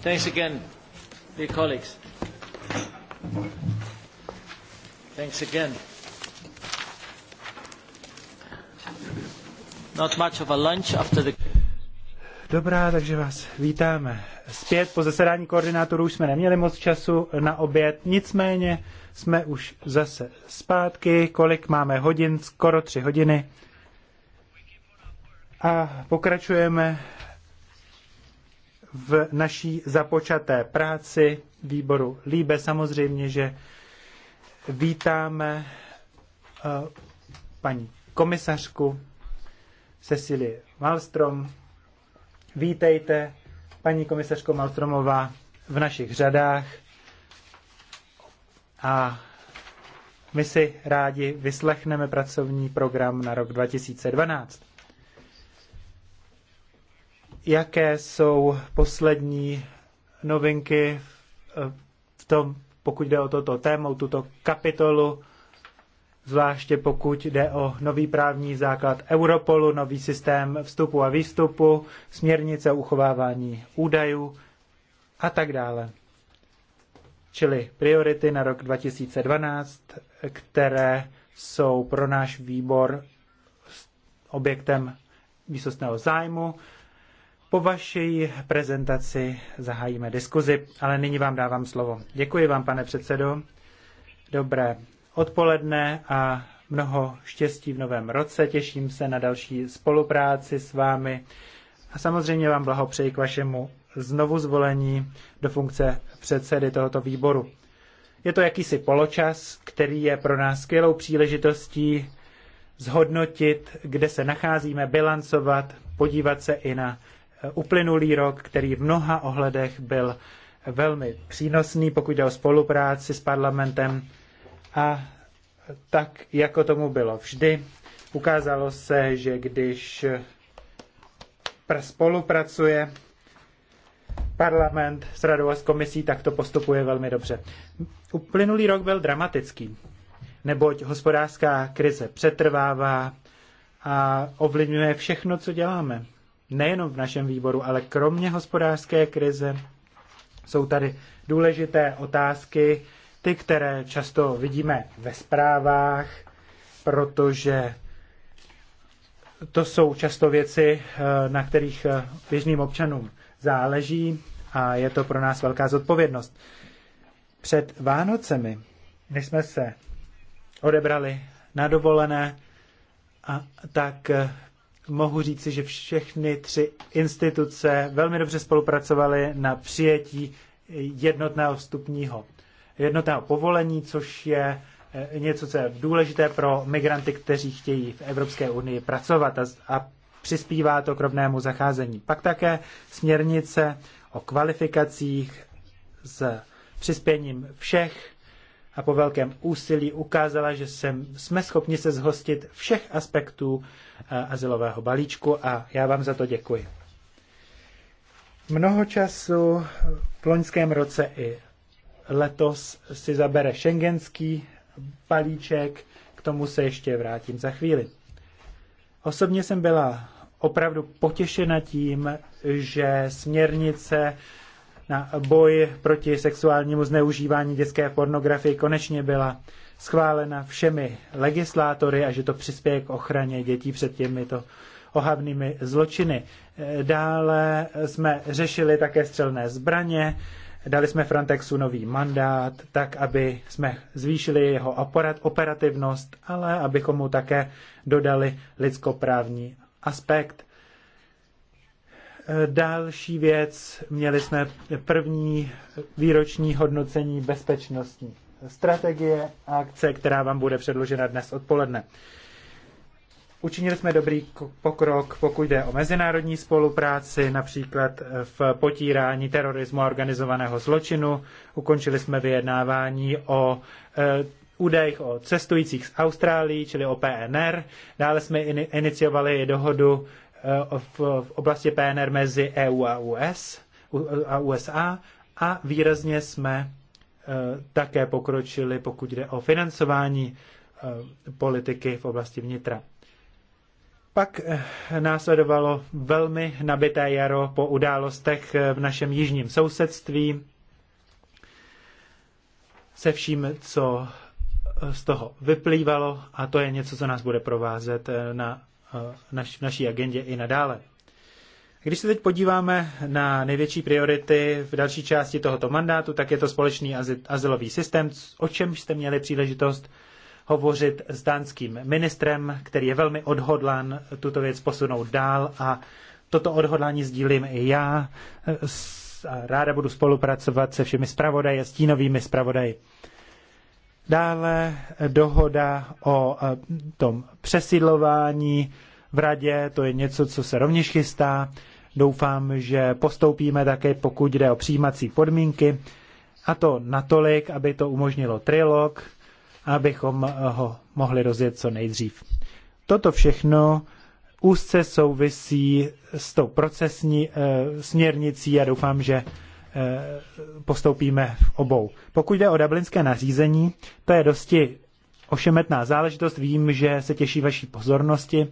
Thanks again, dear colleagues. Thanks again. Not much of a lunch after the... Dobrá, takže vás vítáme zpět. Po zasedání koordinátorů jsme neměli moc času na oběd, nicméně jsme už zase zpátky. Kolik máme hodin? Skoro tři hodiny. A pokračujeme v naší započaté práci výboru Líbe. Samozřejmě, že vítáme eh, paní komisařku Cecilie Malstrom. Vítejte, paní komisařko Malstromová, v našich řadách a my si rádi vyslechneme pracovní program na rok 2012 jaké jsou poslední novinky eh, v tom, pokud jde o toto téma, tuto kapitolu, zvláště pokud jde o nový právní základ Europolu, nový systém vstupu a výstupu, směrnice uchovávání údajů a tak dále. Čili priority na rok 2012, které jsou pro náš výbor objektem výsostného zájmu. Po vaší prezentaci zahájíme diskuzi, ale nyní vám dávám slovo. Děkuji vám, pane předsedo. Dobré odpoledne a mnoho štěstí v novém roce. Těším se na další spolupráci s vámi a samozřejmě vám blahopřeji k vašemu znovu zvolení do funkce předsedy tohoto výboru. Je to jakýsi poločas, který je pro nás skvělou příležitostí zhodnotit, kde se nacházíme, bilancovat, podívat se i na uplynulý rok, který v mnoha ohledech byl velmi přínosný, pokud jde o spolupráci s parlamentem. A tak, jako tomu bylo vždy, ukázalo se, že když spolupracuje parlament s radou a s komisí, tak to postupuje velmi dobře. Uplynulý rok byl dramatický, neboť hospodářská krize přetrvává a ovlivňuje všechno, co děláme nejenom v našem výboru, ale kromě hospodářské krize jsou tady důležité otázky, ty, které často vidíme ve zprávách, protože to jsou často věci, eh, na kterých eh, běžným občanům záleží a je to pro nás velká zodpovědnost. Před Vánocemi, než jsme se odebrali na dovolené, a tak eh, mohu říci, že všechny tři instituce velmi dobře spolupracovaly na přijetí jednotného vstupního, jednotného povolení, což je eh, něco, co je důležité pro migranty, kteří chtějí v Evropské unii pracovat a, a přispívá to k rovnému zacházení. Pak také směrnice o kvalifikacích s přispěním všech a po velkém úsilí ukázala, že jsem, jsme schopni se zhostit všech aspektů eh, azylového balíčku a já vám za to děkuji. Mnoho času v loňském roce i letos si zabere šengenský balíček, k tomu se ještě vrátím za chvíli. Osobně jsem byla opravdu potěšena tím, že směrnice na boj proti sexuálnímu zneužívání dětské pornografie konečně byla schválena všemi legislátory a že to přispěje k ochraně dětí před těmito ohavnými zločiny. Dále jsme řešili také střelné zbraně, dali jsme Frontexu nový mandát, tak aby jsme zvýšili jeho operativnost, ale abychom mu také dodali lidskoprávní aspekt. Další věc, měli jsme první výroční hodnocení bezpečnostní strategie a akce, která vám bude předložena dnes odpoledne. Učinili jsme dobrý pokrok, pokud jde o mezinárodní spolupráci, například v potírání terorismu a organizovaného zločinu. Ukončili jsme vyjednávání o eh, údajích o cestujících z Austrálii, čili o PNR. Dále jsme iniciovali dohodu Eh, v oblasti PNR mezi EU a, US, a USA a výrazně jsme eh, také pokročili, pokud jde o financování eh, politiky v oblasti vnitra. Pak následovalo velmi nabité jaro po událostech v našem jižním sousedství se vším, co z toho vyplývalo a to je něco, co nás bude provázet na Eh, naš, v naší agendě i nadále. Když se teď podíváme na největší priority v další části tohoto mandátu, tak je to společný azylový systém, o čem jste měli příležitost hovořit s dánským ministrem, který je velmi odhodlan tuto věc posunout dál a toto odhodlání sdílím i já. Ráda budu spolupracovat se všemi zpravodaji a stínovými zpravodaji. Dále dohoda o eh, tom přesídlování v radě, to je něco, co se rovněž chystá. Doufám, že postoupíme také, pokud jde o přijímací podmínky, a to natolik, aby to umožnilo trilog, abychom eh, ho mohli rozjet co nejdřív. Toto všechno úzce souvisí s tou procesní e, směrnicí a doufám, že Eh, postoupíme v obou. Pokud jde o dublinské nařízení, to je dosti ošemetná záležitost. Vím, že se těší vaší pozornosti.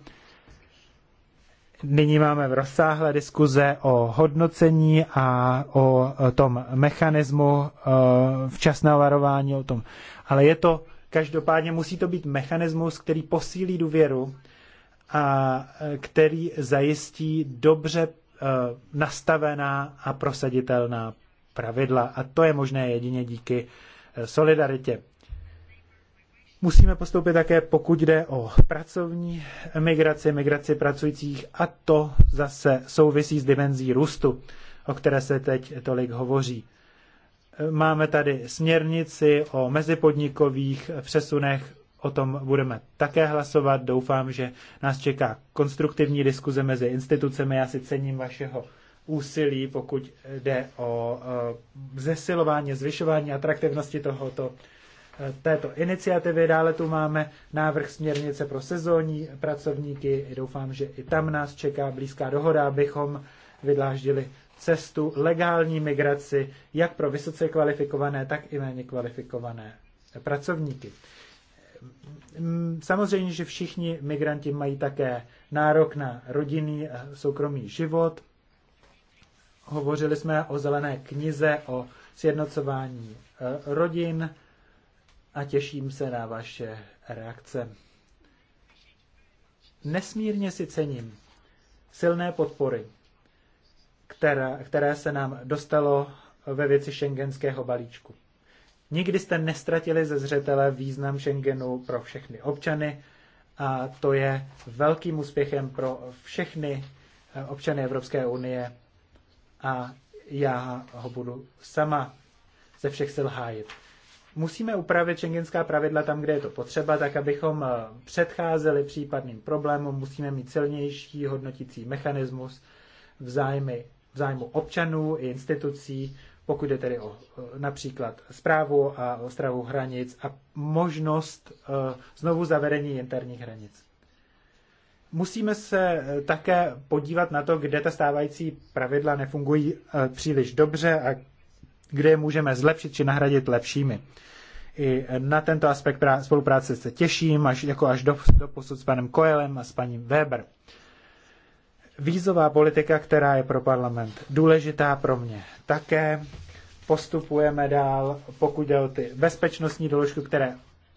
Nyní máme v rozsáhlé diskuze o hodnocení a o tom mechanismu eh, včasného varování, o tom. Ale je to, každopádně musí to být mechanismus, který posílí důvěru a eh, který zajistí dobře Eh, nastavená a prosaditelná pravidla. A to je možné jedině díky eh, solidaritě. Musíme postoupit také, pokud jde o pracovní migraci, migraci pracujících, a to zase souvisí s dimenzí růstu, o které se teď tolik hovoří. Eh, máme tady směrnici o mezipodnikových přesunech o tom budeme také hlasovat. Doufám, že nás čeká konstruktivní diskuze mezi institucemi. Já si cením vašeho úsilí, pokud jde o eh, zesilování, zvyšování atraktivnosti tohoto eh, této iniciativy. Dále tu máme návrh směrnice pro sezónní pracovníky. Doufám, že i tam nás čeká blízká dohoda, abychom vydláždili cestu legální migraci jak pro vysoce kvalifikované, tak i méně kvalifikované pracovníky samozřejmě, že všichni migranti mají také nárok na rodinný a soukromý život. Hovořili jsme o zelené knize, o sjednocování e, rodin a těším se na vaše reakce. Nesmírně si cením silné podpory, která, které se nám dostalo ve věci šengenského balíčku. Nikdy jste nestratili ze zřetele význam Schengenu pro všechny občany a to je velkým úspěchem pro všechny eh, občany Evropské unie a já ho budu sama ze všech sil hájit. Musíme upravit šengenská pravidla tam, kde je to potřeba, tak abychom eh, předcházeli případným problémům. Musíme mít silnější hodnotící mechanismus v, zájmy, v zájmu občanů i institucí pokud jde tedy o například zprávu a o stravu hranic a možnost e, znovu zavedení interních hranic. Musíme se e, také podívat na to, kde ta stávající pravidla nefungují e, příliš dobře a kde je můžeme zlepšit či nahradit lepšími. I na tento aspekt spolupráce se těším, až, jako až do, do posud s panem Koelem a s paním Weber vízová politika, která je pro parlament důležitá pro mě také. Postupujeme dál, pokud jde o ty bezpečnostní doložky, které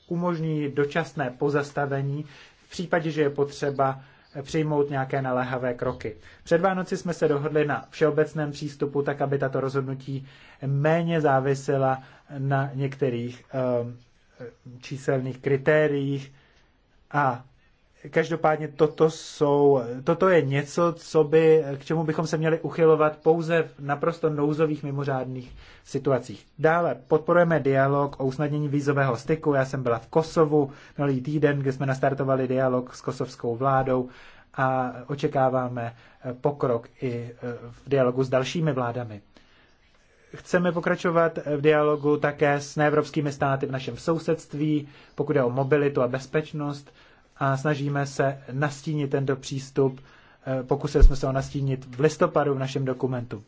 umožní dočasné pozastavení v případě, že je potřeba přijmout nějaké naléhavé kroky. Před Vánoci jsme se dohodli na všeobecném přístupu, tak aby tato rozhodnutí méně závisela na některých um, číselných kritériích a Každopádně toto, jsou, toto je něco, co by, k čemu bychom se měli uchylovat pouze v naprosto nouzových mimořádných situacích. Dále podporujeme dialog o usnadnění vízového styku. Já jsem byla v Kosovu minulý týden, kde jsme nastartovali dialog s kosovskou vládou a očekáváme pokrok i e, v dialogu s dalšími vládami. Chceme pokračovat v dialogu také s neevropskými státy v našem sousedství, pokud je o mobilitu a bezpečnost a snažíme se nastínit tento přístup. Eh, pokusili jsme se ho nastínit v listopadu v našem dokumentu.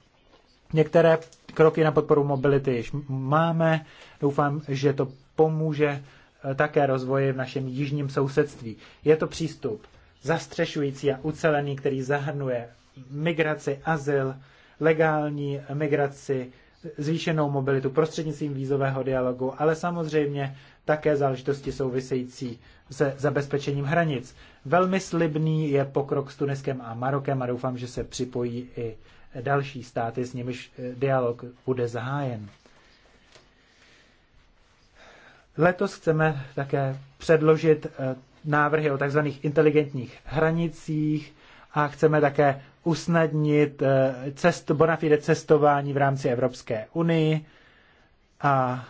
Některé kroky na podporu mobility již máme. Doufám, že to pomůže eh, také rozvoji v našem jižním sousedství. Je to přístup zastřešující a ucelený, který zahrnuje migraci, azyl, legální migraci, zvýšenou mobilitu prostřednictvím vízového dialogu, ale samozřejmě také záležitosti související se zabezpečením hranic. Velmi slibný je pokrok s Tuniskem a Marokem a doufám, že se připojí i další státy, s nimiž eh, dialog bude zahájen. Letos chceme také předložit eh, návrhy o tzv. inteligentních hranicích a chceme také usnadnit eh, cest, bona fide cestování v rámci Evropské unii a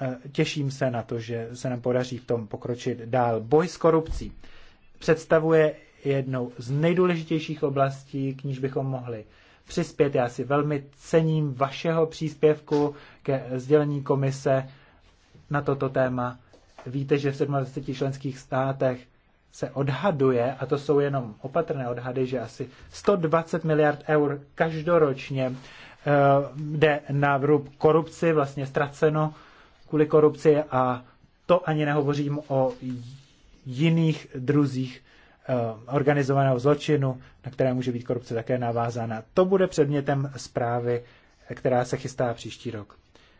eh, těším se na to, že se nám podaří v tom pokročit dál. Boj s korupcí představuje jednou z nejdůležitějších oblastí, k níž bychom mohli přispět. Já si velmi cením vašeho příspěvku ke sdělení komise na toto téma. Víte, že v 27 členských státech se odhaduje, a to jsou jenom opatrné odhady, že asi 120 miliard eur každoročně eh, jde na vrub korupci, vlastně ztraceno kvůli korupci a to ani nehovořím o jiných druzích eh, organizovaného zločinu, na které může být korupce také navázána. To bude předmětem zprávy, která se chystá příští rok.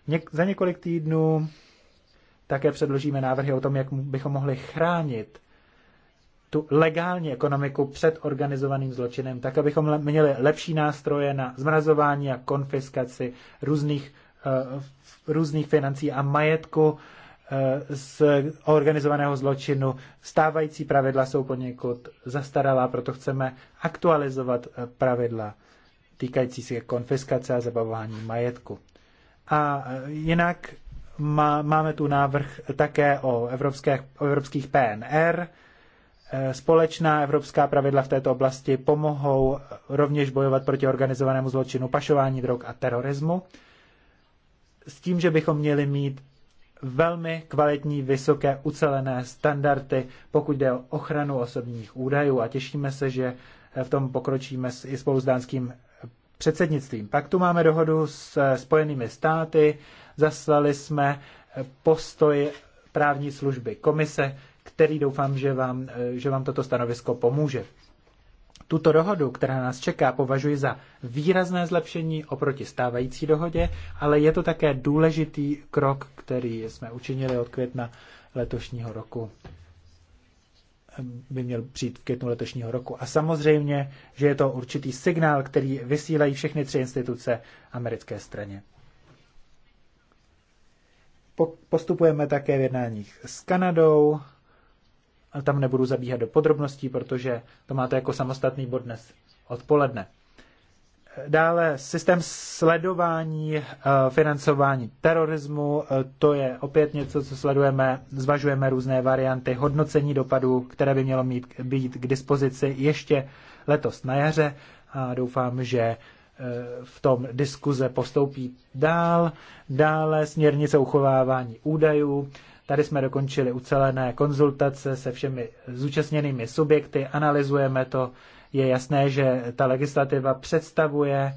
Něk- za několik týdnů také předložíme návrhy o tom, jak bychom mohli chránit tu legální ekonomiku před organizovaným zločinem, tak abychom měli lepší nástroje na zmrazování a konfiskaci různých, eh, různých financí a majetku eh, z organizovaného zločinu. Stávající pravidla jsou poněkud zastaralá, proto chceme aktualizovat eh, pravidla týkající se konfiskace a zabavování majetku. A jinak má, máme tu návrh také o evropských, o evropských PNR, Eh, společná evropská pravidla v této oblasti pomohou rovněž bojovat proti organizovanému zločinu, pašování drog a terorismu, s tím, že bychom měli mít velmi kvalitní, vysoké, ucelené standardy, pokud jde o ochranu osobních údajů a těšíme se, že eh, v tom pokročíme i spolu s dánským eh, předsednictvím. Pak tu máme dohodu s Spojenými státy, zaslali jsme postoj právní služby komise, který doufám, že vám, eh, že vám toto stanovisko pomůže. Tuto dohodu, která nás čeká, považuji za výrazné zlepšení oproti stávající dohodě, ale je to také důležitý krok, který jsme učinili od května letošního roku. By měl přijít v květnu letošního roku. A samozřejmě, že je to určitý signál, který vysílají všechny tři instituce americké straně. Postupujeme také v jednáních s Kanadou, ale tam nebudu zabíhat do podrobností, protože to máte jako samostatný bod dnes odpoledne. Dále systém sledování eh, financování terorismu, eh, to je opět něco, co sledujeme, zvažujeme různé varianty hodnocení dopadů, které by mělo mít, být k dispozici ještě letos na jaře a doufám, že eh, v tom diskuze postoupí dál. Dále směrnice uchovávání údajů, Tady jsme dokončili ucelené konzultace se všemi zúčastněnými subjekty, analyzujeme to. Je jasné, že ta legislativa představuje eh,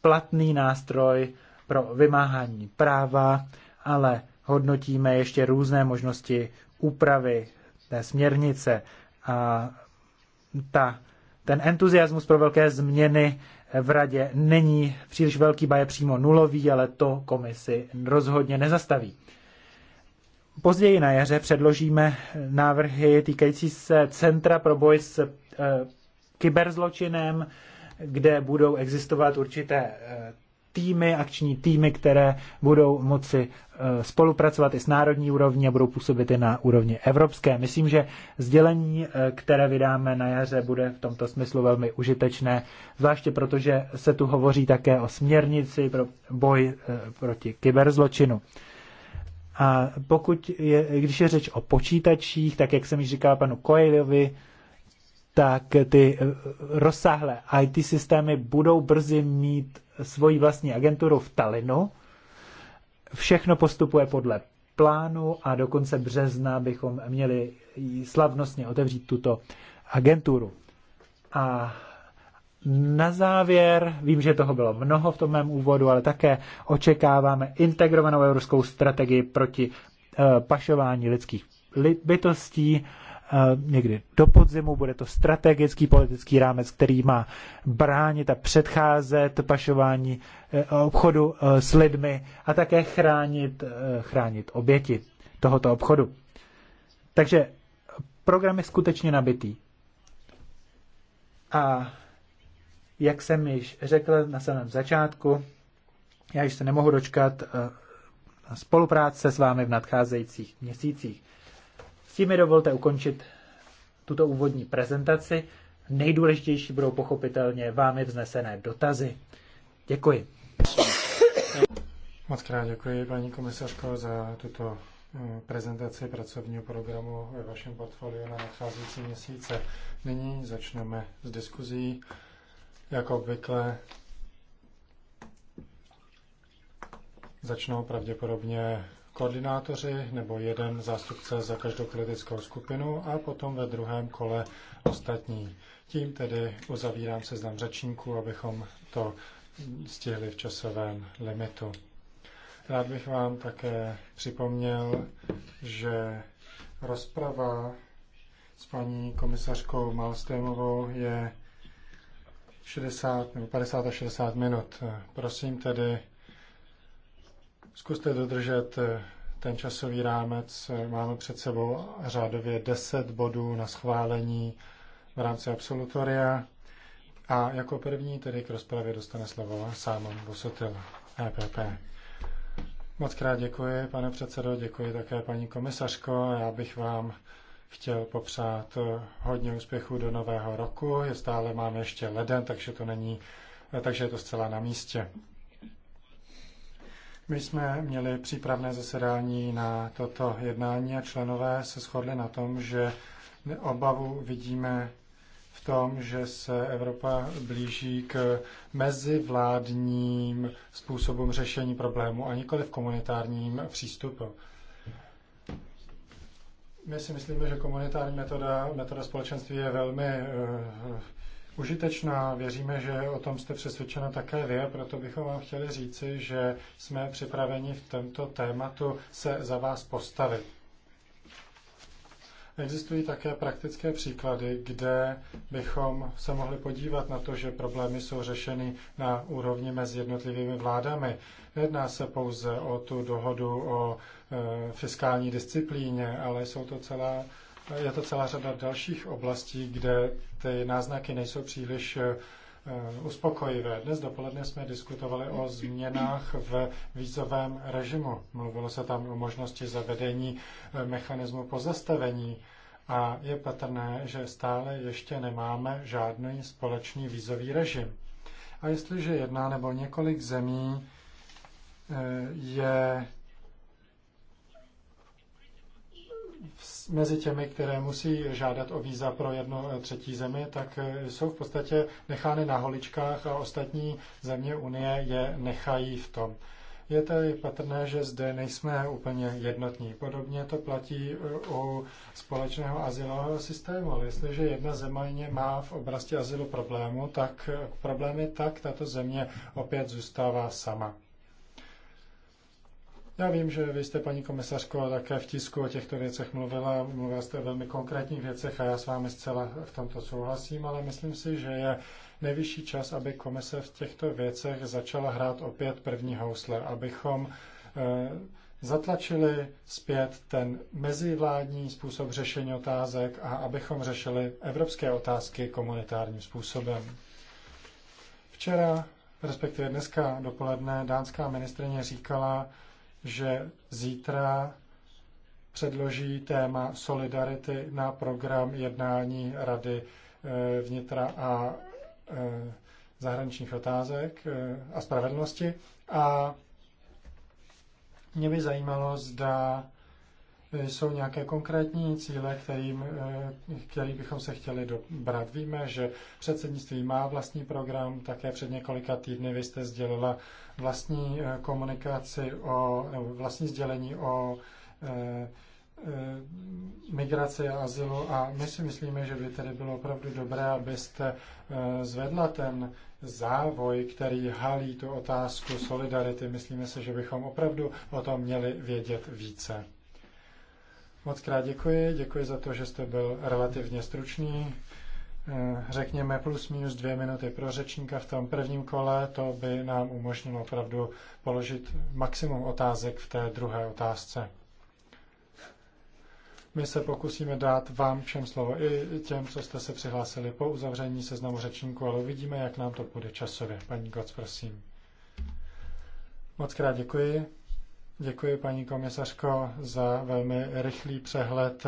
platný nástroj pro vymáhání práva, ale hodnotíme ještě různé možnosti úpravy té směrnice. A ta, ten entuziasmus pro velké změny eh, v radě není příliš velký, ba je přímo nulový, ale to komisi rozhodně nezastaví. Později na jaře předložíme návrhy týkající se Centra pro boj s eh, kyberzločinem, kde budou existovat určité eh, týmy, akční týmy, které budou moci eh, spolupracovat i s národní úrovní a budou působit i na úrovni evropské. Myslím, že sdělení, které vydáme na jaře, bude v tomto smyslu velmi užitečné, zvláště protože se tu hovoří také o směrnici pro boj proti kyberzločinu. A pokud je, když je řeč o počítačích, tak jak jsem již říkal panu Coelhovi, tak ty eh, rozsáhlé IT systémy budou brzy mít svoji vlastní agenturu v Talinu. Všechno postupuje podle plánu a do konce března bychom měli slavnostně otevřít tuto agenturu. A na závěr, vím, že toho bylo mnoho v tom mém úvodu, ale také očekáváme integrovanou evropskou strategii proti eh, pašování lidských bytostí. Eh, někdy do podzimu bude to strategický politický rámec, který má bránit a předcházet pašování eh, obchodu s lidmi a také chránit, chránit oběti tohoto obchodu. Takže program je skutečně nabitý. A jak jsem již řekl na samém začátku, já již se nemohu dočkat eh, spolupráce s vámi v nadcházejících měsících. S tím mi dovolte ukončit tuto úvodní prezentaci. Nejdůležitější budou pochopitelně vámi vznesené dotazy. Děkuji. Moc krát děkuji, paní komisařko, za tuto eh, prezentaci pracovního programu ve vašem portfoliu na nadcházející měsíce. Nyní začneme s diskuzí. Jako obvykle začnou pravděpodobně koordinátoři nebo jeden zástupce za každou politickou skupinu a potom ve druhém kole ostatní. Tím tedy uzavírám seznam řečníků, abychom to stihli v časovém limitu. Rád bych vám také připomněl, že rozprava s paní komisařkou Malstémovou je 60 nebo 50 až 60 minut. Prosím tedy, zkuste dodržet eh, ten časový rámec. Máme před sebou řádově 10 bodů na schválení v rámci absolutoria. A jako první tedy k rozpravě dostane slovo sám Bosotil EPP. Moc krát děkuji, pane předsedo, děkuji také paní komisařko. Já bych vám chtěl popřát eh, hodně úspěchů do nového roku. Je stále máme ještě leden, takže to není, eh, takže je to zcela na místě. My jsme měli přípravné zasedání na toto jednání a členové se shodli na tom, že obavu vidíme v tom, že se Evropa blíží k mezivládním způsobům řešení problému a nikoli v komunitárním přístupu. My si myslíme, že komunitární metoda, metoda společenství je velmi uh, užitečná. Věříme, že o tom jste přesvědčena také vy a proto bychom vám chtěli říci, že jsme připraveni v tomto tématu se za vás postavit. Existují také praktické příklady, kde bychom se mohli podívat na to, že problémy jsou řešeny na úrovni mezi jednotlivými vládami. Nejedná se pouze o tu dohodu o e, fiskální disciplíně, ale jsou to celá, je to celá řada dalších oblastí, kde ty náznaky nejsou příliš e, Eh, uspokojivé. Dnes dopoledne jsme diskutovali o změnách v vízovém režimu. Mluvilo se tam o možnosti zavedení eh, mechanismu pozastavení a je patrné, že stále ještě nemáme žádný společný vízový režim. A jestliže jedna nebo několik zemí eh, je mezi těmi, které musí žádat o víza pro jednu eh, třetí zemi, tak eh, jsou v podstatě nechány na holičkách a ostatní země Unie je nechají v tom. Je tedy patrné, že zde nejsme úplně jednotní. Podobně to platí eh, u společného asilového systému, ale jestliže jedna země má v oblasti azylu problému, tak problémy, tak tato země opět zůstává sama. Já vím, že vy jste, paní komisařko, také v tisku o těchto věcech mluvila, mluvila jste o velmi konkrétních věcech a já s vámi zcela v tomto souhlasím, ale myslím si, že je nejvyšší čas, aby komise v těchto věcech začala hrát opět první housle, abychom eh, zatlačili zpět ten mezivládní způsob řešení otázek a abychom řešili evropské otázky komunitárním způsobem. Včera, respektive dneska dopoledne, dánská ministrině říkala, že zítra předloží téma solidarity na program jednání Rady eh, vnitra a eh, zahraničních otázek eh, a spravedlnosti. A mě by zajímalo, zda jsou nějaké konkrétní cíle, kterým, eh, který bychom se chtěli dobrat. Víme, že předsednictví má vlastní program, také před několika týdny vy jste sdělila vlastní eh, komunikaci o, nebo vlastní sdělení o e, e, migraci a azylu a my si myslíme, že by tedy bylo opravdu dobré, abyste zvedla ten závoj, který halí tu otázku solidarity. Myslíme se, že bychom opravdu o tom měli vědět více. Moc krát děkuji, děkuji za to, že jste byl relativně stručný. Eh, řekněme plus minus dvě minuty pro řečníka v tom prvním kole, to by nám umožnilo opravdu položit maximum otázek v té druhé otázce. My se pokusíme dát vám všem slovo, i těm, co jste se přihlásili po uzavření seznamu řečníků, ale uvidíme, jak nám to půjde časově. Paní Goc, prosím. Moc krát děkuji. Děkuji, paní komisařko, za velmi rychlý přehled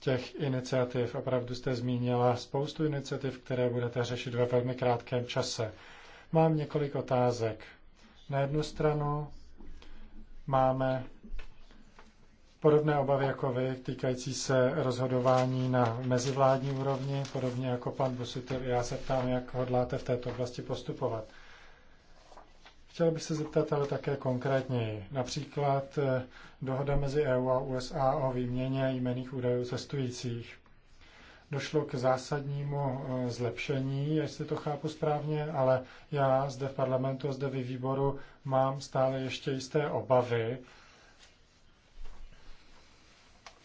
těch iniciativ. Opravdu jste zmínila spoustu iniciativ, které budete řešit ve velmi krátkém čase. Mám několik otázek. Na jednu stranu máme podobné obavy jako vy, týkající se rozhodování na mezivládní úrovni, podobně jako pan Busutil. Já se ptám, jak hodláte v této oblasti postupovat. Chtěl bych se zeptat ale také konkrétněji. Například eh, dohoda mezi EU a USA o výměně jmených údajů cestujících. Došlo k zásadnímu eh, zlepšení, jestli to chápu správně, ale já zde v parlamentu, zde ve výboru mám stále ještě jisté obavy,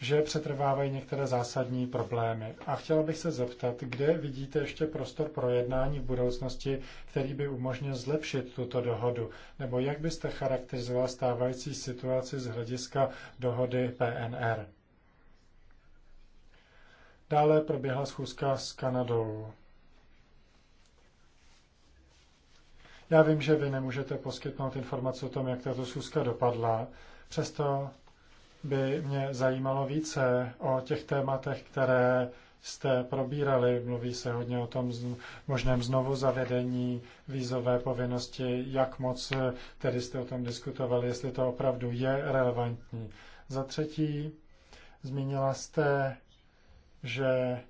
že přetrvávají některé zásadní problémy. A chtěla bych se zeptat, kde vidíte ještě prostor pro jednání v budoucnosti, který by umožnil zlepšit tuto dohodu? Nebo jak byste charakterizoval stávající situaci z hlediska dohody PNR? Dále proběhla schůzka s Kanadou. Já vím, že vy nemůžete poskytnout informace o tom, jak tato schůzka dopadla, přesto by mě zajímalo více o těch tématech, které jste probírali. Mluví se hodně o tom možném znovu zavedení vízové povinnosti, jak moc eh, tedy jste o tom diskutovali, jestli to opravdu je relevantní. Za třetí, zmínila jste, že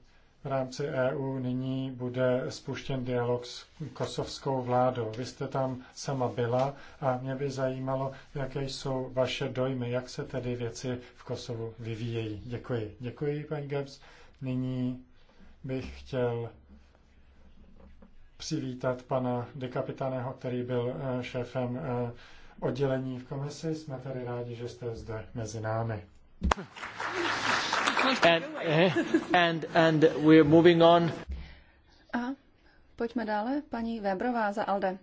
v rámci EU nyní bude spuštěn dialog s kosovskou vládou. Vy jste tam sama byla a mě by zajímalo, jaké jsou vaše dojmy, jak se tedy věci v Kosovu vyvíjejí. Děkuji. Děkuji, paní Gebs. Nyní bych chtěl přivítat pana dekapitaného, který byl eh, šéfem eh, oddělení v komisi. Jsme tady rádi, že jste zde mezi námi and, eh, and, and we're moving on. A pojďme dále, paní Webrová za ALDE.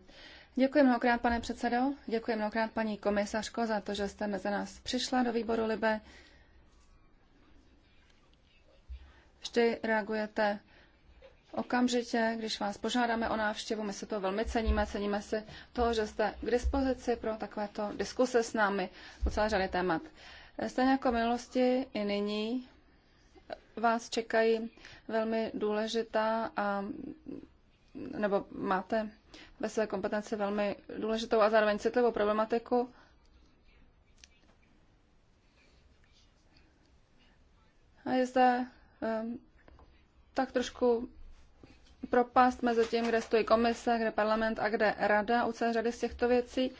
Děkuji mnohokrát, pane předsedo, děkuji mnohokrát, paní komisařko, za to, že jste mezi nás přišla do výboru Libe. Vždy reagujete okamžitě, když vás požádáme o návštěvu, my si to velmi ceníme, ceníme si to, že jste k dispozici pro takovéto diskuse s námi po celé řady témat. Stejně jako v minulosti i nyní vás čekají velmi důležitá a nebo máte ve své kompetenci velmi důležitou a zároveň citlivou problematiku. A je zde tak trošku propast mezi tím, kde stojí komise, kde parlament a kde rada u celé řady z těchto věcí.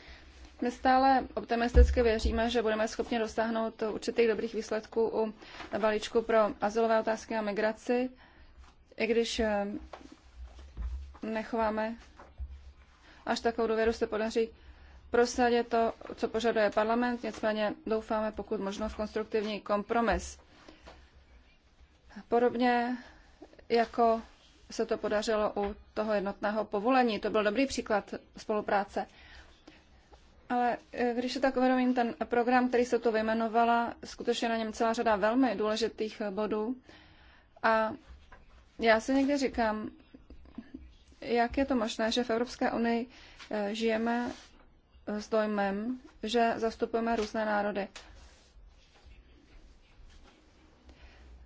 My stále optimisticky věříme, že budeme schopni dosáhnout určitých dobrých výsledků u balíčku pro azylové otázky a migraci, i když eh, nechováme až takovou důvěru se podaří prosadit to, co požaduje parlament, nicméně doufáme pokud možno v konstruktivní kompromis. Podobně jako se to podařilo u toho jednotného povolení. To byl dobrý příklad spolupráce. Ale e, když se tak uvědomím, ten program, který se to vyjmenovala, skutečně na něm celá řada velmi důležitých e, bodů. A já si někdy říkám, jak je to možné, že v Evropské unii e, žijeme s dojmem, že zastupujeme různé národy.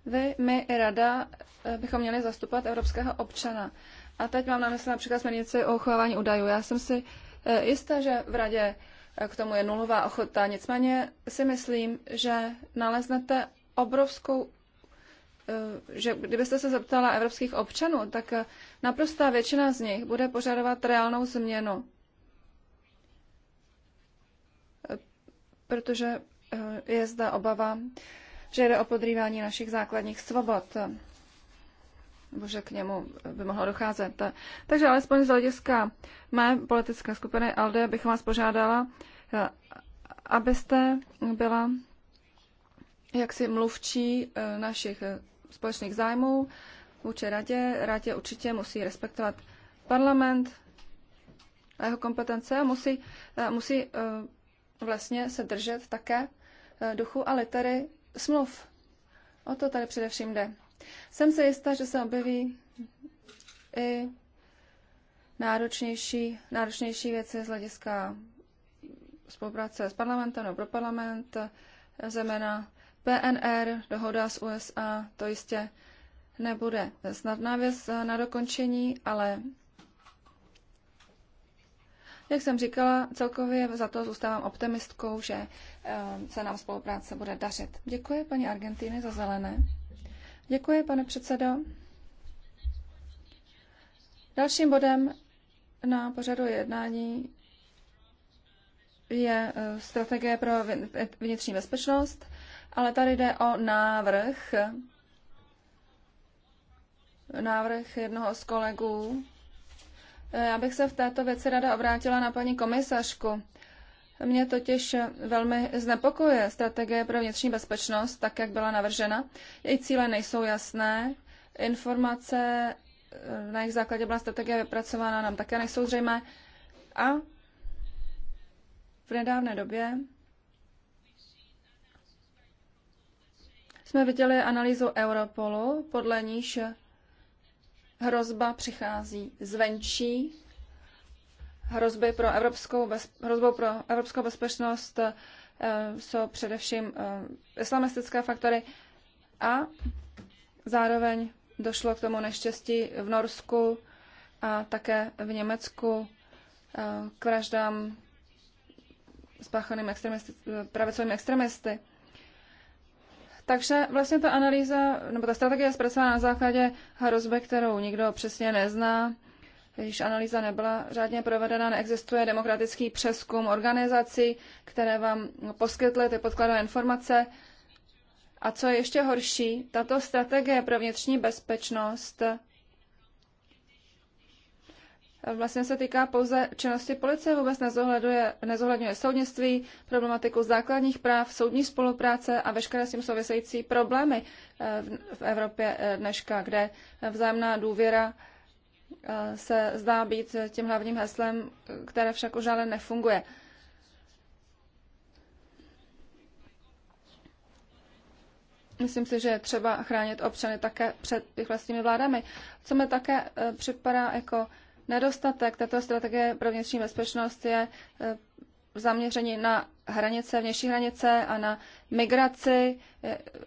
Vy, my i Rada bychom měli zastupovat evropského občana. A teď mám na mysli například směrnici o uchovávání údajů. Já jsem si jistá, že v Radě k tomu je nulová ochota. Nicméně si myslím, že naleznete obrovskou eh, že kdybyste se zeptala evropských občanů, tak eh, naprostá většina z nich bude požadovat reálnou změnu. Eh, protože je zde obava, že jde o podrývání našich základních svobod nebo že k němu by mohlo docházet. Takže alespoň z hlediska mé politické skupiny ALDE bych vás požádala, abyste byla jaksi mluvčí eh, našich eh, společných zájmů vůči radě. Radě určitě musí respektovat parlament a jeho kompetence a musí, eh, musí vlastně se držet také duchu a litery smluv. O to tady především jde. Jsem se jistá, že se objeví i náročnější, náročnější věci z hlediska spolupráce s parlamentem nebo pro parlament, zejména PNR, dohoda s USA, to jistě nebude snadná věc na dokončení, ale jak jsem říkala, celkově za to zůstávám optimistkou, že eh, se nám spolupráce bude dařit. Děkuji paní Argentiny za zelené. Děkuji, pane předsedo. Dalším bodem na pořadu jednání je eh, strategie pro vnitřní bezpečnost, ale tady jde o návrh, návrh jednoho z kolegů. Já eh, bych se v této věci rada obrátila na paní komisařku. Mě totiž velmi znepokojuje strategie pro vnitřní bezpečnost, tak jak byla navržena. Její cíle nejsou jasné, informace, eh, na jejich základě byla strategie vypracována, nám také nejsou zřejmé. A v nedávné době jsme viděli analýzu Europolu, podle níž hrozba přichází zvenčí hrozby pro evropskou, hrozbou pro evropskou bezpečnost eh, jsou především eh, islamistické faktory a zároveň došlo k tomu neštěstí v Norsku a také v Německu eh, k vraždám spáchaným pravicovými extremisty. Takže vlastně ta analýza, nebo ta strategie je zpracována na základě hrozby, kterou nikdo přesně nezná, když analýza nebyla řádně provedena, neexistuje demokratický přeskum organizací, které vám poskytly ty podkladové informace. A co je ještě horší, tato strategie pro vnitřní bezpečnost vlastně se týká pouze činnosti policie, vůbec nezohledňuje soudnictví, problematiku základních práv, soudní spolupráce a veškeré s tím související problémy eh, v Evropě eh, dneška, kde vzájemná důvěra Eh, se zdá být tím hlavním heslem, které však už ale nefunguje. Myslím si, že je třeba chránit občany také před jejich vlastními vládami. Co mi také eh, připadá jako nedostatek této strategie pro vnitřní bezpečnost je eh, zaměření na hranice, vnější hranice a na migraci,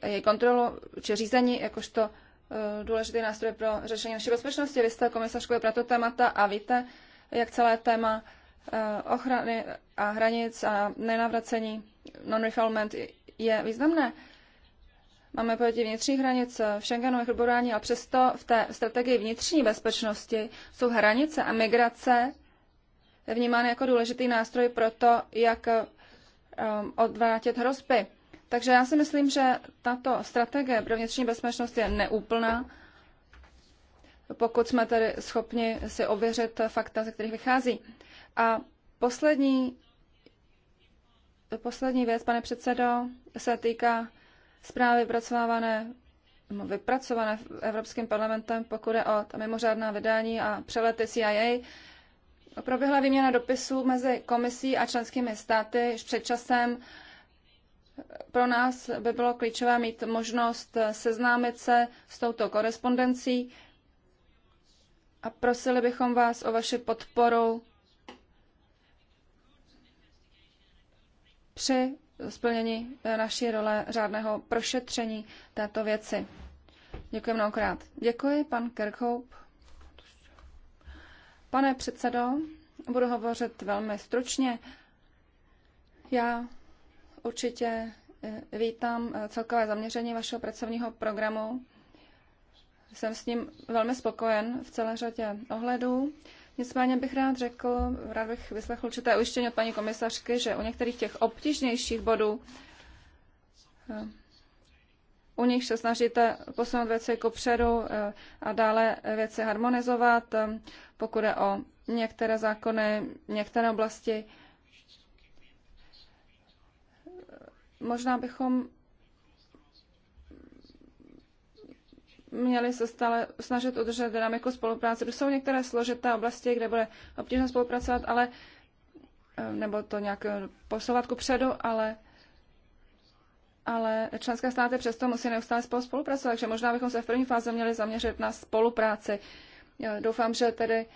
její kontrolu či řízení jakožto Eh, důležitý nástroj pro řešení naší bezpečnosti. Vy jste komisařkou pro to témata a víte, jak celé téma eh, ochrany a hranic a nenavracení non-refoulement je významné. Máme pojetí vnitřních hranic v Schengenu a a přesto v té strategii vnitřní bezpečnosti jsou hranice a migrace vnímány jako důležitý nástroj pro to, jak eh, odvrátit hrozby. Takže já si myslím, že tato strategie pro vnitřní bezpečnost je neúplná, pokud jsme tedy schopni si ověřit fakta, ze kterých vychází. A poslední, poslední věc, pane předsedo, se týká zprávy vypracovávané, vypracované Evropským parlamentem, pokud je o ta mimořádná vydání a přelety CIA. Proběhla výměna dopisů mezi komisí a členskými státy již před časem pro nás by bylo klíčové mít možnost seznámit se s touto korespondencí a prosili bychom vás o vaši podporu při splnění naší role řádného prošetření této věci. Děkuji mnohokrát. Děkuji, pan Kirkhope. Pane předsedo, budu hovořit velmi stručně. Já Určitě eh, vítám eh, celkové zaměření vašeho pracovního programu. Jsem s ním velmi spokojen v celé řadě ohledů. Nicméně bych rád řekl, rád bych vyslechl určité ujištění od paní komisařky, že u některých těch obtížnějších bodů, eh, u nich se snažíte posunout věci kupředu a dále věci harmonizovat, pokud je o některé zákony, některé oblasti, Možná bychom měli se stále snažit udržet dynamiku spolupráce. To jsou některé složité oblasti, kde bude obtížné spolupracovat, ale eh, nebo to nějak posouvat ku předu, ale ale členské státy přesto musí neustále spolu spolupracovat, takže možná bychom se v první fázi měli zaměřit na spolupráci. Já doufám, že tedy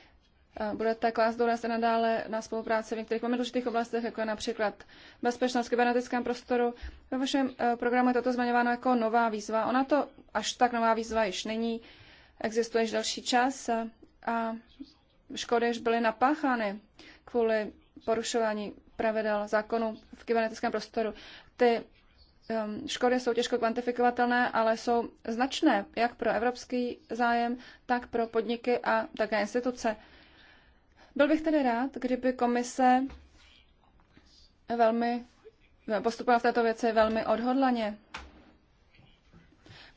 budete klást důraz i nadále na spolupráci v některých velmi důležitých oblastech, jako je například bezpečnost v kybernetickém prostoru. Ve vašem eh, programu je toto zmiňováno jako nová výzva. Ona to až tak nová výzva již není, existuje již další čas a škody již byly napáchány kvůli porušování pravidel zákonu v kybernetickém prostoru. Ty ehm, škody jsou těžko kvantifikovatelné, ale jsou značné jak pro evropský zájem, tak pro podniky a také instituce. Byl bych tedy rád, kdyby komise velmi no, postupovala v této věci velmi odhodlaně.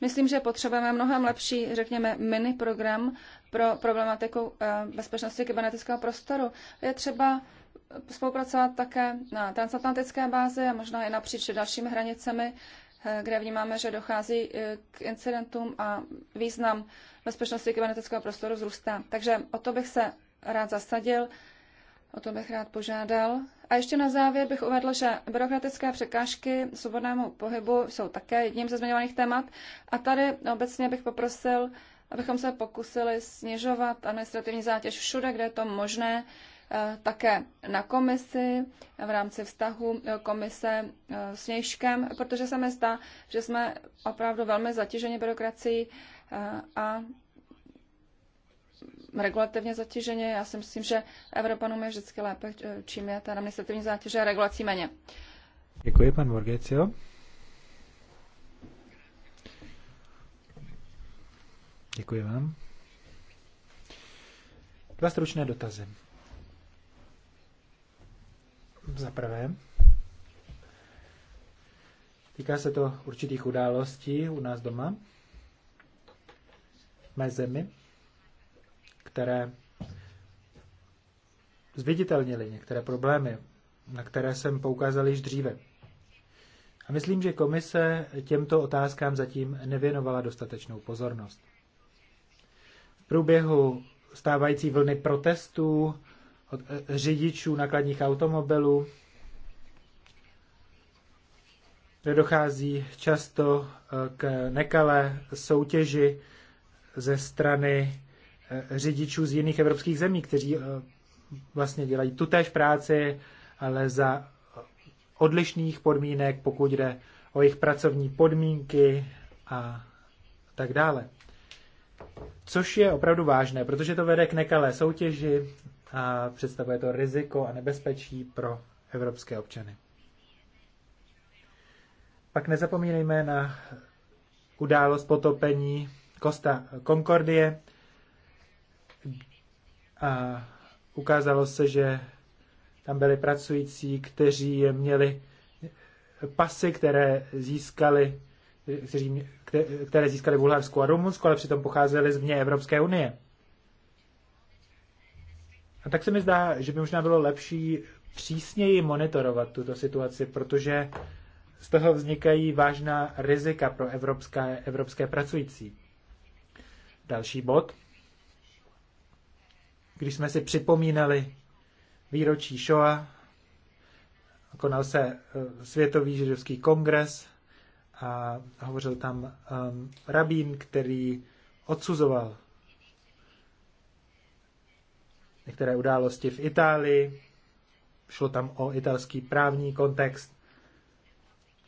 Myslím, že potřebujeme mnohem lepší, řekněme, mini program pro problematiku eh, bezpečnosti kybernetického prostoru. Je třeba spolupracovat také na transatlantické bázi a možná i napříč dalšími hranicemi, eh, kde vnímáme, že dochází eh, k incidentům a význam bezpečnosti kybernetického prostoru vzrůstá. Takže o to bych se rád zasadil, o to bych rád požádal. A ještě na závěr bych uvedl, že byrokratické překážky svobodnému pohybu jsou také jedním ze zmiňovaných témat. A tady obecně bych poprosil, abychom se pokusili snižovat administrativní zátěž všude, kde je to možné, eh, také na komisi v rámci vztahu eh, komise eh, s Nějškem, protože se mi zdá, že jsme opravdu velmi zatíženi byrokracií a regulativně zatíženě. Já si myslím, že Evropanům je vždycky lépe, eh, čím je ta administrativní zátěže a regulací méně. Děkuji, pan Morgecio. Děkuji vám. Dva stručné dotazy. Za prvé, týká se to určitých událostí u nás doma, mé zemi, které zviditelnily některé problémy, na které jsem poukázal již dříve. A myslím, že komise těmto otázkám zatím nevěnovala dostatečnou pozornost. V průběhu stávající vlny protestů od eh, řidičů nakladních automobilů dochází často eh, k nekalé soutěži ze strany Eh, řidičů z jiných evropských zemí, kteří eh, vlastně dělají tutéž práci, ale za eh, odlišných podmínek, pokud jde o jejich pracovní podmínky a tak dále. Což je opravdu vážné, protože to vede k nekalé soutěži a představuje to riziko a nebezpečí pro evropské občany. Pak nezapomínejme na událost potopení Costa Concordie, a ukázalo se, že tam byli pracující, kteří měli pasy, které získali, kteří, které získali Bulharsku a Rumunsku, ale přitom pocházeli z vně Evropské unie. A tak se mi zdá, že by možná bylo lepší přísněji monitorovat tuto situaci, protože z toho vznikají vážná rizika pro evropské, evropské pracující. Další bod když jsme si připomínali výročí Shoa, konal se eh, Světový židovský kongres a hovořil tam um, rabín, který odsuzoval některé události v Itálii. Šlo tam o italský právní kontext,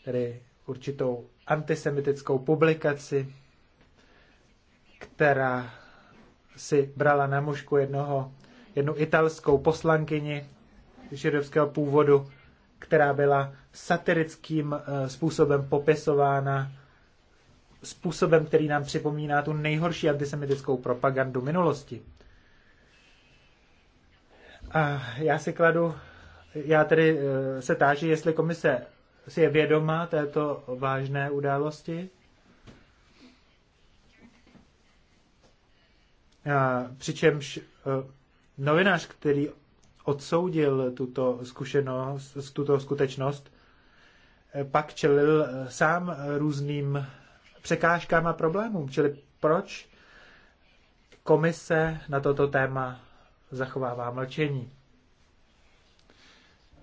tedy určitou antisemitickou publikaci, která si brala na mužku jednoho, jednu italskou poslankyni židovského původu, která byla satirickým eh, způsobem popisována, způsobem, který nám připomíná tu nejhorší antisemitickou propagandu minulosti. A já si kladu, já tedy eh, se táži, jestli komise si je vědomá této vážné události Přičemž e, novinář, který odsoudil tuto zkušenost, tuto skutečnost, e, pak čelil e, sám různým překážkám a problémům. Čili proč komise na toto téma zachovává mlčení?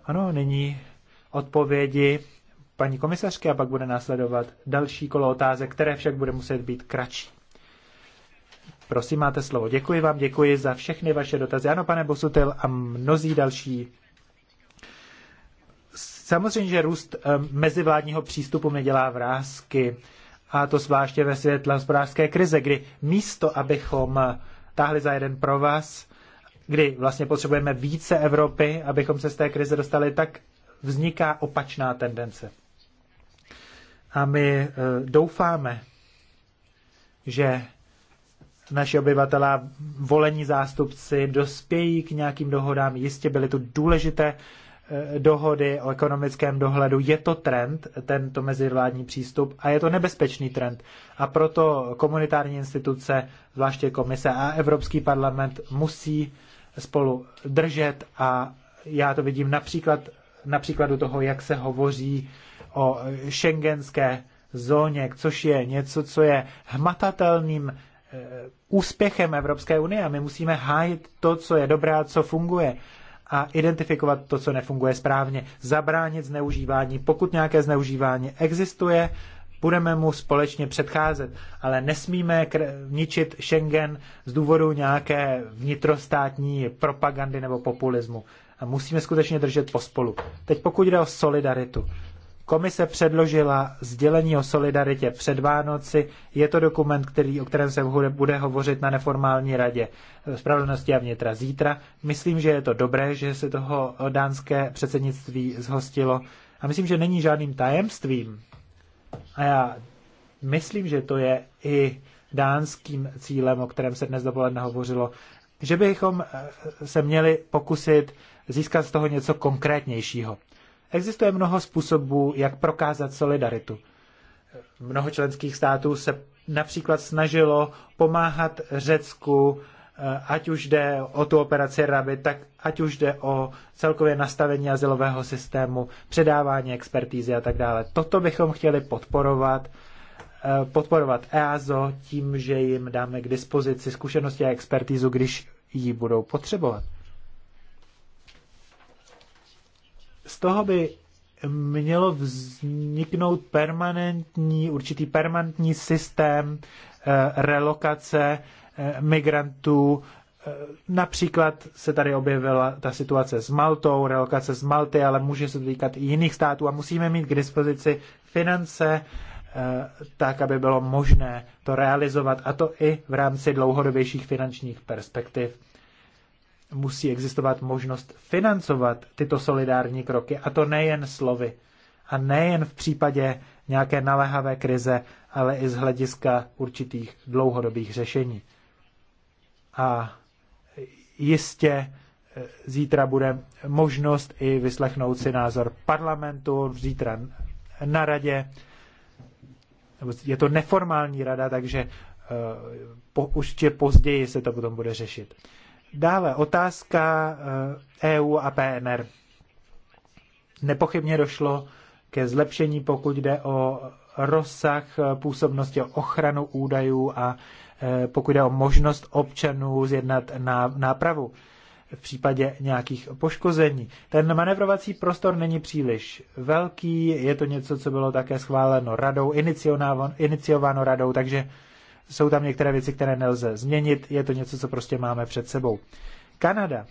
Ano, nyní odpovědi paní komisařky a pak bude následovat další kolo otázek, které však bude muset být kratší. Prosím, máte slovo. Děkuji vám, děkuji za všechny vaše dotazy. Ano, pane Bosutel, a mnozí další. Samozřejmě, že růst eh, mezivládního přístupu nedělá vrázky, a to zvláště ve světle hospodářské krize, kdy místo, abychom eh, táhli za jeden pro vás, kdy vlastně potřebujeme více Evropy, abychom se z té krize dostali, tak vzniká opačná tendence. A my eh, doufáme, že naši obyvatelé, volení zástupci dospějí k nějakým dohodám. Jistě byly tu důležité eh, dohody o ekonomickém dohledu. Je to trend, tento mezivládní přístup, a je to nebezpečný trend. A proto komunitární instituce, zvláště komise a Evropský parlament musí spolu držet a já to vidím například na příkladu toho, jak se hovoří o šengenské zóně, což je něco, co je hmatatelným Eh, úspěchem Evropské unie a my musíme hájit to, co je dobré a co funguje a identifikovat to, co nefunguje správně, zabránit zneužívání. Pokud nějaké zneužívání existuje, budeme mu společně předcházet, ale nesmíme ničit Schengen z důvodu nějaké vnitrostátní propagandy nebo populismu. A musíme skutečně držet pospolu. Teď pokud jde o solidaritu, Komise předložila sdělení o solidaritě před Vánoci. Je to dokument, který, o kterém se bude hovořit na neformální radě spravedlnosti a vnitra zítra. Myslím, že je to dobré, že se toho dánské předsednictví zhostilo. A myslím, že není žádným tajemstvím. A já myslím, že to je i dánským cílem, o kterém se dnes dopoledne hovořilo, že bychom se měli pokusit získat z toho něco konkrétnějšího. Existuje mnoho způsobů, jak prokázat solidaritu. Mnoho členských států se například snažilo pomáhat Řecku, eh, ať už jde o tu operaci Raby, tak ať už jde o celkově nastavení asilového systému, předávání expertízy a tak dále. Toto bychom chtěli podporovat, eh, podporovat EASO tím, že jim dáme k dispozici zkušenosti a expertízu, když ji budou potřebovat. z toho by mělo vzniknout permanentní, určitý permanentní systém eh, relokace eh, migrantů. Eh, například se tady objevila ta situace s Maltou, relokace z Malty, ale může se týkat i jiných států a musíme mít k dispozici finance, tak, aby bylo možné to realizovat, a to i v rámci dlouhodobějších finančních perspektiv musí existovat možnost financovat tyto solidární kroky, a to nejen slovy. A nejen v případě nějaké naléhavé krize, ale i z hlediska určitých dlouhodobých řešení. A jistě eh, zítra bude možnost i vyslechnout si názor parlamentu, zítra na radě. Je to neformální rada, takže eh, po, už tě později se to potom bude řešit. Dále otázka EU eh, e a PNR. Nepochybně došlo ke zlepšení, pokud jde o rozsah eh, působnosti, o ochranu údajů a eh, pokud jde o možnost občanů zjednat nápravu v případě nějakých poškození. Ten manevrovací prostor není příliš velký, je to něco, co bylo také schváleno radou, iniciováno radou, takže jsou tam některé věci, které nelze změnit, je to něco, co prostě máme před sebou. Kanada.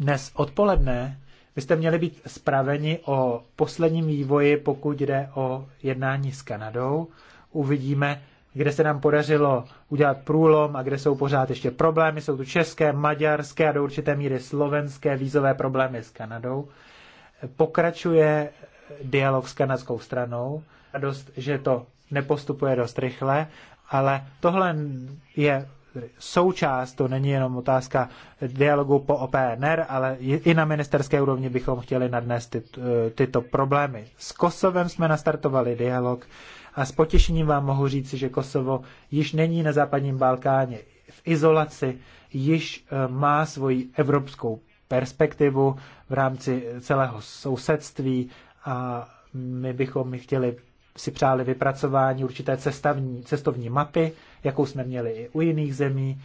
Dnes odpoledne byste měli být zpraveni o posledním vývoji, pokud jde o jednání s Kanadou. Uvidíme, kde se nám podařilo udělat průlom a kde jsou pořád ještě problémy. Jsou tu české, maďarské a do určité míry slovenské vízové problémy s Kanadou. Pokračuje dialog s kanadskou stranou. Radost, že to nepostupuje dost rychle, ale tohle je součást, to není jenom otázka dialogu po OPNR, ale i na ministerské úrovni bychom chtěli nadnést ty, tyto problémy. S Kosovem jsme nastartovali dialog a s potěšením vám mohu říci, že Kosovo již není na západním Balkáně v izolaci, již eh, má svoji evropskou perspektivu v rámci celého sousedství a my bychom chtěli si přáli vypracování určité cestavní, cestovní mapy, jakou jsme měli i u jiných zemí.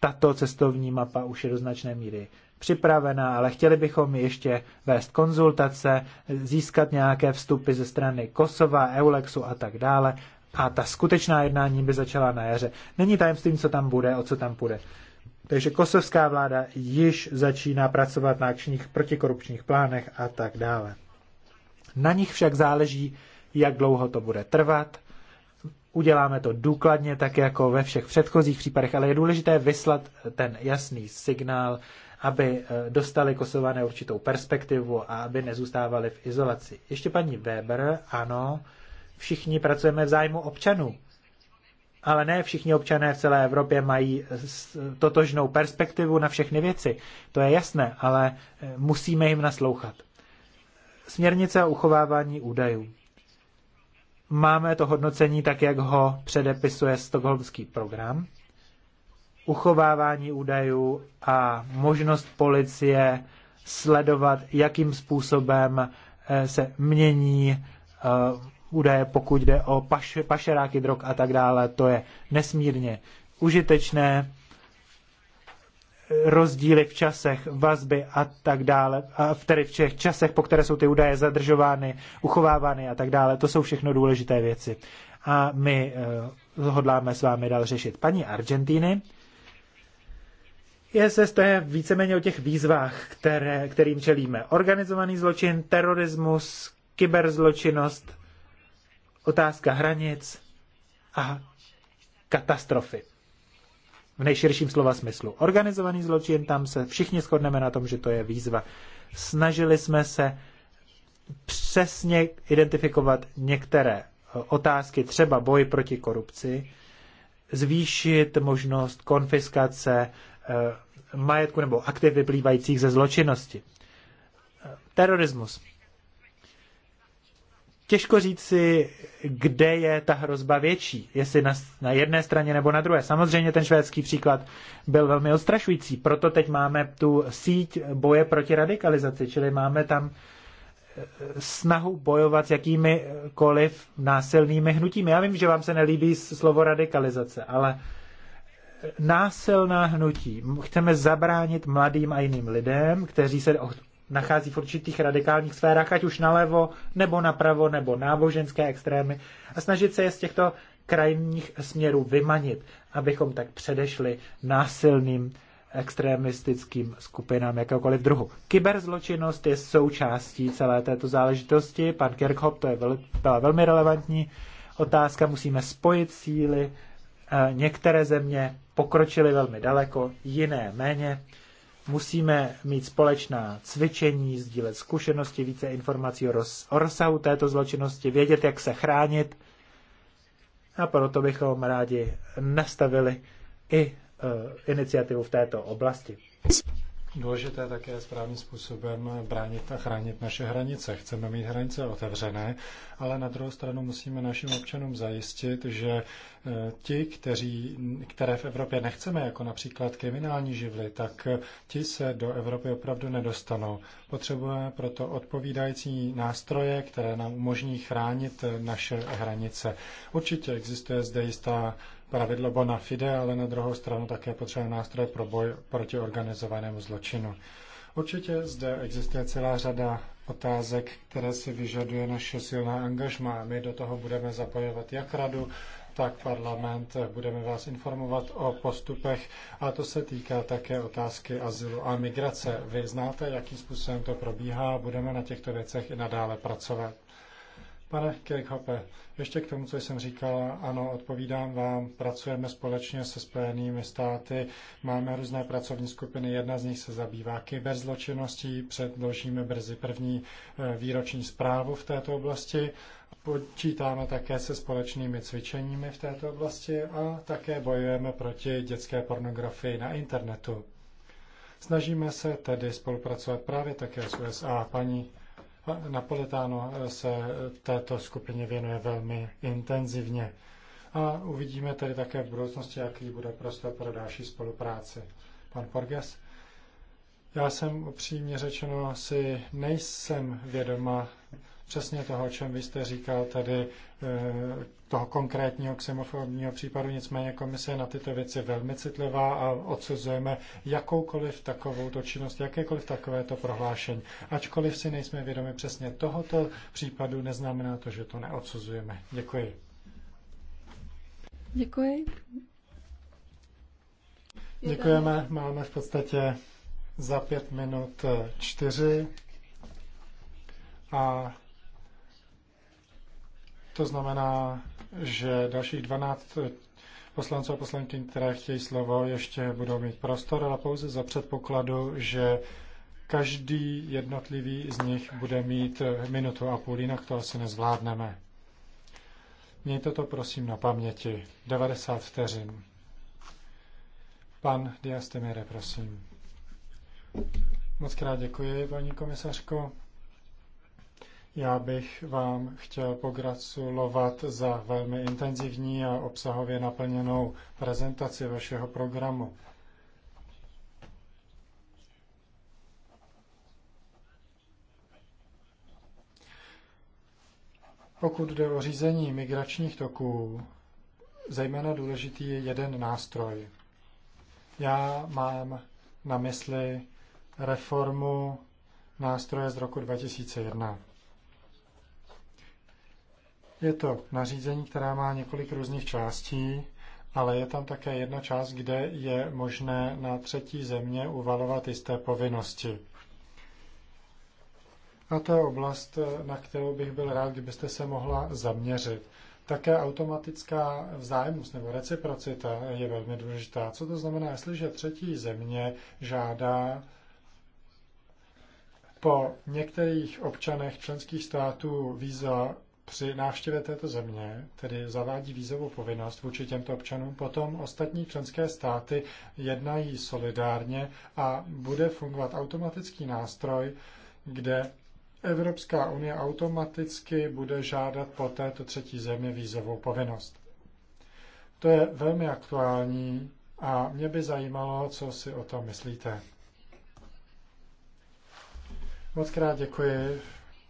Tato cestovní mapa už je do značné míry připravená, ale chtěli bychom ještě vést konzultace, získat nějaké vstupy ze strany Kosova, Eulexu a tak dále. A ta skutečná jednání by začala na jaře. Není tajemstvím, co tam bude, o co tam půjde. Takže kosovská vláda již začíná pracovat na akčních protikorupčních plánech a tak dále. Na nich však záleží, jak dlouho to bude trvat. Uděláme to důkladně, tak jako ve všech předchozích případech, ale je důležité vyslat ten jasný signál, aby eh, dostali Kosované určitou perspektivu a aby nezůstávali v izolaci. Ještě paní Weber, ano, všichni pracujeme v zájmu občanů, ale ne všichni občané v celé Evropě mají totožnou perspektivu na všechny věci. To je jasné, ale eh, musíme jim naslouchat. Směrnice o uchovávání údajů máme to hodnocení tak, jak ho předepisuje stokholmský program, uchovávání údajů a možnost policie sledovat, jakým způsobem eh, se mění eh, údaje, pokud jde o paš, pašeráky drog a tak dále. To je nesmírně užitečné rozdíly v časech, vazby a tak dále, a v, tedy v těch časech, po které jsou ty údaje zadržovány, uchovávány a tak dále. To jsou všechno důležité věci. A my uh, hodláme s vámi dál řešit. Paní Argentíny, se to je víceméně o těch výzvách, které, kterým čelíme. Organizovaný zločin, terorismus, kyberzločinnost, otázka hranic a katastrofy v nejširším slova smyslu. Organizovaný zločin, tam se všichni shodneme na tom, že to je výzva. Snažili jsme se přesně identifikovat některé eh, otázky, třeba boj proti korupci, zvýšit možnost konfiskace eh, majetku nebo aktiv vyplývajících ze zločinnosti. Eh, terorismus těžko říct si, kde je ta hrozba větší, jestli na, na jedné straně nebo na druhé. Samozřejmě ten švédský příklad byl velmi odstrašující, proto teď máme tu síť boje proti radikalizaci, čili máme tam e, snahu bojovat s jakýmikoliv násilnými hnutími. Já vím, že vám se nelíbí slovo radikalizace, ale e, násilná hnutí. Chceme zabránit mladým a jiným lidem, kteří se nachází v určitých radikálních sférách, ať už nalevo, nebo napravo, nebo náboženské extrémy, a snažit se je z těchto krajních směrů vymanit, abychom tak předešli násilným extremistickým skupinám jakéhokoliv druhu. Kyberzločinnost je součástí celé této záležitosti. Pan Kirchhoff, to je vel, byla velmi relevantní otázka. Musíme spojit síly. Eh, některé země pokročily velmi daleko, jiné méně. Musíme mít společná cvičení, sdílet zkušenosti, více informací o, roz, o rozsahu této zločinnosti, vědět, jak se chránit. A proto bychom rádi nastavili i e, iniciativu v této oblasti důležité také správným způsobem bránit a chránit naše hranice. Chceme mít hranice otevřené, ale na druhou stranu musíme našim občanům zajistit, že eh, ti, kteří, které v Evropě nechceme, jako například kriminální živly, tak eh, ti se do Evropy opravdu nedostanou. Potřebujeme proto odpovídající nástroje, které nám umožní chránit eh, naše hranice. Určitě existuje zde jistá pravidlo bona fide, ale na druhou stranu také potřebujeme nástroje pro boj proti organizovanému zločinu. Určitě zde existuje celá řada otázek, které si vyžaduje naše silná angažma. My do toho budeme zapojovat jak radu, tak parlament. Budeme vás informovat o postupech a to se týká také otázky azylu a migrace. Vy znáte, jakým způsobem to probíhá a budeme na těchto věcech i nadále pracovat. Pane Kirkhope, ještě k tomu, co jsem říkala, ano, odpovídám vám, pracujeme společně se Spojenými státy, máme různé pracovní skupiny, jedna z nich se zabývá kyberzločinností, předložíme brzy první eh, výroční zprávu v této oblasti, počítáme také se společnými cvičeními v této oblasti a také bojujeme proti dětské pornografii na internetu. Snažíme se tedy spolupracovat právě také s USA. Paní Napoletáno se této skupině věnuje velmi intenzivně. A uvidíme tedy také v budoucnosti, jaký bude prostor pro další spolupráci. Pan Porges? Já jsem upřímně řečeno si nejsem vědoma přesně toho, o čem vy jste říkal, tedy eh, toho konkrétního ksemofobního případu. Nicméně komise je na tyto věci velmi citlivá a odsuzujeme jakoukoliv takovou to činnost, jakékoliv takovéto prohlášení. Ačkoliv si nejsme vědomi přesně tohoto případu, neznamená to, že to neodsuzujeme. Děkuji. Děkuji. Děkujeme. Máme v podstatě za pět minut eh, čtyři a to znamená, že dalších 12 eh, poslanců a poslankyň, které chtějí slovo, ještě budou mít prostor, ale pouze za předpokladu, že každý jednotlivý z nich bude mít eh, minutu a půl, jinak to asi nezvládneme. Mějte to prosím na paměti. 90 vteřin. Pan Diastemire, prosím. Moc krát děkuji, paní komisařko. Já bych vám chtěl pogratulovat za velmi intenzivní a obsahově naplněnou prezentaci vašeho programu. Pokud jde o řízení migračních toků, zejména důležitý je jeden nástroj. Já mám na mysli reformu nástroje z roku 2001. Je to nařízení, která má několik různých částí, ale je tam také jedna část, kde je možné na třetí země uvalovat jisté povinnosti. A to je oblast, na kterou bych byl rád, kdybyste se mohla zaměřit. Také automatická vzájemnost nebo reciprocita je velmi důležitá. Co to znamená, jestliže třetí země žádá po některých občanech členských států víza při návštěvě této země, tedy zavádí vízovou povinnost vůči těmto občanům, potom ostatní členské státy jednají solidárně a bude fungovat automatický nástroj, kde Evropská unie automaticky bude žádat po této třetí zemi vízovou povinnost. To je velmi aktuální a mě by zajímalo, co si o tom myslíte. Moc krát děkuji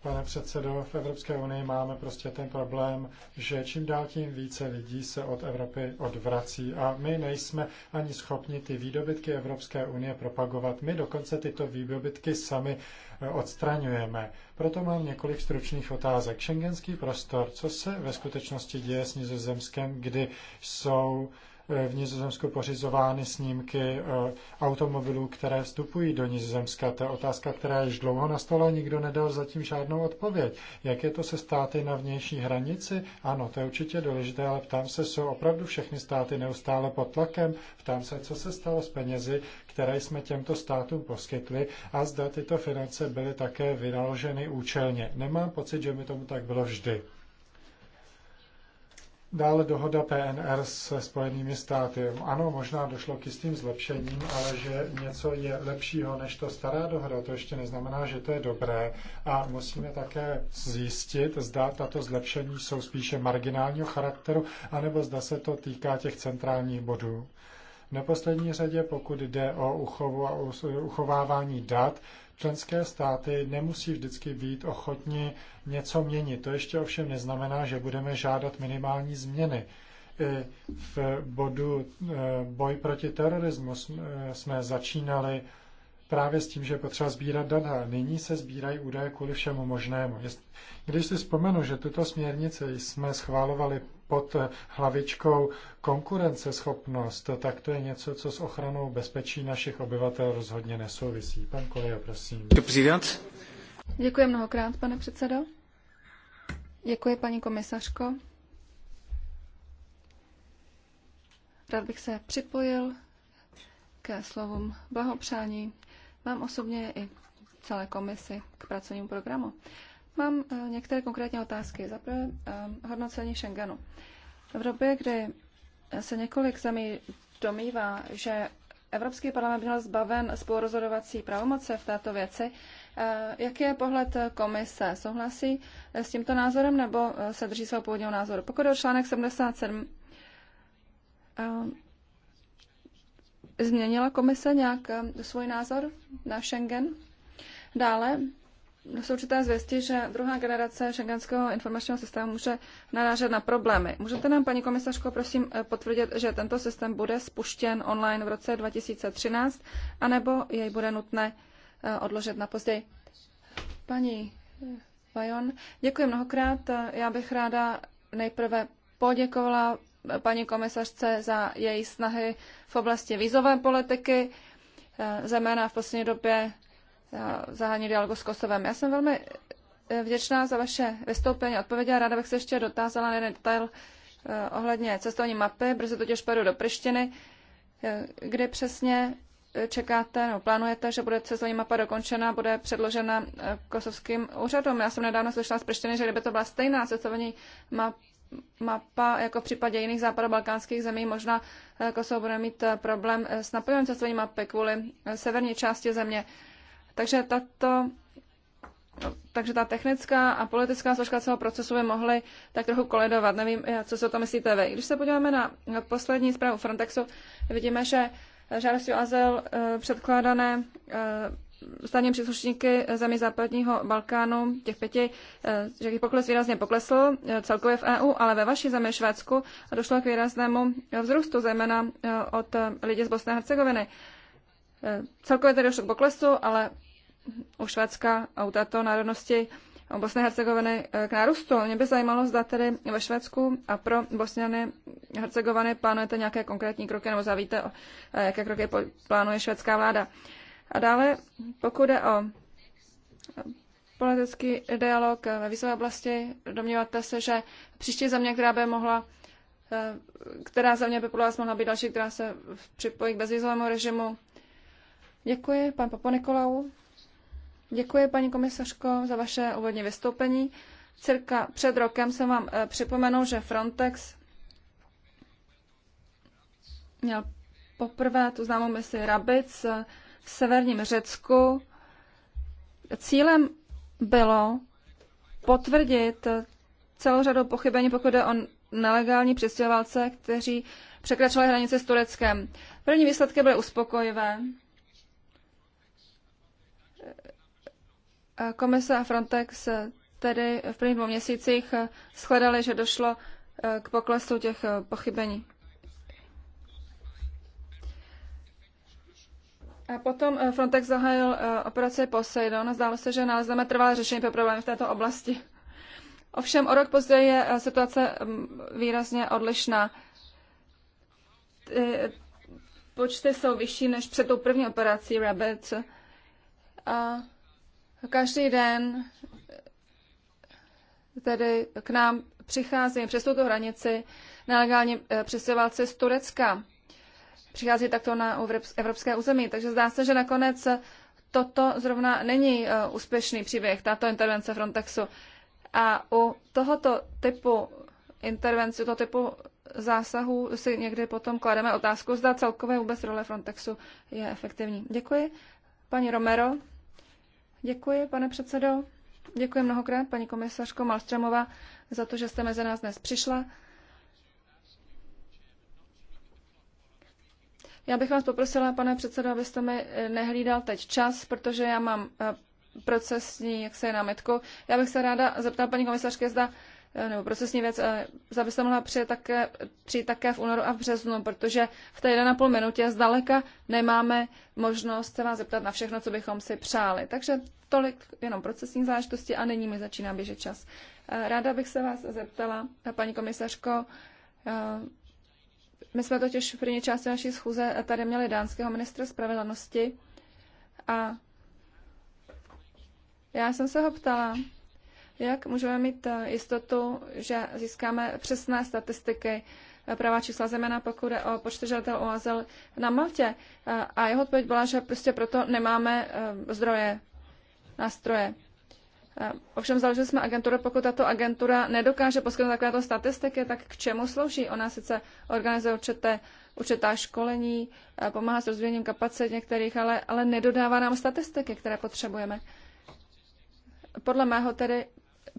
Pane předsedo, v Evropské unii máme prostě ten problém, že čím dál tím více lidí se od Evropy odvrací a my nejsme ani schopni ty výdobytky Evropské unie propagovat. My dokonce tyto výdobytky sami eh, odstraňujeme. Proto mám několik stručných otázek. Schengenský prostor, co se ve skutečnosti děje s Nizozemskem, kdy jsou v Nizozemsku pořizovány snímky eh, automobilů, které vstupují do Nizozemska. To je otázka, která již dlouho na stole, nikdo nedal zatím žádnou odpověď. Jak je to se státy na vnější hranici? Ano, to je určitě důležité, ale ptám se, jsou opravdu všechny státy neustále pod tlakem? Ptám se, co se stalo s penězi, které jsme těmto státům poskytli a zda tyto finance byly také vynaloženy účelně. Nemám pocit, že by tomu tak bylo vždy. Dále dohoda PNR se Spojenými státy. Ano, možná došlo k jistým zlepšením, ale že něco je lepšího než to stará dohoda, to ještě neznamená, že to je dobré. A musíme také zjistit, zda tato zlepšení jsou spíše marginálního charakteru, anebo zda se to týká těch centrálních bodů. V neposlední řadě, pokud jde o uchovu a uchovávání dat, Členské státy nemusí vždycky být ochotni něco měnit. To ještě ovšem neznamená, že budeme žádat minimální změny. I v bodu e, boj proti terorismu e, jsme začínali právě s tím, že je potřeba sbírat data. Nyní se sbírají údaje kvůli všemu možnému. Když si vzpomenu, že tuto směrnici jsme schválovali pod hlavičkou konkurenceschopnost, tak to je něco, co s ochranou bezpečí našich obyvatel rozhodně nesouvisí. Pan Kolejo, prosím. Děkuji mnohokrát, pane předsedo. Děkuji, paní komisařko. Rád bych se připojil ke slovům blahopřání vám osobně i celé komisi k pracovnímu programu. Mám eh, některé konkrétní otázky. Za prvé eh, hodnocení Schengenu. V době, kdy se několik zemí domývá, že Evropský parlament byl zbaven spolurozhodovací pravomoce v této věci, eh, jaký je pohled komise? Souhlasí s tímto názorem nebo se drží svého původního názoru? Pokud je o článek 77, změnila komise nějak svůj názor na Schengen? Dále jsou určité zvěsti, že druhá generace šengenského informačního systému může narážet na problémy. Můžete nám, paní komisařko, prosím eh, potvrdit, že tento systém bude spuštěn online v roce 2013, anebo jej bude nutné eh, odložit na později? Paní Vajon, eh, děkuji mnohokrát. Já bych ráda nejprve poděkovala paní komisařce za její snahy v oblasti vízové politiky, zejména v poslední době zahání dialogu s Kosovem. Já jsem velmi eh, vděčná za vaše vystoupení a odpovědi a ráda bych se ještě dotázala na detail eh, ohledně cestovní mapy. Brzy totiž pojedu do Prištiny. Eh, kdy přesně čekáte nebo plánujete, že bude cestovní mapa dokončena, bude předložena kosovským úřadům. Já jsem nedávno slyšela z Prištiny, že kdyby to byla stejná cestovní mapa, mapa jako v případě jiných západobalkánských zemí, možná Kosovo bude mít problém s napojením cestovní mapy kvůli severní části země. Takže tato takže ta technická a politická složka celého procesu by mohly tak trochu koledovat. Nevím, eh, co si o to myslíte vy. Když se podíváme na poslední zprávu Frontexu, vidíme, že žádosti o azyl eh, předkládané eh, státním příslušníky zemí západního Balkánu, těch pěti, že jejich pokles výrazně poklesl celkově v EU, ale ve vaší zemi Švédsku došlo k výraznému vzrůstu, zejména od lidí z Bosny a Hercegoviny. Celkově tedy došlo k poklesu, ale u Švédska a u této národnosti Bosny a Hercegoviny eh, k nárůstu. Mě by zajímalo, zda tedy ve Švédsku a pro Bosňany a Hercegoviny plánujete nějaké konkrétní kroky, nebo zavíte, eh, jaké kroky plánuje švédská vláda. A dále, pokud jde o politický dialog eh, ve výzové oblasti, domníváte se, že příští země, která by mohla která země by podle vás mohla být další, která se připojí k bezvýzovému režimu. Děkuji, pan Papo Nikolau. Děkuji, paní komisařko, za vaše úvodní vystoupení. Cirka před rokem jsem vám eh, připomenul, že Frontex měl poprvé tu známou misi Rabic eh, v severním Řecku. Cílem bylo potvrdit eh, celou řadu pochybení, pokud jde o nelegální přistěhovalce, kteří překračovali hranice s Tureckem. První výsledky byly uspokojivé. Komise a Frontex tedy v prvních dvou měsících eh, shledali, že došlo eh, k poklesu těch eh, pochybení. A potom Frontex zahájil operaci Poseidon. Zdálo se, že nalezneme trvalé řešení pro problémy v této oblasti. Ovšem o rok později je situace mm, výrazně odlišná. Ty počty jsou vyšší než před tou první operací Rabbit. A Každý den tedy k nám přichází přes tuto hranici nelegální eh, přesilovalci z Turecka. Přichází takto na evropské území, takže zdá se, že nakonec toto zrovna není eh, úspěšný příběh, tato intervence Frontexu. A u tohoto typu intervenci, tohoto typu zásahu si někdy potom klademe otázku, zda celkové vůbec role Frontexu je efektivní. Děkuji. Pani Romero, Děkuji, pane předsedo. Děkuji mnohokrát, paní komisařko Malstremová, za to, že jste mezi nás dnes přišla. Já bych vás poprosila, pane předsedo, abyste mi eh, nehlídal teď čas, protože já mám eh, procesní, jak se námitku. Já bych se ráda zeptala paní komisařky, zda Eh, nebo procesní věc, eh, zda byste mohla přijít také, přijít také v únoru a v březnu, protože v té 1,5 minutě zdaleka nemáme možnost se vás zeptat na všechno, co bychom si přáli. Takže tolik jenom procesní záležitosti a nyní mi začíná běžet čas. Eh, ráda bych se vás zeptala, paní komisařko, my jsme totiž v první části naší schůze tady měli dánského ministra spravedlnosti a já jsem se ho ptala, jak můžeme mít eh, jistotu, že získáme přesné statistiky eh, pravá čísla, zejména pokud je o počty žadatelů o azyl na Maltě. Eh, a jeho odpověď byla, že prostě proto nemáme zdroje, nástroje. Ovšem založili jsme agenturu, pokud tato agentura nedokáže poskytnout takovéto statistiky, tak k čemu slouží? Ona sice organizuje určité, určitá školení, pomáhá s rozvíjením kapacit některých, ale, ale nedodává nám statistiky, které potřebujeme. Podle mého tedy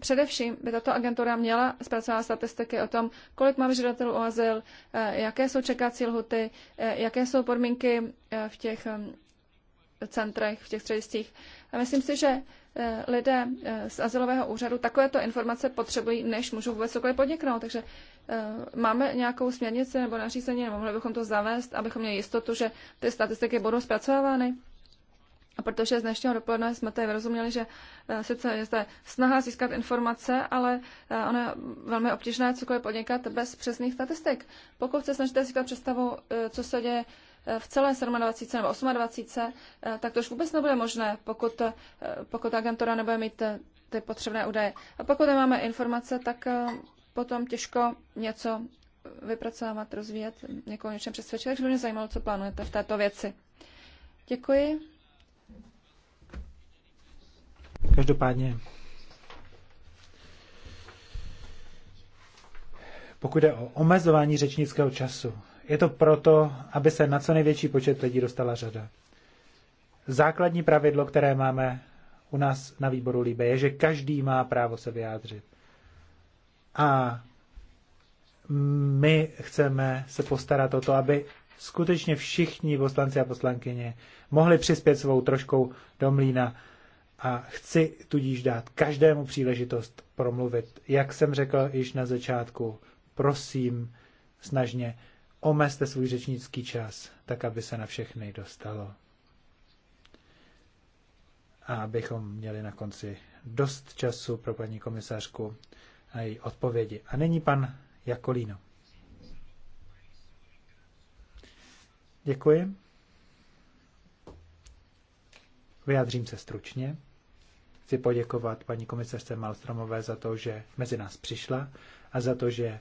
Především by tato agentura měla zpracovat statistiky o tom, kolik máme žadatelů o azyl, eh, jaké jsou čekací lhuty, eh, jaké jsou podmínky eh, v těch centrech, v těch střediscích. A myslím si, že lidé z azylového úřadu takovéto informace potřebují, než můžou vůbec cokoliv podniknout. Takže máme nějakou směrnici nebo nařízení, nebo mohli bychom to zavést, abychom měli jistotu, že ty statistiky budou zpracovávány. A protože z dnešního dopoledne jsme tady vyrozuměli, že eh, sice je zde snaha získat informace, ale eh, ono je velmi obtížné cokoliv podnikat bez přesných statistik. Pokud se snažíte získat představu, eh, co se děje v celé 27 nebo 28, tak to už vůbec nebude možné, pokud, pokud agentura nebude mít ty potřebné údaje. A pokud nemáme informace, tak potom těžko něco vypracovat, rozvíjet, někoho něčem přesvědčit. Takže by mě zajímalo, co plánujete v této věci. Děkuji. Každopádně, pokud je o omezování řečnického času, je to proto, aby se na co největší počet lidí dostala řada. Základní pravidlo, které máme u nás na výboru Líbe, je, že každý má právo se vyjádřit. A my chceme se postarat o to, aby skutečně všichni poslanci a poslankyně mohli přispět svou troškou do mlína a chci tudíž dát každému příležitost promluvit. Jak jsem řekl již na začátku, prosím snažně omezte svůj řečnický čas, tak aby se na všechny dostalo. A abychom měli na konci dost času pro paní komisařku a její odpovědi. A nyní pan Jakolíno. Děkuji. Vyjádřím se stručně. Chci poděkovat paní komisařce Malstromové za to, že mezi nás přišla a za to, že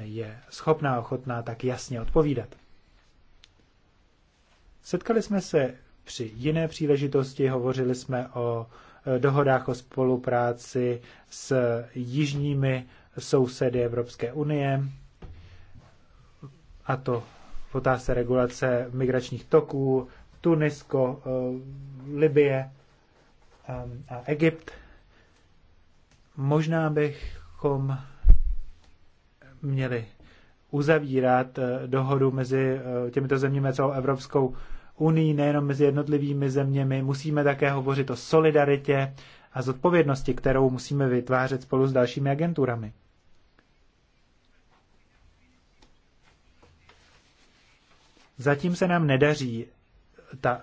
je schopná a ochotná tak jasně odpovídat. Setkali jsme se při jiné příležitosti, hovořili jsme o eh, dohodách o spolupráci s jižními sousedy Evropské unie, a to v otázce regulace migračních toků, Tunisko, eh, Libie a Egypt. Možná bychom měli uzavírat eh, dohodu mezi eh, těmito zeměmi a celou Evropskou unii, nejenom mezi jednotlivými zeměmi. Musíme také hovořit o solidaritě a zodpovědnosti, kterou musíme vytvářet spolu s dalšími agenturami. Zatím se nám nedaří ta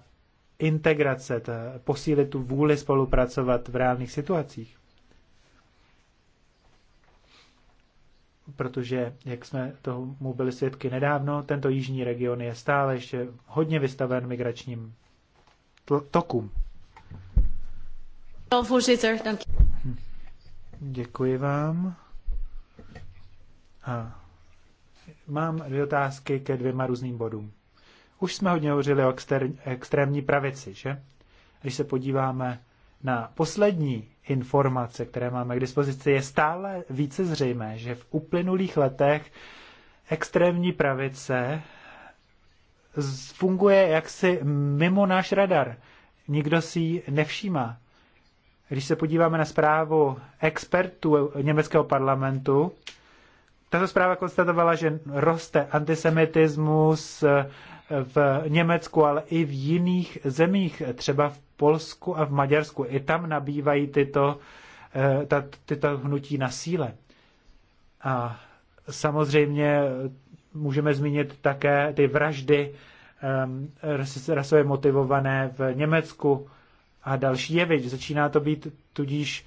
integrace, ta, posílit tu vůli spolupracovat v reálných situacích. Protože, jak jsme tomu byli svědky nedávno, tento jižní region je stále ještě hodně vystaven migračním tokům. Hm. Děkuji vám. A mám dvě otázky ke dvěma různým bodům. Už jsme hodně hovořili o exter- extrémní pravici, že? Když se podíváme na poslední informace, které máme k dispozici, je stále více zřejmé, že v uplynulých letech extrémní pravice funguje jaksi mimo náš radar. Nikdo si ji nevšímá. Když se podíváme na zprávu expertů německého parlamentu, tato zpráva konstatovala, že roste antisemitismus, v Německu, ale i v jiných zemích, třeba v Polsku a v Maďarsku. I tam nabývají tyto, eh, ta, tyto hnutí na síle. A samozřejmě můžeme zmínit také ty vraždy um, rasově motivované v Německu a další jevy. Začíná to být tudíž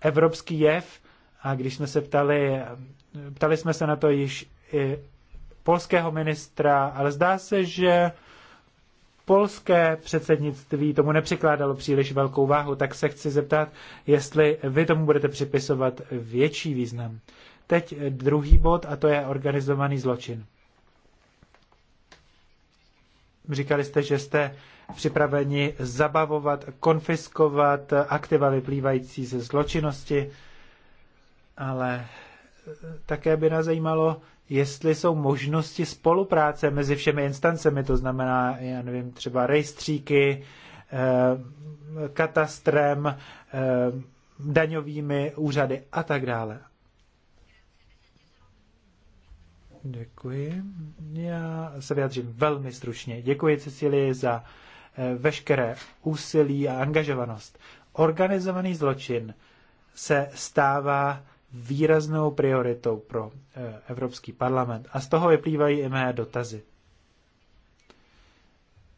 evropský jev a když jsme se ptali, ptali jsme se na to již i polského ministra, ale zdá se, že polské předsednictví tomu nepřikládalo příliš velkou váhu, tak se chci zeptat, jestli vy tomu budete připisovat větší význam. Teď druhý bod a to je organizovaný zločin. Říkali jste, že jste připraveni zabavovat, konfiskovat aktiva vyplývající ze zločinnosti, ale také by nás zajímalo, jestli jsou možnosti spolupráce mezi všemi instancemi, to znamená, já nevím, třeba rejstříky, eh, katastrem, eh, daňovými úřady a tak dále. Děkuji. Já se vyjadřím velmi stručně. Děkuji Cecilii za eh, veškeré úsilí a angažovanost. Organizovaný zločin se stává výraznou prioritou pro eh, Evropský parlament. A z toho vyplývají i mé dotazy.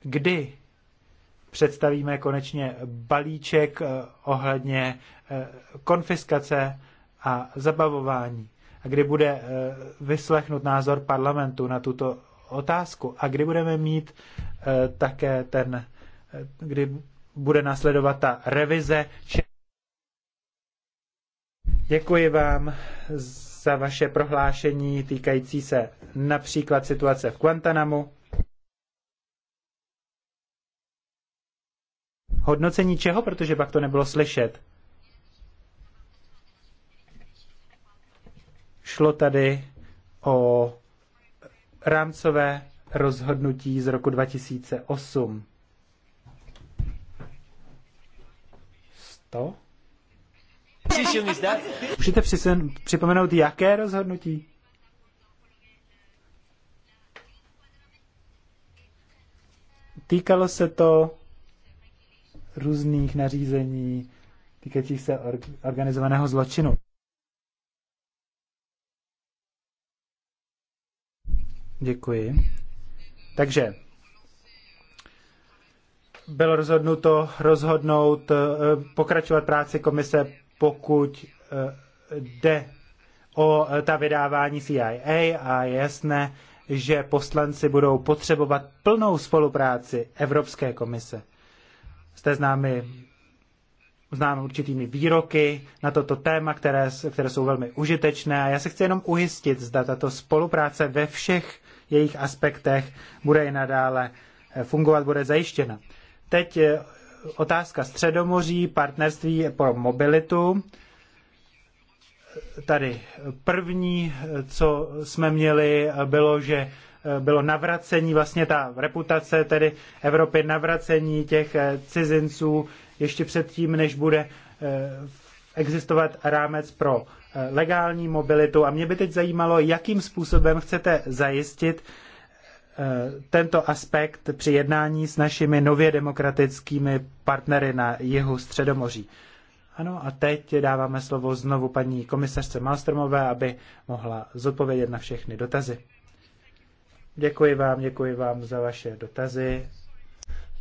Kdy představíme konečně balíček eh, ohledně eh, konfiskace a zabavování? A kdy bude vyslechnut názor parlamentu na tuto otázku? A kdy budeme mít také ten, kdy bude následovat ta revize? Děkuji vám za vaše prohlášení týkající se například situace v Guantanamu. Hodnocení čeho? Protože pak to nebylo slyšet. Šlo tady o rámcové rozhodnutí z roku 2008. 100? Můžete připomenout, jaké rozhodnutí? Týkalo se to různých nařízení týkajících se or- organizovaného zločinu. Děkuji. Takže bylo rozhodnuto rozhodnout eh, pokračovat práci komise pokud eh, jde o eh, ta vydávání CIA a je jasné, že poslanci budou potřebovat plnou spolupráci Evropské komise. Jste známi znám určitými výroky na toto téma, které, které jsou velmi užitečné a já se chci jenom ujistit, zda tato spolupráce ve všech jejich aspektech bude i nadále eh, fungovat, bude zajištěna. Teď otázka středomoří, partnerství pro mobilitu. Tady první, co jsme měli, bylo, že eh, bylo navracení, vlastně ta reputace tedy Evropy, navracení těch eh, cizinců ještě předtím, než bude eh, existovat rámec pro legální mobilitu. A mě by teď zajímalo, jakým způsobem chcete zajistit, Eh, tento aspekt při jednání s našimi nově demokratickými partnery na jihu Středomoří. Ano, a teď dáváme slovo znovu paní komisařce Malstromové, aby mohla zodpovědět na všechny dotazy. Děkuji vám, děkuji vám za vaše dotazy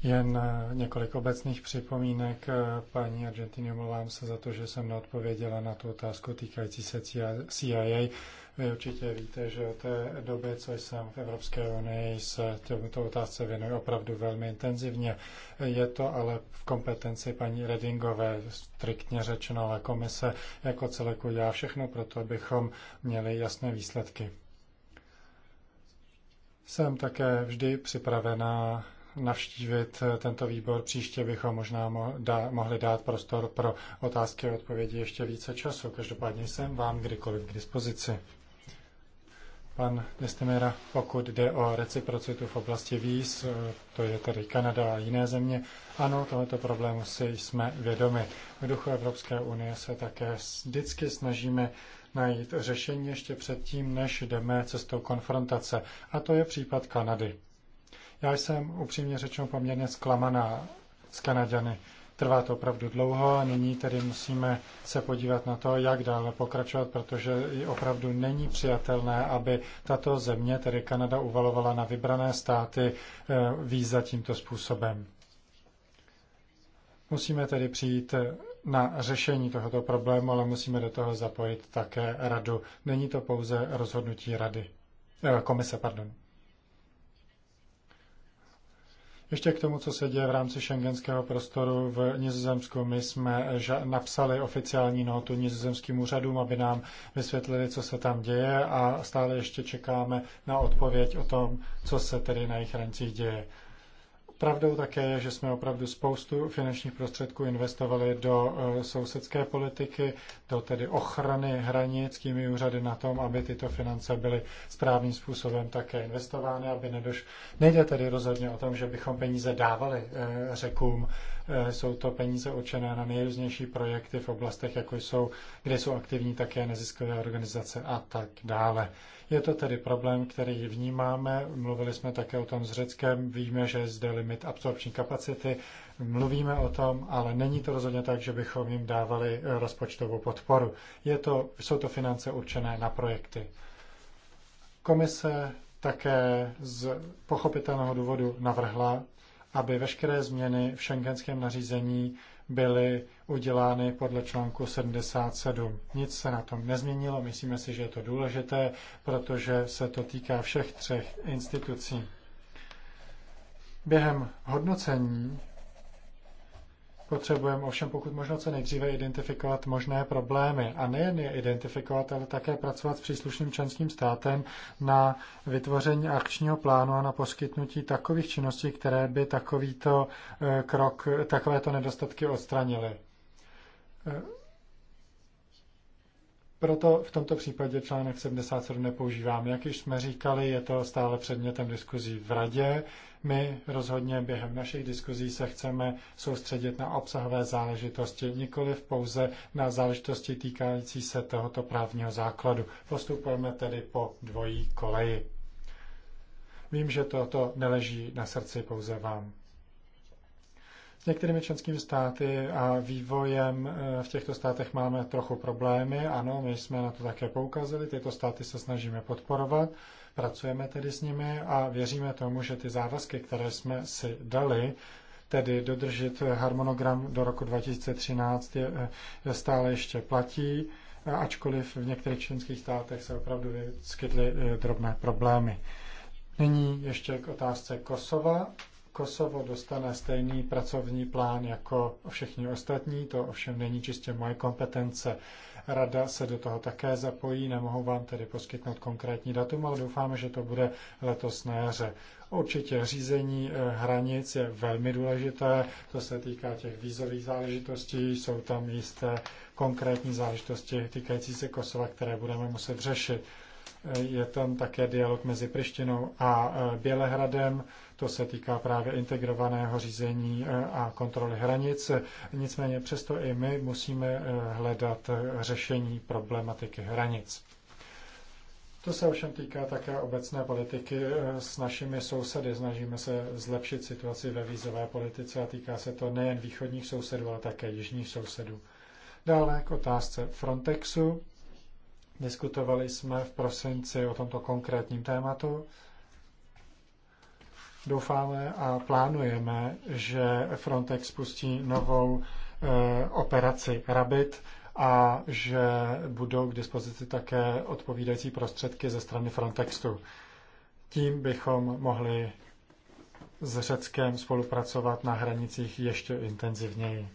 jen eh, několik obecných připomínek. Eh, paní Argentiny, omlouvám se za to, že jsem neodpověděla na tu otázku týkající se CIA. Vy určitě víte, že od té doby, co jsem v Evropské unii, se těmto otázce věnuji opravdu velmi intenzivně. Je to ale v kompetenci paní Redingové, striktně řečeno, ale komise jako celek udělá všechno pro to, abychom měli jasné výsledky. Jsem také vždy připravená navštívit eh, tento výbor. Příště bychom možná mohli dát prostor pro otázky a odpovědi ještě více času. Každopádně jsem vám kdykoliv k dispozici. Pan Destemera, pokud jde o reciprocitu v oblasti víz, eh, to je tedy Kanada a jiné země, ano, tohoto problému si jsme vědomi. V duchu Evropské unie se také vždycky snažíme najít řešení ještě předtím, než jdeme cestou konfrontace. A to je případ Kanady. Já jsem upřímně řečeno poměrně zklamaná z Kanaděny. Trvá to opravdu dlouho a nyní tedy musíme se podívat na to, jak dále pokračovat, protože i opravdu není přijatelné, aby tato země, tedy Kanada, uvalovala na vybrané státy eh, víza tímto způsobem. Musíme tedy přijít eh, na řešení tohoto problému, ale musíme do toho zapojit také radu. Není to pouze rozhodnutí rady, eh, komise, pardon. Ještě k tomu, co se děje v rámci šengenského prostoru v Nizozemsku. My jsme napsali oficiální notu nizozemským úřadům, aby nám vysvětlili, co se tam děje a stále ještě čekáme na odpověď o tom, co se tedy na jejich hranicích děje. Pravdou také, je, že jsme opravdu spoustu finančních prostředků investovali do eh, sousedské politiky, do tedy ochrany hranic těmi úřady na tom, aby tyto finance byly správným způsobem také investovány, aby nedoš... Nejde tedy rozhodně o tom, že bychom peníze dávali eh, řekům Eh, jsou to peníze určené na nejrůznější projekty v oblastech, jako jsou, kde jsou aktivní také neziskové organizace a tak dále. Je to tedy problém, který vnímáme. Mluvili jsme také o tom s Řeckem. Víme, že je zde limit absorpční kapacity. Mluvíme o tom, ale není to rozhodně tak, že bychom jim dávali eh, rozpočtovou podporu. Je to, jsou to finance určené na projekty. Komise také z pochopitelného důvodu navrhla aby veškeré změny v šengenském nařízení byly udělány podle článku 77. Nic se na tom nezměnilo, myslíme si, že je to důležité, protože se to týká všech třech institucí. Během hodnocení Potřebujeme ovšem pokud možno co nejdříve identifikovat možné problémy a nejen je identifikovat, ale také pracovat s příslušným členským státem na vytvoření akčního plánu a na poskytnutí takových činností, které by takovýto eh, krok, eh, takovéto nedostatky odstranily. Eh, proto v tomto případě článek 77 nepoužívám. Jak již jsme říkali, je to stále předmětem diskuzí v radě. My rozhodně během našich diskuzí se chceme soustředit na obsahové záležitosti, v pouze na záležitosti týkající se tohoto právního základu. Postupujeme tedy po dvojí koleji. Vím, že toto neleží na srdci pouze vám. S některými členskými státy a vývojem eh, v těchto státech máme trochu problémy. Ano, my jsme na to také poukazili, tyto státy se snažíme podporovat, pracujeme tedy s nimi a věříme tomu, že ty závazky, které jsme si dali, tedy dodržet harmonogram do roku 2013 je, eh, stále ještě platí, eh, ačkoliv v některých členských státech se opravdu vyskytly drobné problémy. Nyní ještě k otázce Kosova. Kosovo dostane stejný pracovní plán jako všichni ostatní, to ovšem není čistě moje kompetence. Rada se do toho také zapojí, nemohu vám tedy poskytnout konkrétní datum, ale doufáme, že to bude letos na jaře. Určitě řízení eh, hranic je velmi důležité, to se týká těch vízových záležitostí, jsou tam jisté konkrétní záležitosti týkající se Kosova, které budeme muset řešit. Eh, je tam také dialog mezi Prištinou a eh, Bělehradem to se týká právě integrovaného řízení eh, a kontroly hranic. Nicméně přesto i my musíme eh, hledat řešení problematiky hranic. To se ovšem týká také obecné politiky eh, s našimi sousedy. Snažíme se zlepšit situaci ve vízové politice a týká se to nejen východních sousedů, ale také jižních sousedů. Dále k otázce Frontexu. Diskutovali jsme v prosinci o tomto konkrétním tématu Doufáme a plánujeme, že Frontex spustí novou eh, operaci Rabit a že budou k dispozici také odpovídající prostředky ze strany Frontexu. Tím bychom mohli s Řeckem spolupracovat na hranicích ještě intenzivněji.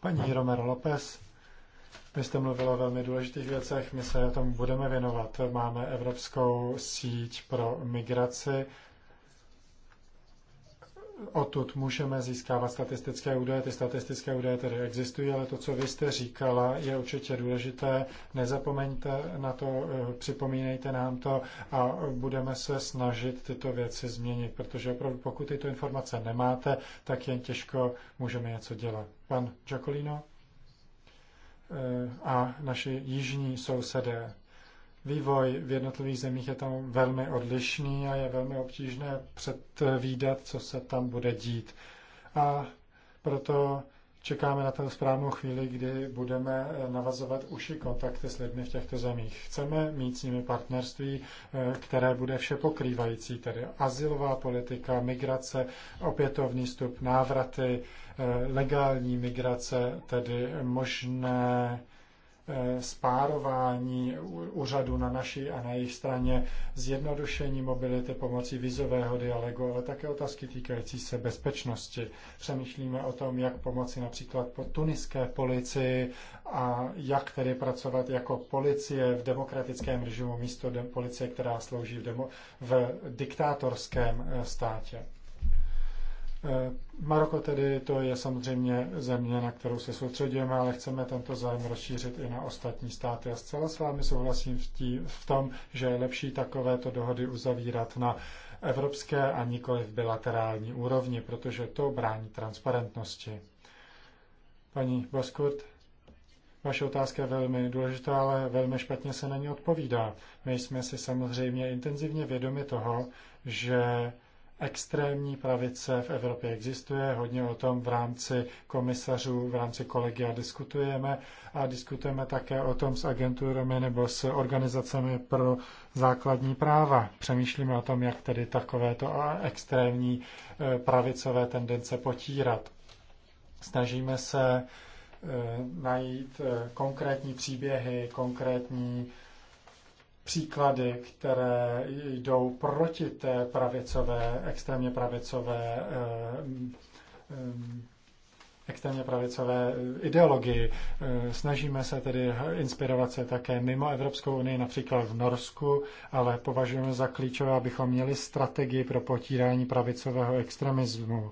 Paní Romero López vy jste mluvila o velmi důležitých věcech, my se tomu budeme věnovat. Máme Evropskou síť pro migraci, odtud můžeme získávat statistické údaje. Ty statistické údaje tedy existují, ale to, co vy jste říkala, je určitě důležité. Nezapomeňte na to, připomínejte nám to a budeme se snažit tyto věci změnit, protože opravdu pokud tyto informace nemáte, tak jen těžko můžeme něco dělat. Pan Giacolino? a naši jižní sousedé. Vývoj v jednotlivých zemích je tam velmi odlišný a je velmi obtížné předvídat, co se tam bude dít. A proto čekáme na ten správnou chvíli, kdy budeme eh, navazovat uši kontakty s lidmi v těchto zemích. Chceme mít s nimi partnerství, eh, které bude vše pokrývající, tedy asilová politika, migrace, opětovný vstup, návraty, eh, legální migrace, tedy možné Eh, spárování úřadu na naší a na jejich straně, zjednodušení mobility pomocí vizového dialogu, ale také otázky týkající se bezpečnosti. Přemýšlíme o tom, jak pomoci například po tuniské policii a jak tedy pracovat jako policie v demokratickém režimu místo policie, která slouží v, demo- v diktátorském eh, státě. Eh, Maroko tedy to je samozřejmě země, na kterou se soustředíme, ale chceme tento zájem rozšířit i na ostatní státy. A zcela s vámi souhlasím v, tí, v tom, že je lepší takovéto dohody uzavírat na evropské a nikoli v bilaterální úrovni, protože to brání transparentnosti. Paní Boskurt, vaše otázka je velmi důležitá, ale velmi špatně se na ní odpovídá. My jsme si samozřejmě intenzivně vědomi toho, že extrémní pravice v Evropě existuje, hodně o tom v rámci komisařů, v rámci kolegia diskutujeme a diskutujeme také o tom s agenturami nebo s organizacemi pro základní práva. Přemýšlíme o tom, jak tedy takovéto extrémní eh, pravicové tendence potírat. Snažíme se eh, najít eh, konkrétní příběhy, konkrétní příklady, které jdou proti té pravicové, extrémně pravicové eh, eh, extrémně pravicové eh, ideologii. Snažíme se tedy inspirovat se také mimo Evropskou unii, například v Norsku, ale považujeme za klíčové, abychom měli strategii pro potírání pravicového extremismu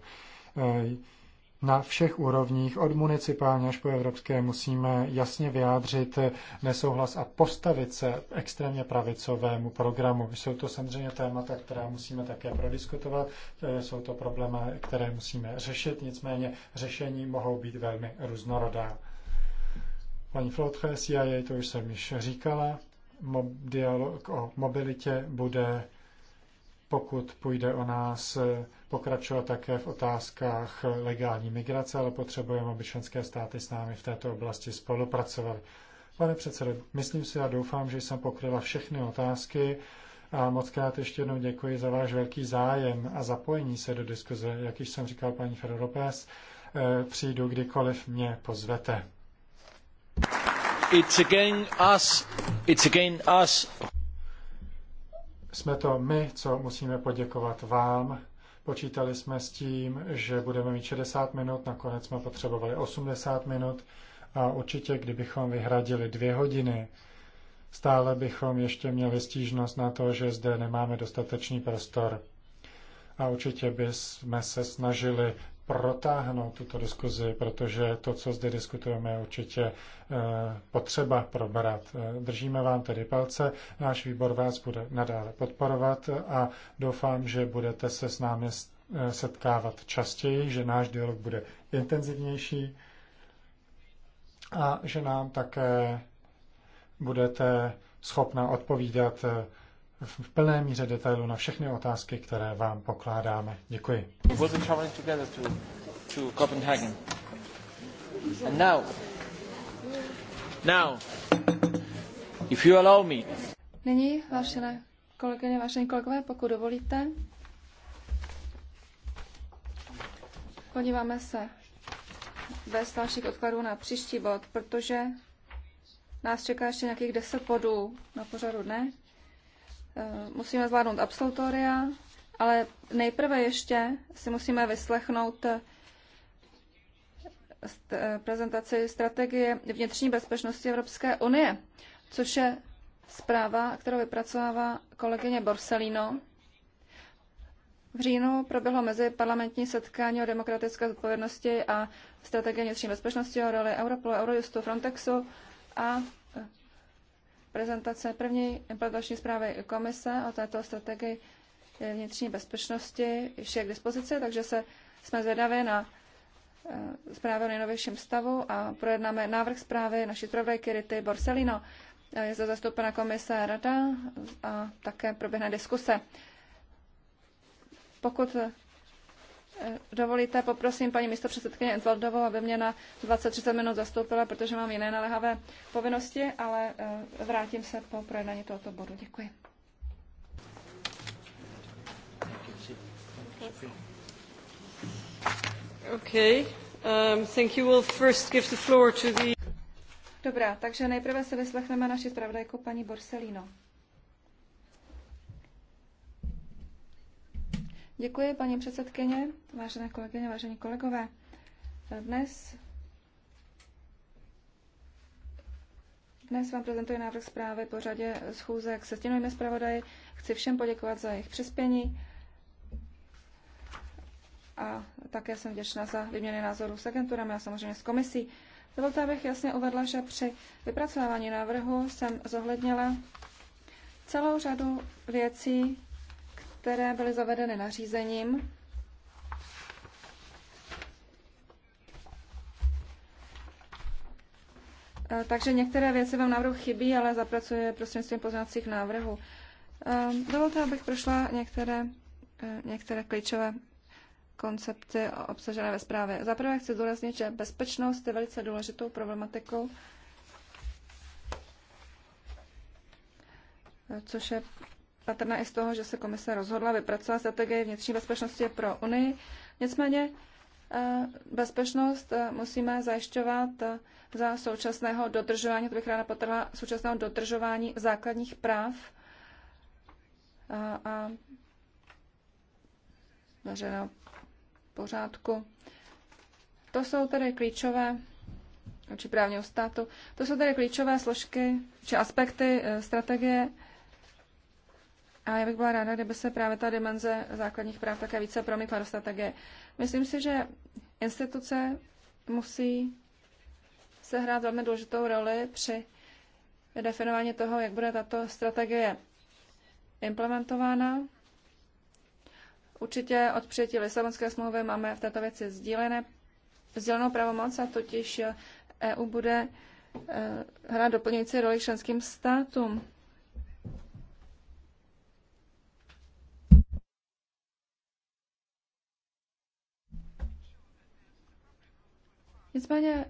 na všech úrovních, od municipální až po evropské, musíme jasně vyjádřit nesouhlas a postavit se extrémně pravicovému programu. Jsou to samozřejmě témata, která musíme také prodiskutovat, jsou to problémy, které musíme řešit, nicméně řešení mohou být velmi různorodá. Paní Flotche, CIA, to už jsem již říkala, dialog o mobilitě bude, pokud půjde o nás, pokračovat také v otázkách legální migrace, ale potřebujeme, aby členské státy s námi v této oblasti spolupracovaly. Pane předsedo, myslím si a doufám, že jsem pokryla všechny otázky a moc krát ještě jednou děkuji za váš velký zájem a zapojení se do diskuze. Jak již jsem říkal paní Ferropes, eh, přijdu kdykoliv mě pozvete. It's again us. It's again us. Jsme to my, co musíme poděkovat vám Počítali jsme s tím, že budeme mít 60 minut, nakonec jsme potřebovali 80 minut a určitě, kdybychom vyhradili dvě hodiny, stále bychom ještě měli stížnost na to, že zde nemáme dostatečný prostor. A určitě bychom se snažili protáhnout tuto diskuzi, protože to, co zde diskutujeme, je určitě eh, potřeba probrat. Eh, držíme vám tedy palce, náš výbor vás bude nadále podporovat a doufám, že budete se s námi eh, setkávat častěji, že náš dialog bude intenzivnější a že nám také budete schopna odpovídat v plné míře detailu na všechny otázky, které vám pokládáme. Děkuji. Nyní, vážené kolegyně, vážení kolegové, pokud dovolíte, podíváme se bez dalších odkladů na příští bod, protože nás čeká ještě nějakých deset bodů na pořadu dne. Eh, musíme zvládnout absolutoria, ale nejprve ještě si musíme vyslechnout eh, eh, prezentaci strategie vnitřní bezpečnosti Evropské unie, což je zpráva, kterou vypracovává kolegyně Borsellino. V říjnu proběhlo mezi parlamentní setkání o demokratické zodpovědnosti a strategie vnitřní bezpečnosti o roli Europolu, Eurojustu, Frontexu a prezentace první implementační zprávy komise o této strategii vnitřní bezpečnosti již je k dispozici, takže se jsme zvědavě na eh, zprávy o nejnovějším stavu a projednáme návrh zprávy naší zpravodajky Rity Borsellino. Eh, je zde zastoupena komise rada a také proběhne diskuse. Pokud dovolíte, poprosím paní předsedkyně Entwaldovou, aby mě na 20-30 minut zastoupila, protože mám jiné naléhavé povinnosti, ale eh, vrátím se po projednání tohoto bodu. Děkuji. Okay. Um, thank you. We'll first give the floor to the... Dobrá, takže nejprve se vyslechneme naši zpravodajku paní Borsellino. Děkuji, paní předsedkyně, vážené kolegyně, vážení kolegové. Dnes, dnes vám prezentuji návrh zprávy po řadě schůzek se stěnujeme zpravodaji. Chci všem poděkovat za jejich přispění a také jsem vděčná za vyměny názorů s agenturami a samozřejmě s komisí. Dovolte, abych jasně uvedla, že při vypracování návrhu jsem zohlednila celou řadu věcí, které byly zavedeny nařízením. Eh, takže některé věci vám návrhu chybí, ale zapracuje prostřednictvím poznacích návrhů. Ehm, dovolte, abych prošla některé, eh, některé klíčové koncepty obsažené ve zprávě. Za prvé chci zdůraznit, že bezpečnost je velice důležitou problematikou, eh, což je patrné i z toho, že se komise rozhodla vypracovat strategii vnitřní bezpečnosti pro Unii. Nicméně eh, bezpečnost eh, musíme zajišťovat eh, za současného dodržování, to bych ráda potrhla, současného dodržování základních práv a, a veřejného pořádku. To jsou tedy klíčové či právního státu. To jsou tedy klíčové složky či aspekty strategie a já bych byla ráda, kdyby se právě ta dimenze základních práv také více promítla do strategie. Myslím si, že instituce musí sehrát velmi důležitou roli při definování toho, jak bude tato strategie implementována. Určitě od přijetí Lisabonské smlouvy máme v této věci sdílené, sdílenou pravomoc a totiž EU eh, e bude eh, hrát doplňující roli členským státům. Nicméně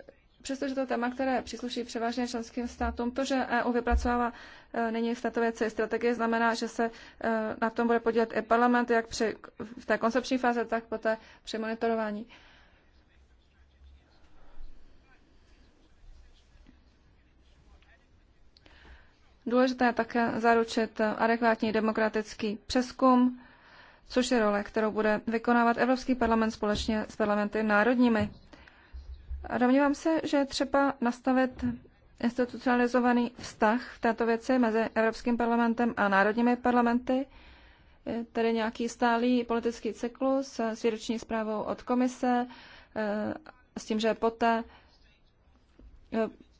eh, Přestože to téma, které přísluší převážně členským státům, to, že EU vypracovala eh, nyní statovice strategie, znamená, že se eh, na tom bude podílet i parlament, jak při, v té koncepční fáze, tak poté při monitorování. Důležité je také zaručit adekvátní demokratický přeskum, což je role, kterou bude vykonávat Evropský parlament společně s parlamenty národními. A domnívám se, že třeba nastavit institucionalizovaný vztah v této věci mezi Evropským parlamentem a národními parlamenty, tedy nějaký stálý politický cyklus s výroční zprávou od komise, eh, s tím, že poté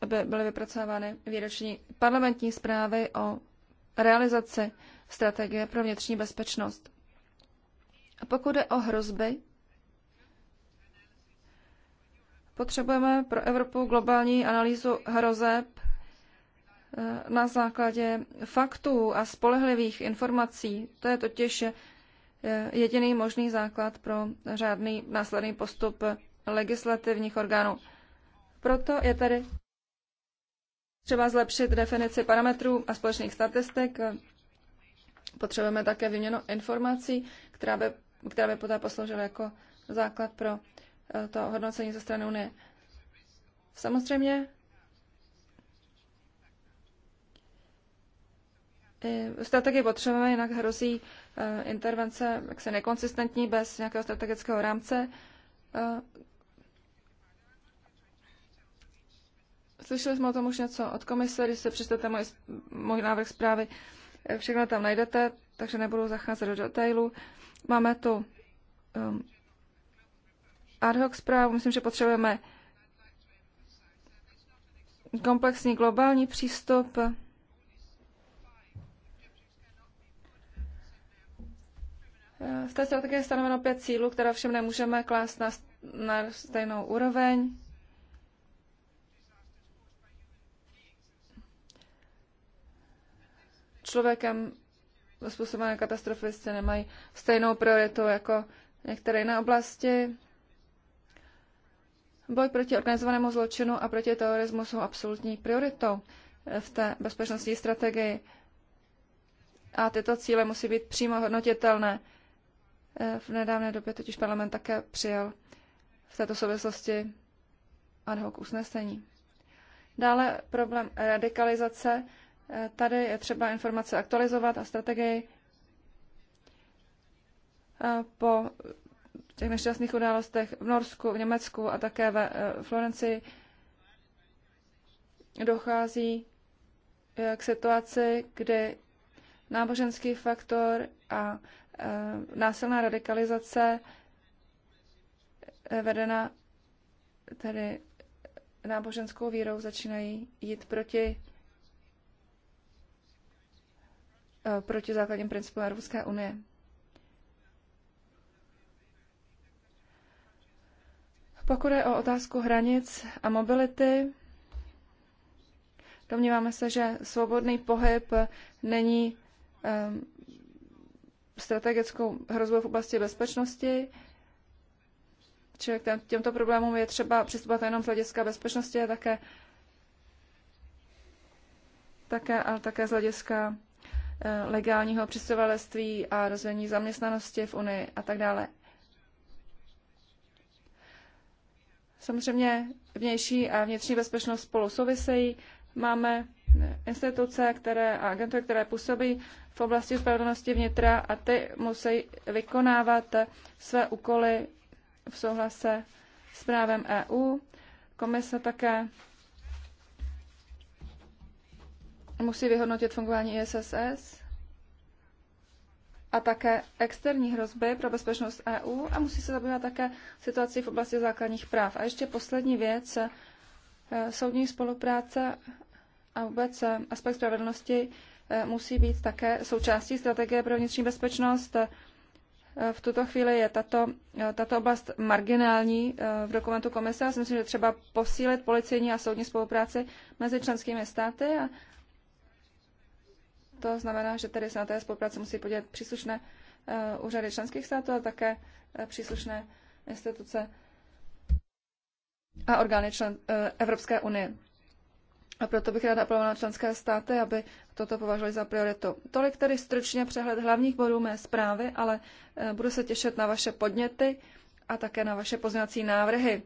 eh, by byly vypracovány výroční parlamentní zprávy o realizaci strategie pro vnitřní bezpečnost. A pokud jde o hrozby, Potřebujeme pro Evropu globální analýzu hrozeb eh, na základě faktů a spolehlivých informací. To je totiž eh, jediný možný základ pro řádný následný postup legislativních orgánů. Proto je tady třeba zlepšit definici parametrů a společných statistik. Potřebujeme také vyměnu informací, která by, která by poté posloužila jako základ pro Eh, to hodnocení ze strany Unie. Samozřejmě strategii potřebujeme, jinak hrozí eh, intervence jaksi nekonsistentní bez nějakého strategického rámce. Eh, slyšeli jsme o tom už něco od komise, když se přečtete můj, můj návrh zprávy, všechno tam najdete, takže nebudu zacházet do detailu. Máme tu um, ad hoc zprávu. Myslím, že potřebujeme komplexní globální přístup. V té strategii je stanoveno pět cílů, které všem nemůžeme klást na, na stejnou úroveň. Člověkem způsobené katastrofy se nemají stejnou prioritu jako některé jiné oblasti. Boj proti organizovanému zločinu a proti terorismu jsou absolutní prioritou v té bezpečnostní strategii. A tyto cíle musí být přímo hodnotitelné. Eh, v nedávné době totiž parlament také přijal v této souvislosti ad hoc usnesení. Dále problém radikalizace. Eh, tady je třeba informace aktualizovat a strategii eh, po těch nešťastných událostech v Norsku, v Německu a také ve eh, Florenci dochází eh, k situaci, kdy náboženský faktor a eh, násilná radikalizace vedena tedy náboženskou vírou začínají jít proti proti základním principům Evropské unie. Pokud je o otázku hranic a mobility, domníváme se, že svobodný pohyb není um, strategickou hrozbou v oblasti bezpečnosti. Čili k těmto problémům je třeba přistupovat jenom z hlediska bezpečnosti, ale také, také, ale také z hlediska eh, legálního přistěhovalectví a rozvíjení zaměstnanosti v Unii a tak dále. Samozřejmě vnější a vnitřní bezpečnost spolu souvisejí. Máme instituce které, a agentury, které působí v oblasti spravedlnosti vnitra a ty musí vykonávat své úkoly v souhlase s právem EU. Komise také musí vyhodnotit fungování ISSS a také externí hrozby pro bezpečnost EU a musí se zabývat také situací v oblasti základních práv. A ještě poslední věc, eh, soudní spolupráce a vůbec eh, aspekt spravedlnosti eh, musí být také součástí strategie pro vnitřní bezpečnost. V tuto chvíli je tato, tato oblast marginální v dokumentu komise. Já si myslím, že třeba posílit policejní a soudní spolupráci mezi členskými státy a to znamená, že tedy se na té spolupráci musí podívat příslušné eh, úřady členských států a také eh, příslušné instituce a orgány člen, eh, Evropské unie. A proto bych ráda apelovala na členské státy, aby toto považovali za prioritu. Tolik tedy stručně přehled hlavních bodů mé zprávy, ale budu se těšit na vaše podněty a také na vaše poznací návrhy.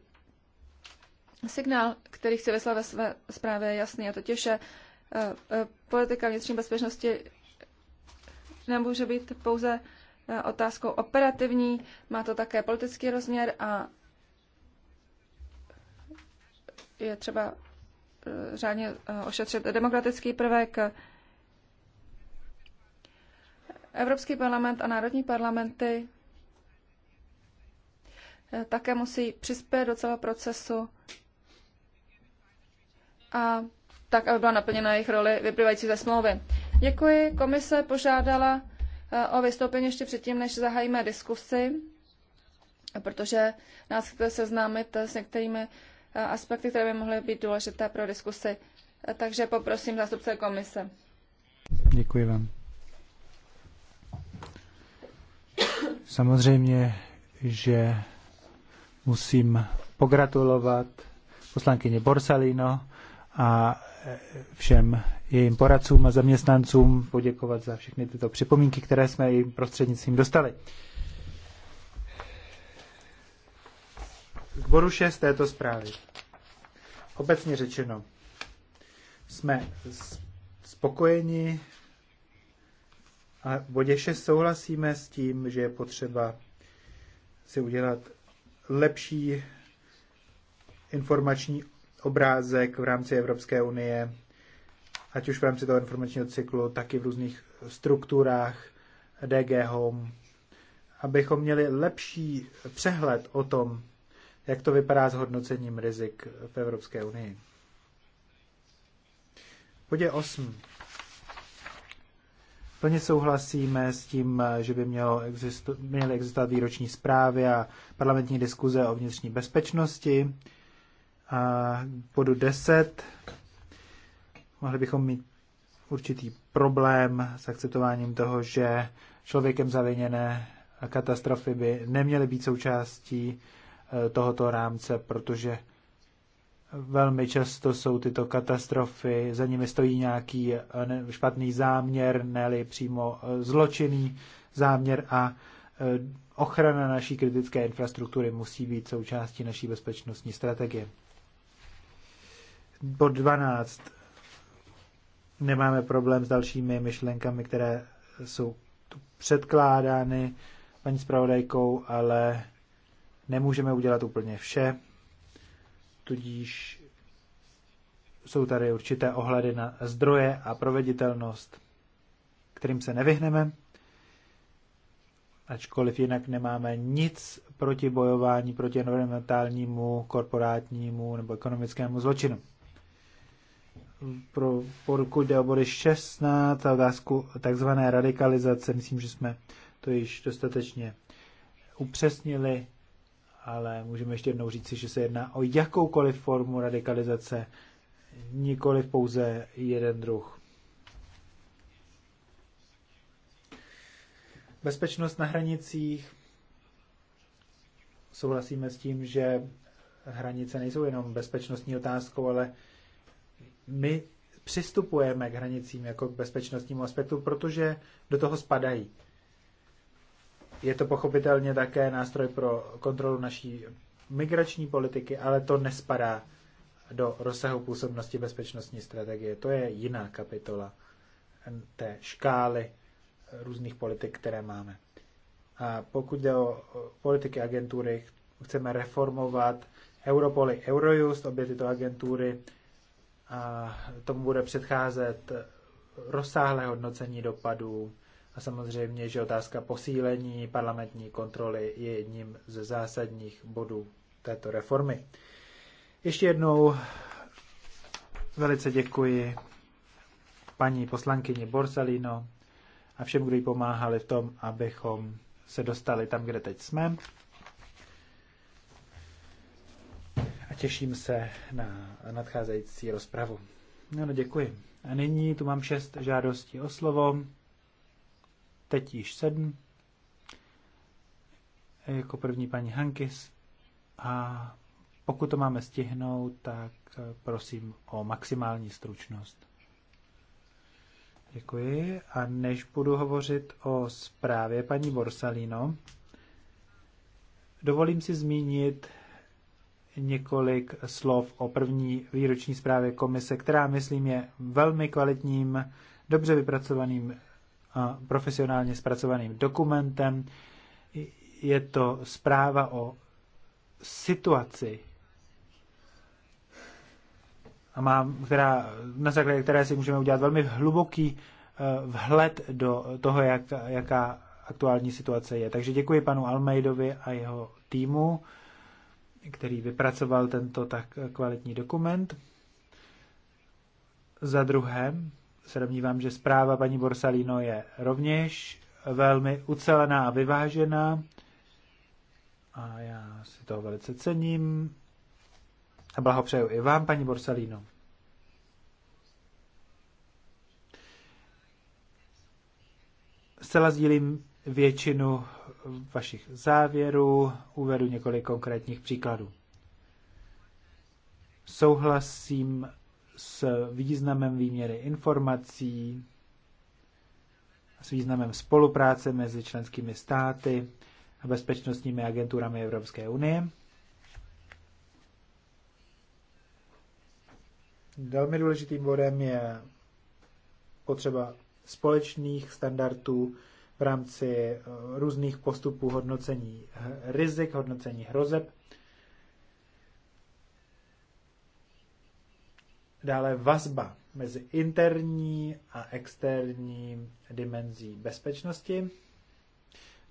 Signál, který chci vyslat ve své zprávě, je jasný a totiž je Eh, eh, politika vnitřní bezpečnosti nemůže být pouze eh, otázkou operativní, má to také politický rozměr a je třeba řádně ošetřit demokratický prvek. Evropský parlament a národní parlamenty také musí přispět do celého procesu a tak, aby byla naplněna jejich roli vyplývající ze smlouvy. Děkuji. Komise požádala eh, o vystoupení ještě předtím, než zahájíme diskusy, protože nás chce seznámit eh, s některými eh, aspekty, které by mohly být důležité pro diskusy. Takže poprosím zástupce komise. Děkuji vám. Samozřejmě, že musím pogratulovat poslankyně Borsalino a všem jejím poradcům a zaměstnancům poděkovat za všechny tyto připomínky, které jsme jim prostřednictvím dostali. K bodu 6 této zprávy. Obecně řečeno, jsme spokojeni a v bodě 6 souhlasíme s tím, že je potřeba si udělat lepší informační obrázek v rámci Evropské unie, ať už v rámci toho informačního cyklu, tak i v různých strukturách DG Home, abychom měli lepší přehled o tom, jak to vypadá s hodnocením rizik v Evropské unii. Podě 8. Plně souhlasíme s tím, že by mělo existu- měly existovat výroční zprávy a parlamentní diskuze o vnitřní bezpečnosti. A bodu 10 mohli bychom mít určitý problém s akceptováním toho, že člověkem zaviněné katastrofy by neměly být součástí eh, tohoto rámce, protože velmi často jsou tyto katastrofy, za nimi stojí nějaký eh, špatný záměr, ne přímo eh, zločinný záměr a ochrana naší kritické infrastruktury musí být součástí naší bezpečnostní strategie. Bod 12. Nemáme problém s dalšími myšlenkami, které jsou tu předkládány paní zpravodajkou, ale nemůžeme udělat úplně vše. Tudíž jsou tady určité ohledy na zdroje a proveditelnost, kterým se nevyhneme, ačkoliv jinak nemáme nic proti bojování proti environmentálnímu, korporátnímu nebo ekonomickému zločinu pro, pokud jde o body 16 a otázku takzvané radikalizace, myslím, že jsme to již dostatečně upřesnili, ale můžeme ještě jednou říci, že se jedná o jakoukoliv formu radikalizace, nikoliv pouze jeden druh. Bezpečnost na hranicích. Souhlasíme s tím, že hranice nejsou jenom bezpečnostní otázkou, ale my přistupujeme k hranicím jako k bezpečnostnímu aspektu, protože do toho spadají. Je to pochopitelně také nástroj pro kontrolu naší migrační politiky, ale to nespadá do rozsahu působnosti bezpečnostní strategie. To je jiná kapitola té škály různých politik, které máme. A pokud jde o politiky agentury, chceme reformovat Europol Eurojust, obě tyto agentury a tomu bude předcházet rozsáhlé hodnocení dopadů a samozřejmě, že otázka posílení parlamentní kontroly je jedním ze zásadních bodů této reformy. Ještě jednou velice děkuji paní poslankyni Borsalino a všem, kdo jí pomáhali v tom, abychom se dostali tam, kde teď jsme. těším se na nadcházející rozpravu. No, no děkuji. A nyní tu mám šest žádostí o slovo. Teď již sedm. Jako první paní Hankis. A pokud to máme stihnout, tak prosím o maximální stručnost. Děkuji. A než budu hovořit o zprávě paní Borsalino, dovolím si zmínit několik slov o první výroční zprávě komise, která, myslím, je velmi kvalitním, dobře vypracovaným a profesionálně zpracovaným dokumentem. Je to zpráva o situaci, a má, která, na základě které si můžeme udělat velmi hluboký eh, vhled do toho, jak, jaká aktuální situace je. Takže děkuji panu Almeidovi a jeho týmu který vypracoval tento tak kvalitní dokument. Za druhé, se domnívám, že zpráva paní Borsalino je rovněž velmi ucelená a vyvážená. A já si toho velice cením. A blahopřeju i vám, paní Borsalino. Zcela sdílím většinu vašich závěrů, uvedu několik konkrétních příkladů. Souhlasím s významem výměry informací, s významem spolupráce mezi členskými státy a bezpečnostními agenturami Evropské unie. Velmi důležitým bodem je potřeba společných standardů v rámci eh, různých postupů hodnocení rizik, hodnocení hrozeb. Dále vazba mezi interní a externí dimenzí bezpečnosti.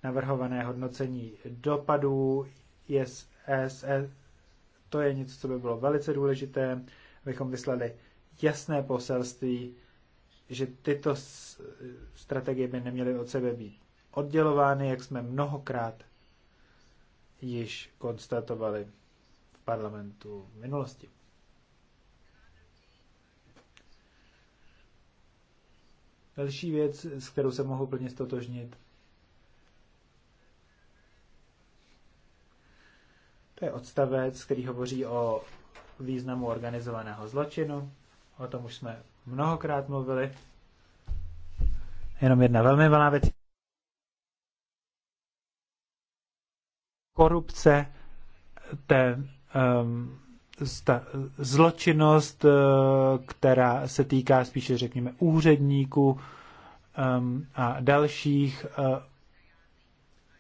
Navrhované hodnocení dopadů ISS, to je něco, co by bylo velice důležité, abychom vyslali jasné poselství že tyto strategie by neměly od sebe být oddělovány, jak jsme mnohokrát již konstatovali v parlamentu v minulosti. Další věc, s kterou se mohu plně stotožnit, to je odstavec, který hovoří o významu organizovaného zločinu O tom už jsme mnohokrát mluvili. Jenom jedna velmi malá věc. Korupce, té, um, ehm, ta zločinnost, eh, která se týká spíše, řekněme, úředníků um, a dalších, uh,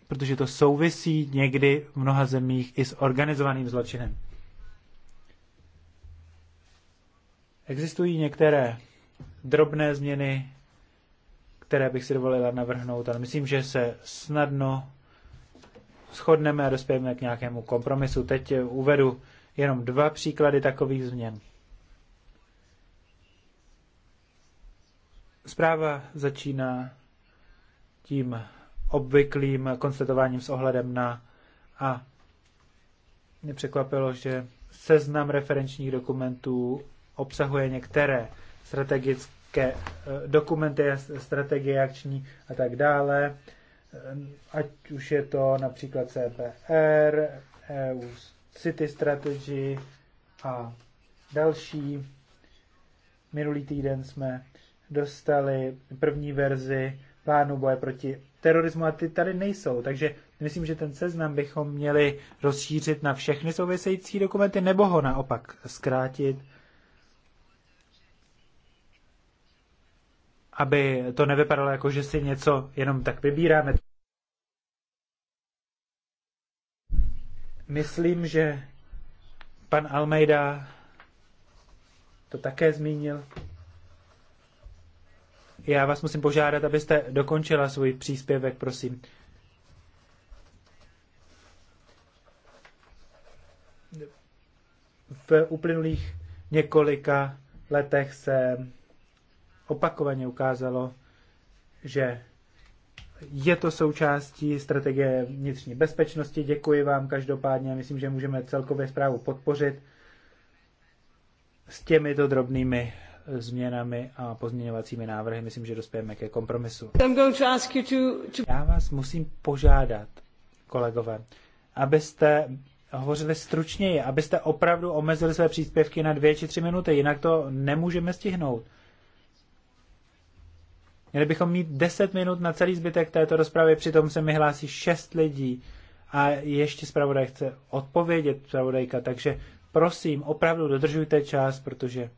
protože to souvisí někdy v mnoha zemích i s organizovaným zločinem. Existují některé drobné změny, které bych si dovolila navrhnout, ale myslím, že se snadno shodneme a dospějeme k nějakému kompromisu. Teď uvedu jenom dva příklady takových změn. Zpráva začíná tím obvyklým konstatováním s ohledem na a mě překvapilo, že seznam referenčních dokumentů obsahuje některé strategické eh, dokumenty, strategie akční a tak dále, eh, ať už je to například CPR, EU City Strategy a další. Minulý týden jsme dostali první verzi plánu boje proti terorismu a ty tady nejsou. Takže myslím, že ten seznam bychom měli rozšířit na všechny související dokumenty nebo ho naopak zkrátit aby to nevypadalo jako, že si něco jenom tak vybíráme. Myslím, že pan Almeida to také zmínil. Já vás musím požádat, abyste dokončila svůj příspěvek, prosím. V uplynulých několika letech se opakovaně ukázalo, že je to součástí strategie vnitřní bezpečnosti. Děkuji vám každopádně. Myslím, že můžeme celkově zprávu podpořit s těmito drobnými změnami a pozměňovacími návrhy. Myslím, že dospějeme ke kompromisu. Já vás musím požádat, kolegové, abyste hovořili stručněji, abyste opravdu omezili své příspěvky na dvě či tři minuty, jinak to nemůžeme stihnout. Měli bychom mít 10 minut na celý zbytek této rozpravy, přitom se mi hlásí 6 lidí a ještě zpravodaj chce odpovědět, zpravodajka, takže prosím, opravdu dodržujte čas, protože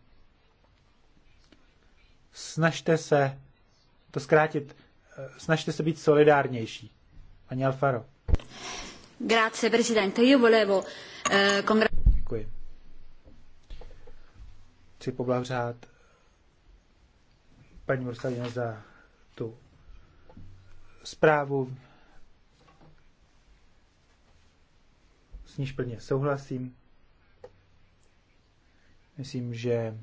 snažte se to zkrátit, eh, snažte se být solidárnější. Pani Alfaro. Grazie, presidente. Io volevo, eh, Děkuji. Chci poblahřát paní Morsalina za tu zprávu. S níž plně souhlasím. Myslím, že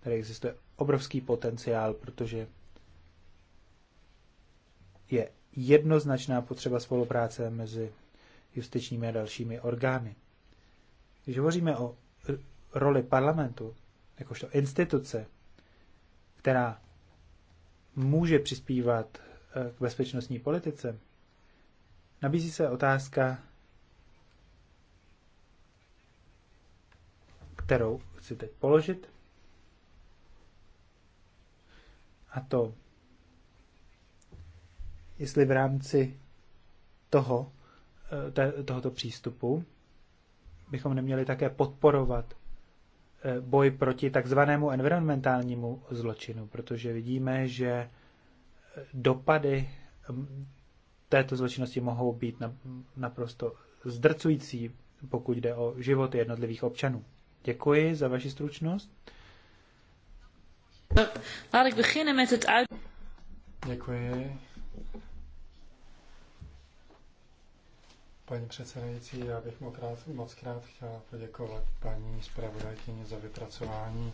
tady existuje obrovský potenciál, protože je jednoznačná potřeba spolupráce mezi justičními a dalšími orgány. Když hovoříme o roli parlamentu, jakožto instituce, která může přispívat eh, k bezpečnostní politice, nabízí se otázka, kterou chci teď položit. A to, jestli v rámci toho, eh, tohoto přístupu bychom neměli také podporovat Eh, boj proti takzvanému environmentálnímu zločinu, protože vidíme, že eh, dopady mm, této zločinnosti mohou být naprosto zdrcující, pokud jde o životy jednotlivých občanů. Děkuji za vaši stručnost. Děkuji. Paní předsedající, já bych mu krát, moc krát chtěla poděkovat paní zpravodajkyni za vypracování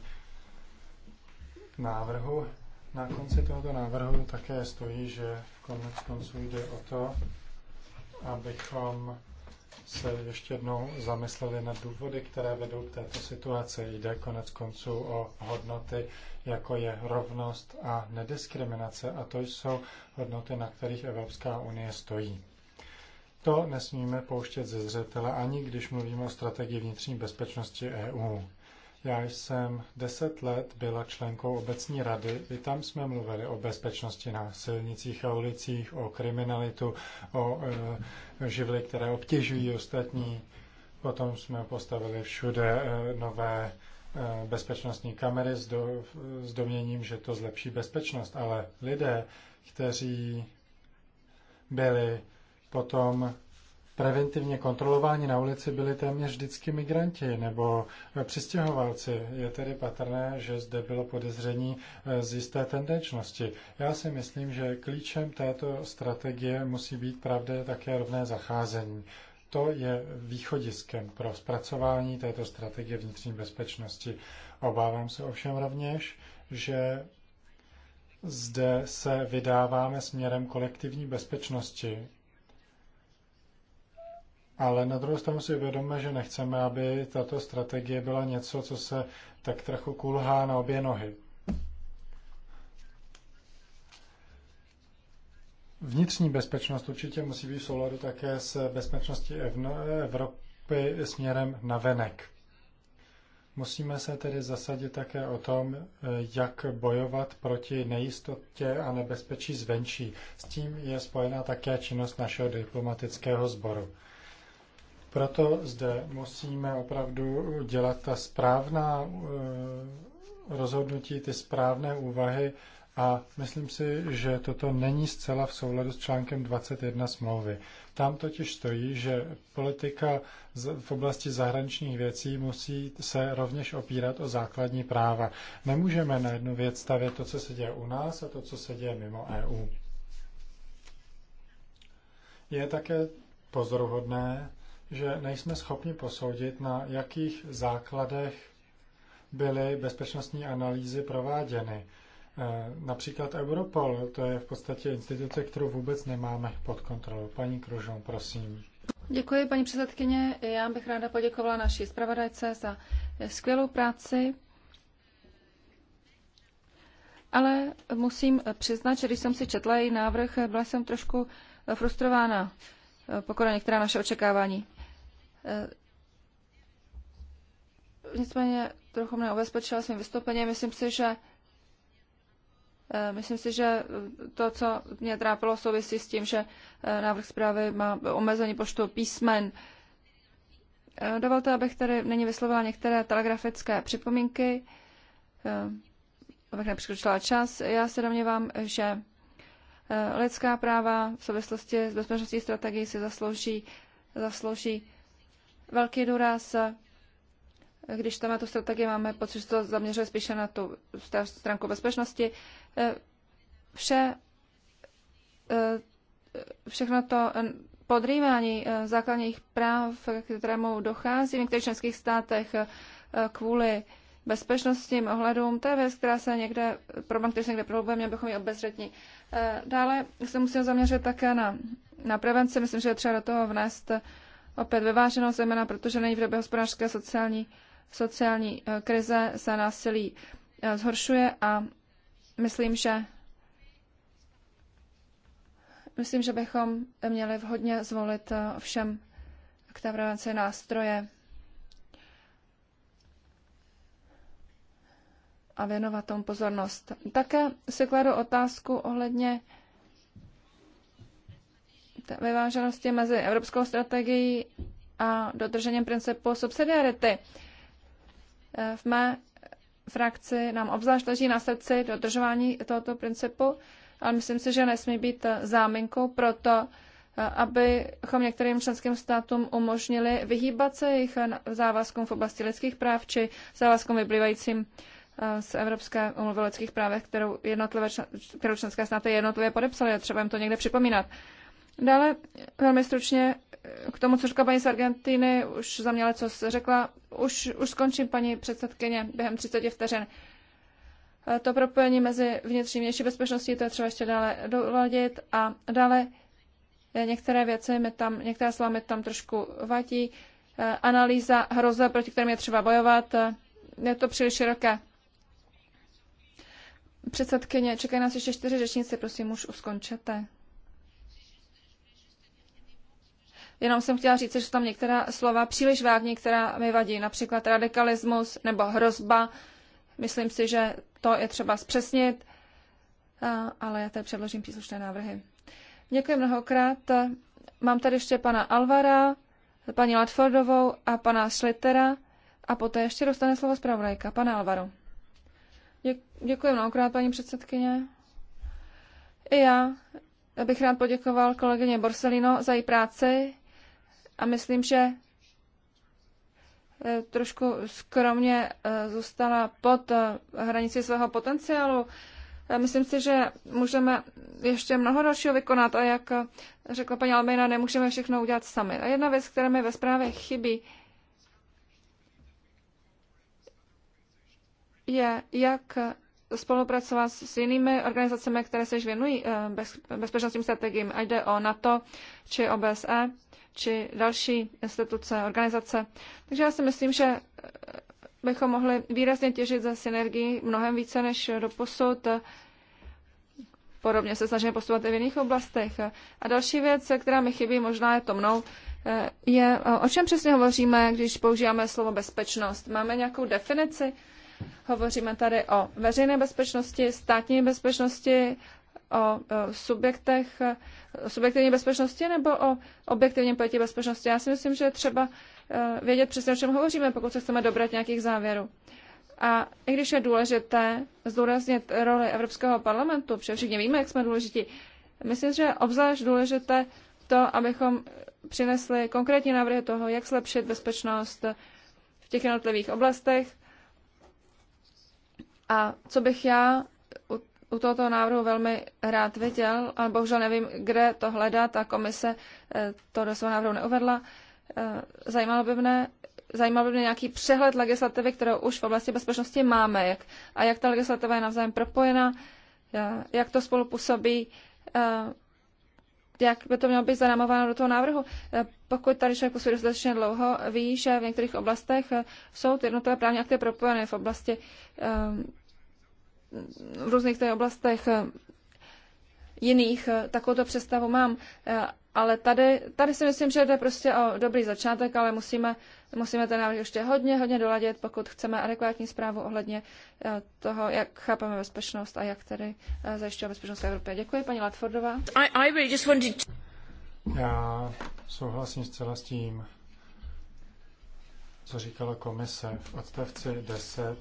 návrhu. Na konci tohoto návrhu také stojí, že v konec konců jde o to, abychom se ještě jednou zamysleli na důvody, které vedou k této situaci. Jde konec konců o hodnoty, jako je rovnost a nediskriminace, a to jsou hodnoty, na kterých Evropská unie stojí. To nesmíme pouštět ze zřetele ani když mluvíme o strategii vnitřní bezpečnosti EU. Já jsem deset let byla členkou obecní rady, i tam jsme mluvili o bezpečnosti na silnicích a ulicích, o kriminalitu, o e, živly, které obtěžují ostatní. Potom jsme postavili všude e, nové e, bezpečnostní kamery s, do, s doměním, že to zlepší bezpečnost, ale lidé, kteří byli Potom preventivně kontrolováni na ulici byli téměř vždycky migranti nebo přistěhovalci. Je tedy patrné, že zde bylo podezření eh, z jisté tendenčnosti. Já si myslím, že klíčem této strategie musí být pravda také rovné zacházení. To je východiskem pro zpracování této strategie vnitřní bezpečnosti. Obávám se ovšem rovněž, že zde se vydáváme směrem kolektivní bezpečnosti, ale na druhou stranu si uvědomme, že nechceme, aby tato strategie byla něco, co se tak trochu kulhá na obě nohy. Vnitřní bezpečnost určitě musí být v souladu také s bezpečností Evropy směrem na venek. Musíme se tedy zasadit také o tom, eh, jak bojovat proti nejistotě a nebezpečí zvenčí. S tím je spojená také činnost našeho diplomatického sboru. Proto zde musíme opravdu dělat ta správná eh, rozhodnutí, ty správné úvahy a myslím si, že toto není zcela v souladu s článkem 21 smlouvy. Tam totiž stojí, že politika v oblasti zahraničních věcí musí se rovněž opírat o základní práva. Nemůžeme na jednu věc stavět to, co se děje u nás a to, co se děje mimo EU. Je také pozoruhodné, že nejsme schopni posoudit, na jakých základech byly bezpečnostní analýzy prováděny. Eh, například Europol, to je v podstatě instituce, kterou vůbec nemáme pod kontrolou. Paní Kružon, prosím. Děkuji, paní předsedkyně. Já bych ráda poděkovala naší zpravodajce za skvělou práci. Ale musím přiznat, že když jsem si četla její návrh, byla jsem trošku frustrována, eh, pokud některá naše očekávání. Eh, nicméně trochu mě ubezpečila svým vystoupením. Myslím si, že eh, Myslím si, že eh, to, co mě trápilo, souvisí s tím, že návrh zprávy má omezení počtu písmen. Dovolte, abych tady nyní vyslovila některé telegrafické připomínky, abych nepřekročila čas. Já se domnívám, že lidská práva v souvislosti s bezpečnostní strategií si zaslouží, zaslouží velký důraz. Když tam na tu strategii máme pocit, že to zaměřuje spíše na tu stránku bezpečnosti. Eh, vše, eh, všechno to eh, podrývání základních práv, kterému dochází v některých členských státech kvůli bezpečnostním ohledům, to je věc, která se někde, problém, který se někde prohlubuje, měl bychom ji obezřetní. Dále se musíme zaměřit také na, na prevenci. Myslím, že je třeba do toho vnést opět vyváženost, zejména protože není v době hospodářské sociální, sociální eh, krize se násilí eh, zhoršuje a myslím, že myslím, že bychom měli vhodně zvolit eh, všem k té prevenci nástroje a věnovat tomu pozornost. Také si kladu otázku ohledně vyváženosti mezi evropskou strategií a dodržením principu subsidiarity. E, v mé frakci nám obzvlášť leží na srdci dodržování tohoto principu, ale myslím si, že nesmí být záminkou pro to, e, abychom některým členským státům umožnili vyhýbat se jejich závazkům v oblasti lidských práv či závazkům vyplývajícím e, z Evropské umluvy o lidských právech, kterou, jednotlivé, kterou členské státy jednotlivě podepsaly třeba jim to někde připomínat. Dále velmi stručně k tomu, co říká paní z Argentiny, už za mě leco řekla. Už, už skončím, paní předsedkyně, během 30 vteřin. Eh, to propojení mezi vnitřní a vnější bezpečností, to je třeba ještě dále doladit a dále eh, některé věci mi tam, některé slova mi tam trošku vadí. Eh, analýza hroze, proti kterým je třeba bojovat, je to příliš široké. Předsedkyně, čekají nás ještě čtyři řečníci, prosím, už uskončete. Jenom jsem chtěla říct, že jsou tam některá slova příliš vágní, která mi vadí, například radikalismus nebo hrozba. Myslím si, že to je třeba zpřesnit, ale já tady předložím příslušné návrhy. Děkuji mnohokrát. Mám tady ještě pana Alvara, paní Latfordovou a pana Schlittera a poté ještě dostane slovo zpravodajka. pana Alvaru. Děkuji mnohokrát, paní předsedkyně. I já bych rád poděkoval kolegyně Borselino za její práci. A myslím, že eh, trošku skromně eh, zůstala pod eh, hranici svého potenciálu. Myslím si, že můžeme ještě mnoho dalšího vykonat a jak řekla paní Almeida, nemůžeme všechno udělat sami. A jedna věc, která mi ve zprávě chybí, je, jak spolupracovat s jinými organizacemi, které se již věnují bezpečnostním strategiím, ať jde o NATO či OBSE či další instituce, organizace. Takže já si myslím, že bychom mohli výrazně těžit ze synergii mnohem více než do posud. Podobně se snažíme postupovat i v jiných oblastech. A další věc, která mi chybí, možná je to mnou, je, o čem přesně hovoříme, když používáme slovo bezpečnost. Máme nějakou definici? Hovoříme tady o veřejné bezpečnosti, státní bezpečnosti, o subjektech, subjektivní bezpečnosti nebo o objektivním pojetí bezpečnosti. Já si myslím, že je třeba e, vědět přesně, o čem hovoříme, pokud se chceme dobrat nějakých závěrů. A i když je důležité zdůraznit roli Evropského parlamentu, protože všichni víme, jak jsme důležití, myslím, že je obzvlášť důležité to, abychom přinesli konkrétní návrhy toho, jak zlepšit bezpečnost v těch jednotlivých oblastech. A co bych já u tohoto návrhu velmi rád viděl, ale bohužel nevím, kde to hledat a komise eh, to do svého návrhu neuvedla. Eh, zajímalo by mne, zajímalo by mě nějaký přehled legislativy, kterou už v oblasti bezpečnosti máme jak, a jak ta legislativa je navzájem propojena, eh, jak to spolu působí, jak by to mělo být zanamováno do toho návrhu. Pokud tady člověk působí dostatečně dlouho, ví, že v některých oblastech jsou ty, jednotlivé právní akty propojené v oblasti v různých těch oblastech eh, jiných eh, takovou představu mám, eh, ale tady, tady si myslím, že jde prostě o dobrý začátek, ale musíme, musíme ten návrh ještě hodně, hodně doladit, pokud chceme adekvátní zprávu ohledně toho, jak chápeme bezpečnost a jak tedy zajišťuje bezpečnost v Evropě. Děkuji, paní Latfordová. I, I really just wanted... Já souhlasím zcela s tím, co říkala komise v odstavci 10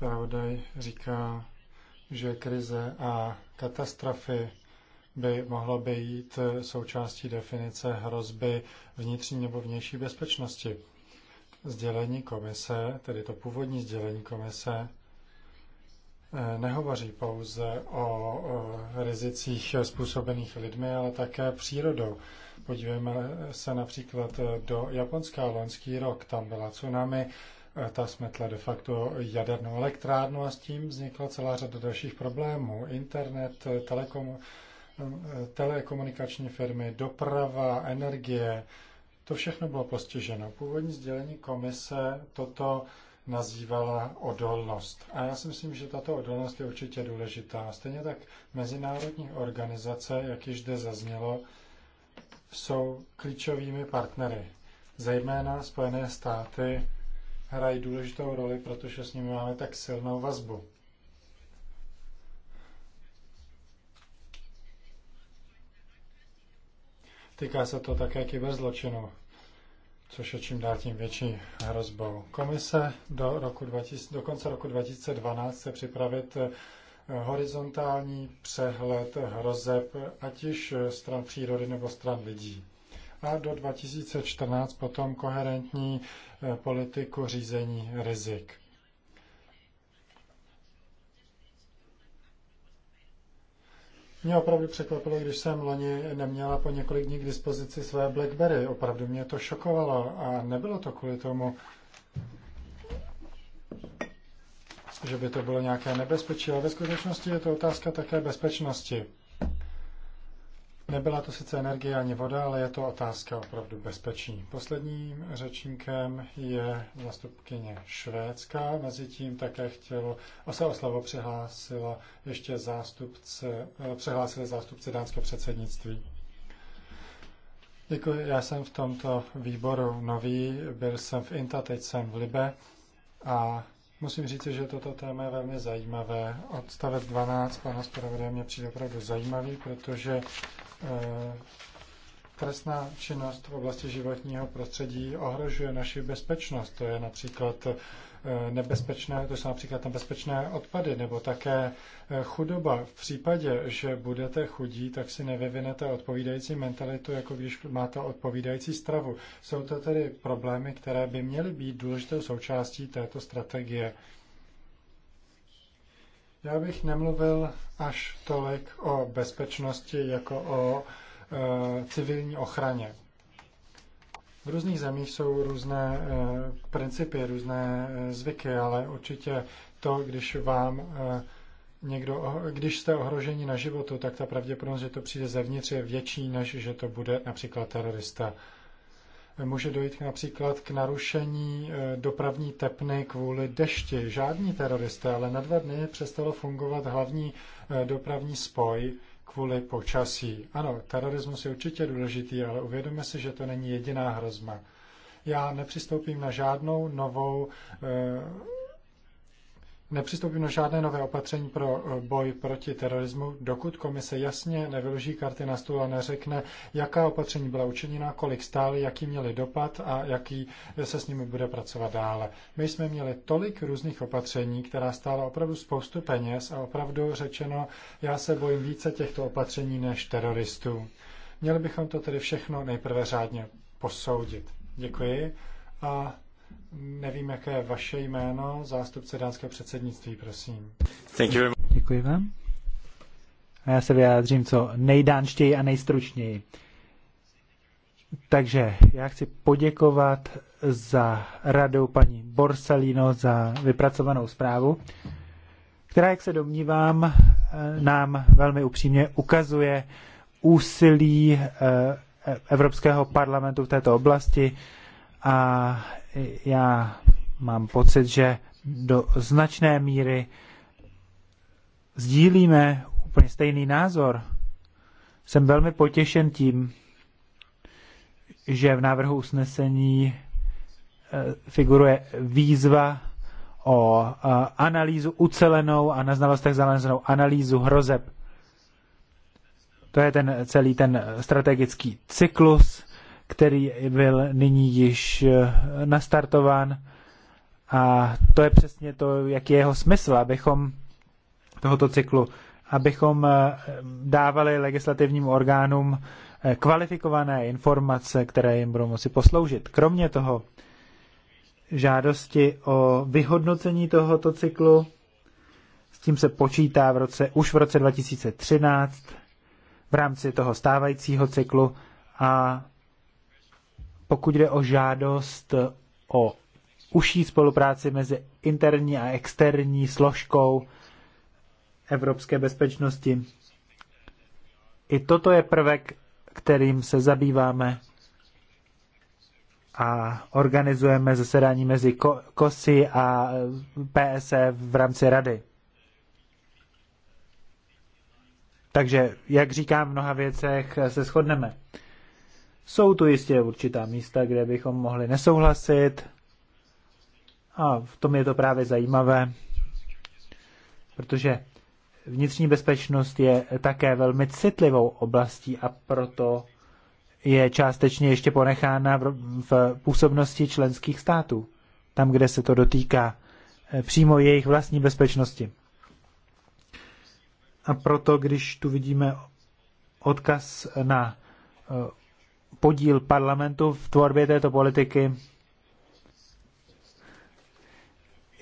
zpravodaj říká, že krize a katastrofy by mohlo být součástí definice hrozby vnitřní nebo vnější bezpečnosti. Sdělení komise, tedy to původní sdělení komise, nehovoří pouze o rizicích způsobených lidmi, ale také přírodou. Podívejme se například do Japonska, loňský rok, tam byla tsunami, Eh, ta smetla de facto jadernou elektrárnu a s tím vznikla celá řada dalších problémů. Internet, eh, telekom, eh, telekomunikační firmy, doprava, energie, to všechno bylo postiženo. Původní sdělení komise toto nazývala odolnost. A já si myslím, že tato odolnost je určitě důležitá. Stejně tak mezinárodní organizace, jak již zde zaznělo, jsou klíčovými partnery, zejména Spojené státy hrají důležitou roli, protože s nimi máme tak silnou vazbu. Týká se to také kyberzločinu, což je čím dál tím větší hrozbou. Komise do, roku 20, do konce roku 2012 chce připravit eh, horizontální přehled hrozeb, ať již stran přírody nebo stran lidí a do 2014 potom koherentní eh, politiku řízení rizik. Mě opravdu překvapilo, když jsem loni neměla po několik dní k dispozici své Blackberry. Opravdu mě to šokovalo a nebylo to kvůli tomu, že by to bylo nějaké nebezpečí, ale ve skutečnosti je to otázka také bezpečnosti. Nebyla to sice energie ani voda, ale je to otázka opravdu bezpečí. Posledním řečníkem je zastupkyně Švédska. Mezitím také chtělo, o se o slovo přihlásila ještě zástupce, přihlásili zástupce dánského předsednictví. Děkuji, já jsem v tomto výboru nový, byl jsem v INTA, teď jsem v Libe a Musím říct, že toto téma je velmi zajímavé. Odstavec 12 pana zpravodaje mě přijde opravdu zajímavý, protože eh, trestná činnost v oblasti životního prostředí ohrožuje naši bezpečnost. To je například Eh, nebezpečné, to jsou například nebezpečné odpady, nebo také eh, chudoba. V případě, že budete chudí, tak si nevyvinete odpovídající mentalitu, jako když máte odpovídající stravu. Jsou to tedy problémy, které by měly být důležitou součástí této strategie. Já bych nemluvil až tolik o bezpečnosti jako o e, civilní ochraně. V různých zemích jsou různé eh, principy, různé eh, zvyky, ale určitě to, když vám eh, někdo, když jste ohroženi na životu, tak ta pravděpodobnost, že to přijde zevnitř, je větší, než že to bude například terorista. Může dojít například k narušení dopravní tepny kvůli dešti. Žádní teroristé, ale na dva dny přestalo fungovat hlavní dopravní spoj kvůli počasí. Ano, terorismus je určitě důležitý, ale uvědomme si, že to není jediná hrozba. Já nepřistoupím na žádnou novou eh, na žádné nové opatření pro eh, boj proti terorismu, dokud komise jasně nevyloží karty na stůl a neřekne, jaká opatření byla učiněna, kolik stály, jaký měli dopad a jaký se s nimi bude pracovat dále. My jsme měli tolik různých opatření, která stála opravdu spoustu peněz a opravdu řečeno, já se bojím více těchto opatření než teroristů. Měli bychom to tedy všechno nejprve řádně posoudit. Děkuji. A Nevím, jaké je vaše jméno. Zástupce dánského předsednictví, prosím. Thank you. Děkuji vám. A já se vyjádřím co nejdánštěji a nejstručněji. Takže já chci poděkovat za radu paní Borsalino za vypracovanou zprávu, která, jak se domnívám, nám velmi upřímně ukazuje úsilí eh, Evropského parlamentu v této oblasti a já mám pocit, že do značné míry sdílíme úplně stejný názor. Jsem velmi potěšen tím, že v návrhu usnesení eh, figuruje výzva o eh, analýzu ucelenou a na znalostech zalezenou analýzu hrozeb. To je ten celý ten strategický cyklus, který byl nyní již eh, nastartován. A to je přesně to, jak je jeho smysl, abychom tohoto cyklu, abychom eh, dávali legislativním orgánům eh, kvalifikované informace, které jim budou moci posloužit. Kromě toho, žádosti o vyhodnocení tohoto cyklu, s tím se počítá v roce, už v roce 2013 v rámci toho stávajícího cyklu a pokud jde o žádost eh, o užší spolupráci mezi interní a externí složkou evropské bezpečnosti. I toto je prvek, kterým se zabýváme a organizujeme zasedání mezi KOSI a eh, PSE v rámci rady. Takže, jak říkám, v mnoha věcech eh, se shodneme. Jsou tu jistě určitá místa, kde bychom mohli nesouhlasit a v tom je to právě zajímavé, protože vnitřní bezpečnost je také velmi citlivou oblastí a proto je částečně ještě ponechána v působnosti členských států, tam, kde se to dotýká eh, přímo jejich vlastní bezpečnosti. A proto, když tu vidíme odkaz na eh, podíl parlamentu v tvorbě této politiky.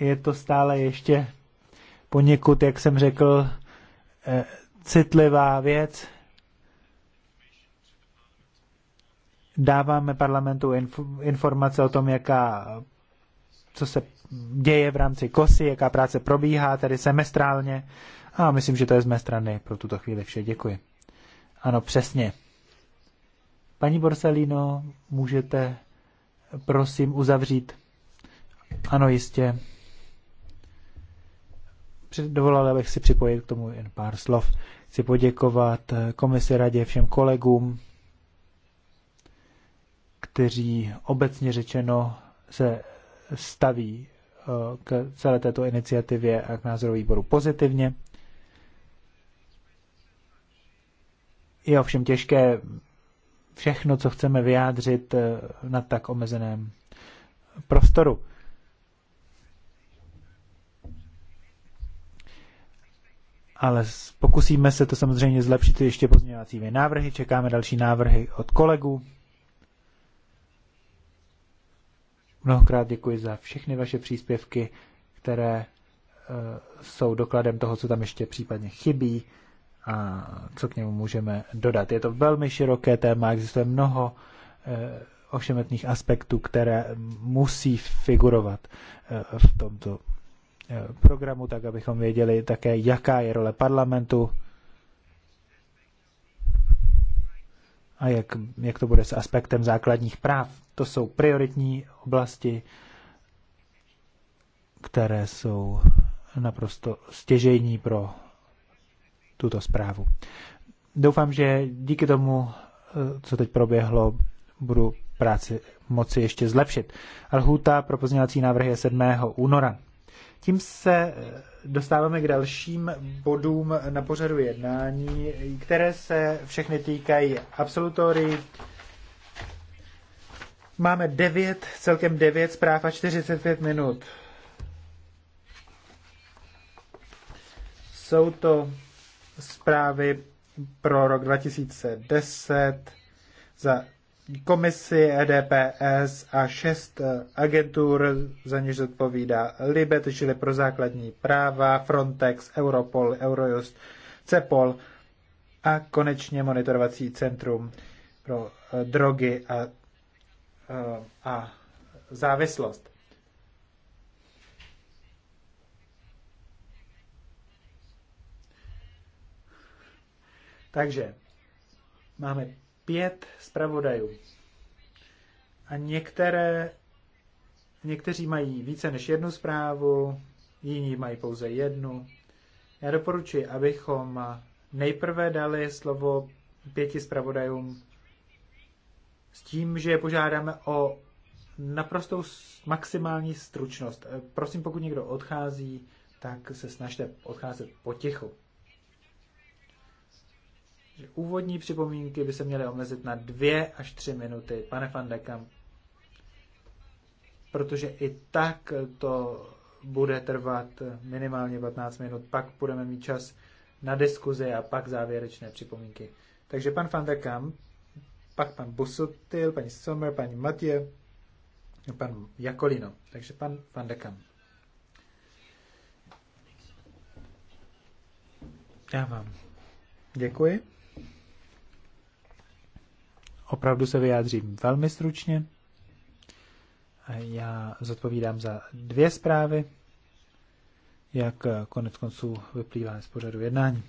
Je to stále ještě poněkud, jak jsem řekl, eh, citlivá věc. Dáváme parlamentu informace o tom, jaká, co se děje v rámci KOSY, jaká práce probíhá, tady semestrálně. A myslím, že to je z mé strany pro tuto chvíli vše. Děkuji. Ano, přesně. Paní Borsalino, můžete prosím uzavřít? Ano, jistě. Dovolal bych si připojit k tomu jen pár slov. Chci poděkovat eh, komisi radě všem kolegům, kteří obecně řečeno se staví eh, k celé této iniciativě a k názoru výboru pozitivně. Je ovšem těžké všechno, co chceme vyjádřit eh, na tak omezeném prostoru. Ale pokusíme se to samozřejmě zlepšit ještě pozměňovacími návrhy. Čekáme další návrhy od kolegů. Mnohokrát děkuji za všechny vaše příspěvky, které eh, jsou dokladem toho, co tam ještě případně chybí a co k němu můžeme dodat. Je to velmi široké téma, existuje mnoho eh, ošemetných aspektů, které musí figurovat eh, v tomto eh, programu, tak abychom věděli také, jaká je role parlamentu a jak, jak to bude s aspektem základních práv. To jsou prioritní oblasti, které jsou naprosto stěžejní pro tuto zprávu. Doufám, že díky tomu, eh, co teď proběhlo, budu práci moci ještě zlepšit. Lhůta pro pozměňovací návrh je 7. února. Tím se eh, dostáváme k dalším bodům na pořadu jednání, které se všechny týkají absolutory. Máme 9, celkem 9 zpráv a 45 minut. Jsou to zprávy pro rok 2010 za komisi EDPS a šest eh, agentur, za něž odpovídá Libet, čili pro základní práva, Frontex, Europol, Eurojust, CEPOL a konečně monitorovací centrum pro eh, drogy a, eh, a závislost. Takže máme pět zpravodajů a některé, někteří mají více než jednu zprávu, jiní mají pouze jednu. Já doporučuji, abychom nejprve dali slovo pěti zpravodajům s tím, že je požádáme o naprostou maximální stručnost. Prosím, pokud někdo odchází, tak se snažte odcházet potichu že úvodní připomínky by se měly omezit na dvě až tři minuty. Pane van Dekam, protože i tak to bude trvat minimálně 15 minut, pak budeme mít čas na diskuzi a pak závěrečné připomínky. Takže pan van pak pan Busutil, paní Sommer, paní Matě, pan Jakolino. Takže pan van Já vám děkuji. Opravdu se vyjádřím velmi stručně. Já zodpovídám za dvě zprávy, jak konec konců vyplývá z pořadu jednání.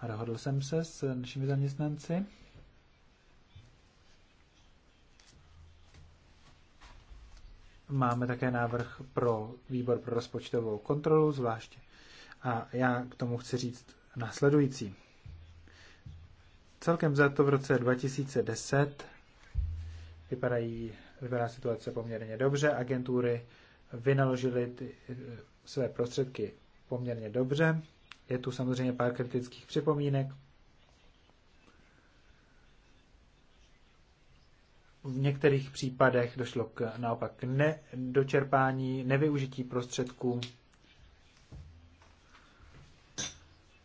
A dohodl jsem se s našimi zaměstnanci, Máme také návrh pro výbor pro rozpočtovou kontrolu zvláště. A já k tomu chci říct následující. Celkem za to v roce 2010 vypadají, vypadá situace poměrně dobře. Agentury vynaložily ty, eh, své prostředky poměrně dobře. Je tu samozřejmě pár kritických připomínek. V některých případech došlo k, naopak k nedočerpání, nevyužití prostředků.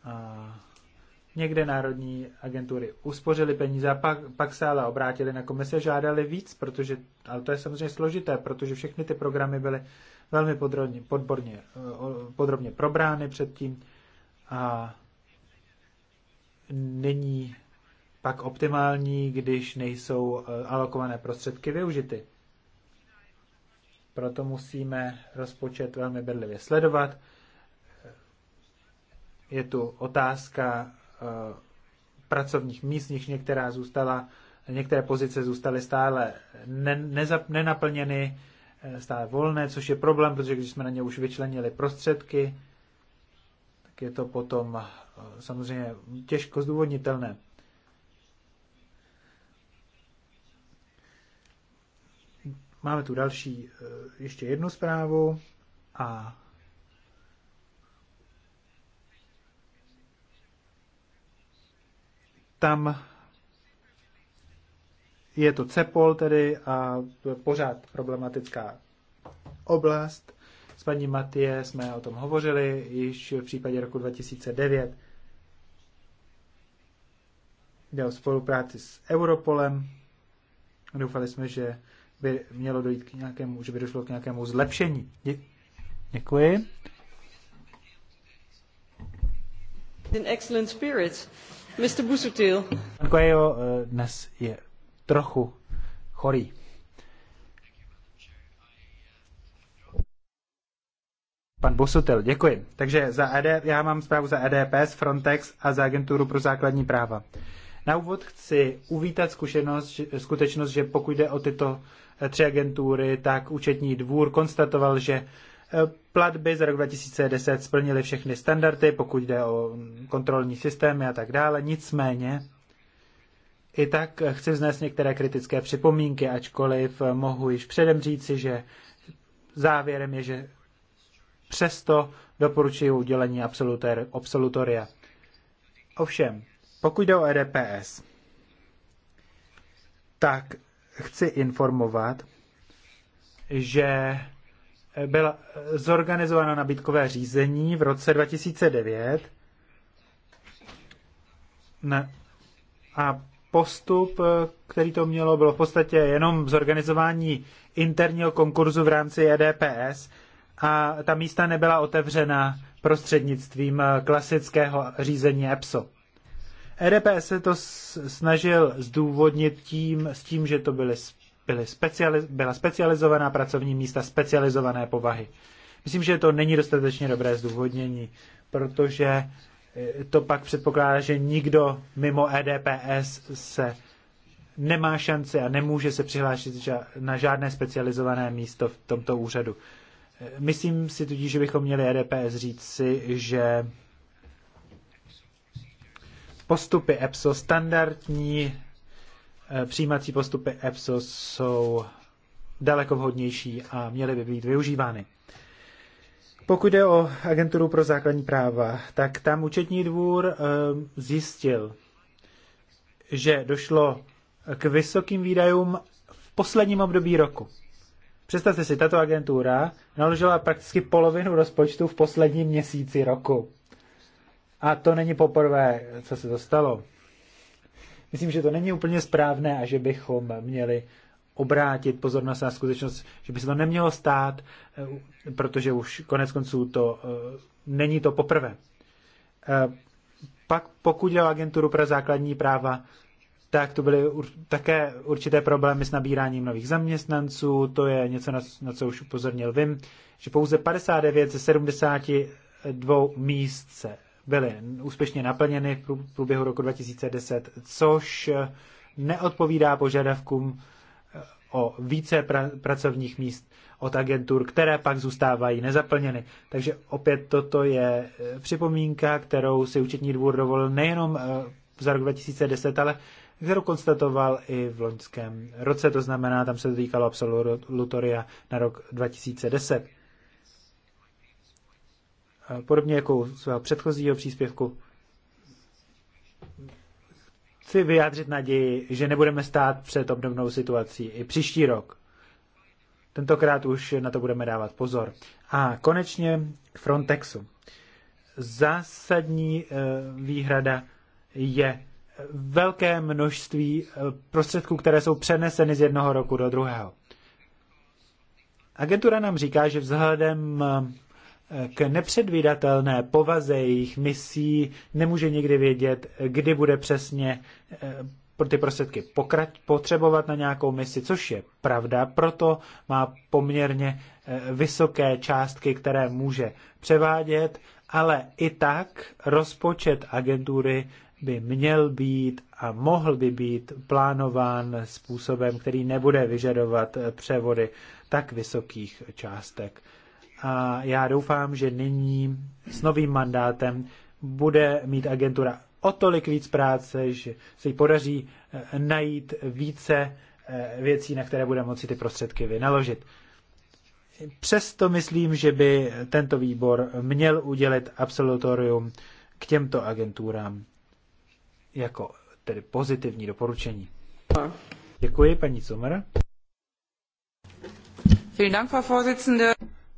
A Někde národní agentury uspořili peníze a pak, pak se ale obrátili na komise žádali víc, protože, ale to je samozřejmě složité, protože všechny ty programy byly velmi podrobně, podborně, eh, podrobně probrány předtím a není pak optimální, když nejsou eh, alokované prostředky využity. Proto musíme rozpočet velmi bedlivě sledovat. Je tu otázka Eh, pracovních míst, nich některá zůstala, některé pozice zůstaly stále ne, neza, nenaplněny, eh, stále volné, což je problém, protože když jsme na ně už vyčlenili prostředky, tak je to potom eh, samozřejmě těžko zdůvodnitelné. Máme tu další ještě jednu zprávu a tam je to CEPOL tedy a to je pořád problematická oblast. S paní Matie jsme o tom hovořili již v případě roku 2009. Jde o spolupráci s Europolem. Doufali jsme, že by mělo dojít k nějakému, že by došlo k nějakému zlepšení. Děkuji. In excellent spirits. Pan Coelho eh, dnes je trochu chorý. Pan Bosutil, děkuji. Takže za ED, já mám zprávu za EDPS, Frontex a za Agenturu pro základní práva. Na úvod chci uvítat zkušenost, skutečnost, že pokud jde o tyto eh, tři agentury, tak účetní dvůr konstatoval, že platby za rok 2010 splnily všechny standardy, pokud jde o kontrolní systémy a tak dále. Nicméně i tak chci vznést některé kritické připomínky, ačkoliv mohu již předem říci, že závěrem je, že přesto doporučuji udělení absolutoria. Ovšem, pokud jde o EDPS, tak chci informovat, že byla zorganizována nabídkové řízení v roce 2009 ne. a postup, který to mělo, bylo v podstatě jenom zorganizování interního konkurzu v rámci EDPS a ta místa nebyla otevřena prostřednictvím klasického řízení EPSO. EDPS se to snažil zdůvodnit tím, s tím, že to byly byly speciali- byla specializovaná pracovní místa specializované povahy. Myslím, že to není dostatečně dobré zdůvodnění, protože eh, to pak předpokládá, že nikdo mimo EDPS se nemá šanci a nemůže se přihlásit na žádné specializované místo v tomto úřadu. Eh, myslím si tudíž, že bychom měli EDPS říct si, že postupy EPSO, standardní Eh, přijímací postupy EPSO jsou daleko vhodnější a měly by být využívány. Pokud jde o agenturu pro základní práva, tak tam účetní dvůr eh, zjistil, že došlo k vysokým výdajům v posledním období roku. Představte si, tato agentura naložila prakticky polovinu rozpočtu v posledním měsíci roku. A to není poprvé, co se to stalo. Myslím, že to není úplně správné a že bychom měli obrátit pozornost na skutečnost, že by se to nemělo stát, eh, protože už konec konců to eh, není to poprvé. Eh, pak pokud dělal agenturu pro základní práva, tak to byly ur, také určité problémy s nabíráním nových zaměstnanců, to je něco, na, na co už upozornil Vím, že pouze 59 ze 72 míst se byly úspěšně naplněny v průběhu roku 2010, což eh, neodpovídá požadavkům eh, o více pra- pracovních míst od agentur, které pak zůstávají nezaplněny. Takže opět toto je eh, připomínka, kterou si účetní dvůr dovolil nejenom za rok 2010, ale kterou konstatoval i v loňském roce, to znamená, tam se to týkalo absolutoria na rok 2010 podobně jako z předchozího příspěvku, chci vyjádřit naději, že nebudeme stát před obdobnou situací i příští rok. Tentokrát už na to budeme dávat pozor. A konečně k Frontexu. Zásadní eh, výhrada je velké množství eh, prostředků, které jsou přeneseny z jednoho roku do druhého. Agentura nám říká, že vzhledem eh, k nepředvídatelné povaze jejich misí nemůže nikdy vědět, kdy bude přesně eh, ty prostředky potřebovat na nějakou misi, což je pravda, proto má poměrně eh, vysoké částky, které může převádět, ale i tak rozpočet agentury by měl být a mohl by být plánován způsobem, který nebude vyžadovat eh, převody tak vysokých částek. A já doufám, že nyní s novým mandátem bude mít agentura o tolik víc práce, že se jí podaří eh, najít více eh, věcí, na které bude moci ty prostředky vynaložit. Přesto myslím, že by tento výbor měl udělit absolutorium k těmto agenturám jako tedy pozitivní doporučení. Děkuji, paní Sommer.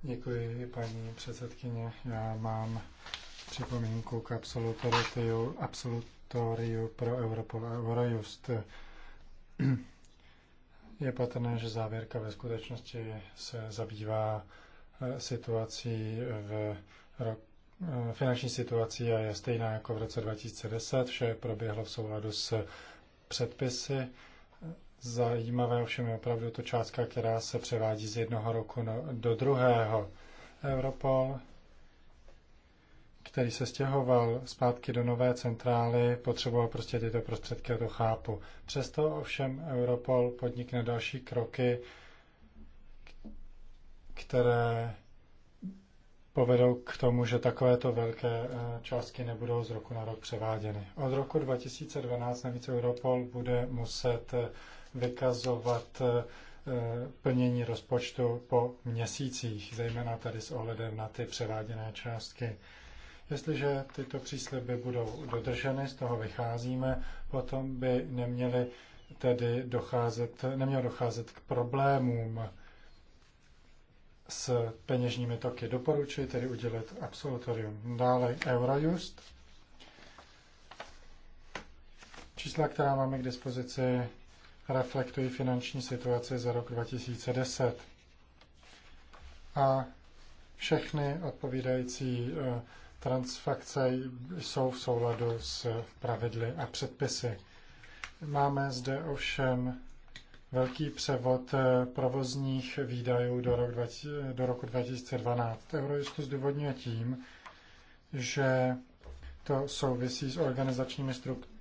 Děkuji, paní předsedkyně. Já mám připomínku k absolutoriu, absolutoriu pro Europol a Eurojust. Je patrné, že závěrka ve skutečnosti se zabývá eh, situací v ro- eh, finanční situací a je stejná jako v roce 2010. Vše proběhlo v souladu s předpisy Zajímavé ovšem je opravdu to částka, která se převádí z jednoho roku do druhého. Europol, který se stěhoval zpátky do nové centrály, potřeboval prostě tyto prostředky, a to chápu. Přesto ovšem Europol podnikne další kroky, které povedou k tomu, že takovéto velké eh, částky nebudou z roku na rok převáděny. Od roku 2012 navíc Europol bude muset eh, vykazovat eh, plnění rozpočtu po měsících, zejména tady s ohledem na ty převáděné částky. Jestliže tyto přísliby budou dodrženy, z toho vycházíme, potom by neměly tedy docházet, nemělo docházet k problémům s peněžními toky. Doporučuji tedy udělat absolutorium. Dále Eurojust. Čísla, která máme k dispozici, reflektují finanční situaci za rok 2010. A všechny odpovídající eh, transakce jsou v souladu s pravidly a předpisy. Máme zde ovšem velký převod eh, provozních výdajů do, rok 20, do roku 2012. Eurojustu zdůvodňuje tím, že to souvisí s organizačními strukturami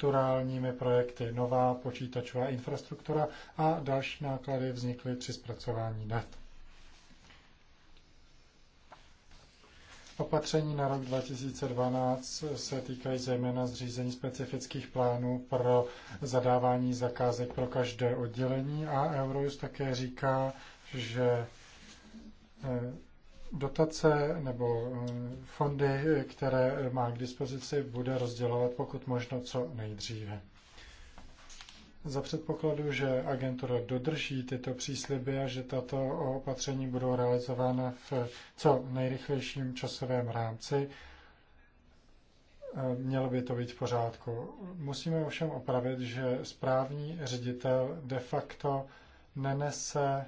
strukturálními projekty, nová počítačová infrastruktura a další náklady vznikly při zpracování dat. Opatření na rok 2012 se týkají zejména zřízení specifických plánů pro zadávání zakázek pro každé oddělení a Eurojust také říká, že eh, dotace nebo eh, fondy, které má k dispozici, bude rozdělovat pokud možno co nejdříve. Za předpokladu, že agentura dodrží tyto přísliby a že tato opatření budou realizována v co nejrychlejším časovém rámci, eh, mělo by to být v pořádku. Musíme ovšem opravit, že správní ředitel de facto nenese